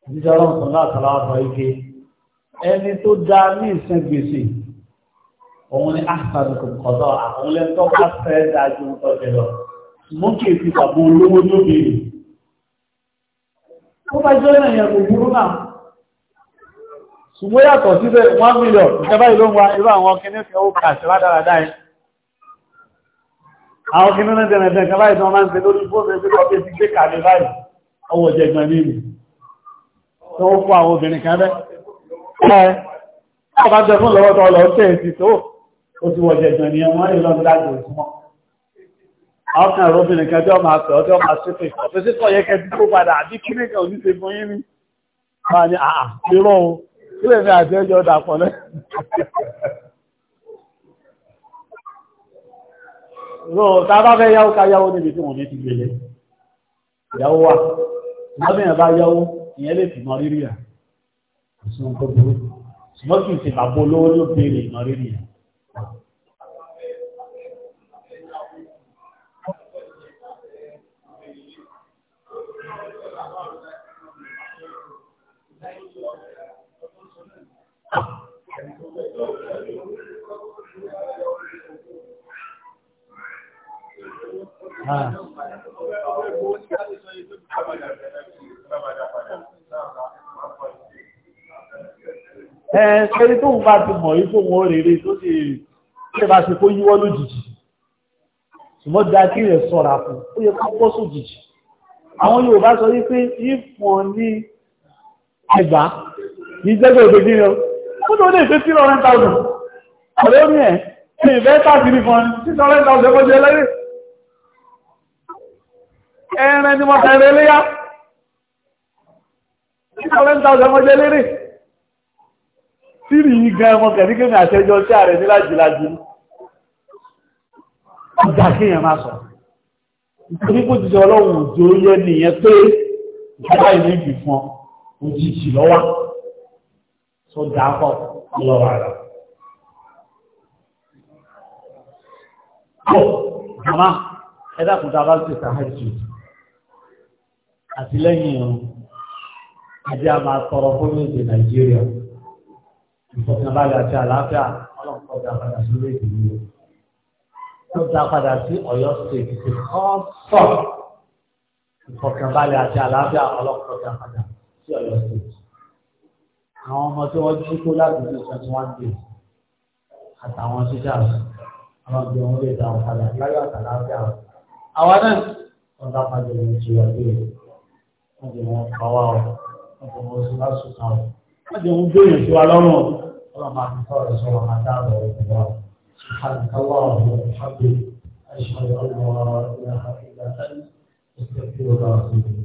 ìdíjà ọlọ́run sọ̀lá àtàlà ike ẹni tó dá ní ìsìn gbèsè òun ni àṣàlù kò kọ́tọ̀ àwọn lẹ́nu tó bá fẹ́ dájú tọ́jú lọ mú kí èsì tàbí olówó tó béèrè. ó bá jọ́ ìrìn àyẹ̀wò burú náà ṣùgbọ́n yàtọ̀ síbẹ̀ 1 million ìjọba ìlú wa irú àwọn kìnnì kan ó kà sí ládàradà ẹ̀ àwọn kìnnì náà dẹ̀rẹ̀ dẹ̀rẹ̀ kan báyìí tí wọ́n máa ń ṣe lórí fóònù ẹgbẹ́ tó fi gbé kàlẹ́ báyìí ọwọ́ jẹgbẹ́ nínú tó ń fún àwọn obìnrin kan bẹ́ ẹ̀ ọba jẹ fún lọ́wọ́ tó lọ tẹ̀ sí tó ó ti wọ jẹgbẹ́ ní ẹ̀wọ̀n yìí lọ́dún dájú ìsúnmọ́ àwọn kan ẹ̀rọ obìnrin kan tí wọ́n máa sọ tí wọ́n máa tí ó padà àbí kíníkà òní ṣe fún yín ní kí lèmi àti ẹjọ́ dàpọ̀ lẹ́. Ro ta bá fẹ́ yáwó ká yáwó níbi tí wọ́n ní ti gbélé. Ìyàwó wà. Lábẹ́yàn bá yáwó, ìyẹn lè fi mọ rírì à. Ìsìn tó burú. Ṣùgbọ́n kì í ṣe bàbá olówó ló béèrè ìmọ̀ rírì à. Ẹ̀ẹ́sẹ̀rí tó ń bá ti mọ̀ yí tó wọ́n rèrè tó sì ṣe bá ṣe kó yíwọ́ lójijì. Ṣùgbọ́n dá kí rẹ̀ sọ́ra fún, ó yẹ kó pọ́ sójijì. Àwọn Yorùbá sọ wípé ìfọ̀n ní ẹgbàá, ní jẹ́gbẹ̀ẹ́ ó tó lè fẹ́ sí ọ̀rẹ́ tàùsùn ọ̀rẹ́ omi ẹ̀ ní ìfẹ́ tàbí fún sí ọ̀rẹ́ tàùsùn ẹkọ́ jẹ lẹ́rẹ́ ẹ̀rẹ́ ni wọ́n fẹ́rẹ́ léyá sí ọ̀rẹ́ tàùsùn ẹkọ́ jẹ lẹ́rẹ́ sírì yìí gan ẹmọ kẹ̀ríkẹ́ ní àṣẹjọ sí ààrẹ ní lájìlájì ọjà kéèyàn máa sọ nítorí kó ti sọ ọlọ́run òjò yẹ nìyẹn pé ìjọba ìlú ìbí fún ọ òjijì lọ́wọ́ tó dáa pọ̀ lọ́wọ́ rẹ̀. Bọ̀ àmá ẹ̀dá kò dáa bá ti sàájì àti lẹ́yìn ìrùn àti àmà tọrọ fún méjì Nàìjíríà. Ìfọ̀kànbalẹ̀ àti àlàáfíà ọlọ́pàá padà sí orílẹ̀-èdè yìí. Tó dá padà sí Ọ̀yọ́ State ti kọ́ sọ̀rọ̀. Ìfọ̀kànbalẹ̀ àti àlàáfíà ọlọ́pàá padà sí Ọ̀yọ́ State àwọn ọmọ tí wọ́n jí kó láti ní twenty one days àtàwọn ṣíṣàs àwọn ọgbẹ́ wọn lè dáhùn padà láyọ̀ àtàláfíà àwa náà wọn bá padà lè ti wà lóye wọn jẹ wọn pàwá ọ wọn jẹ wọn sílá sùtà ọ wọn jẹ wọn gbèrè sí wa lọ́rùn ọlọ́run máa fi tọrọ sọ wọn máa dáàbò ọ̀rọ̀ wa sùhàdùkàwà ọ̀rọ̀ ìfàgbé àìsàn ìrọ̀lọ́wọ́ ìlànà ìlànà ìsèkúrò náà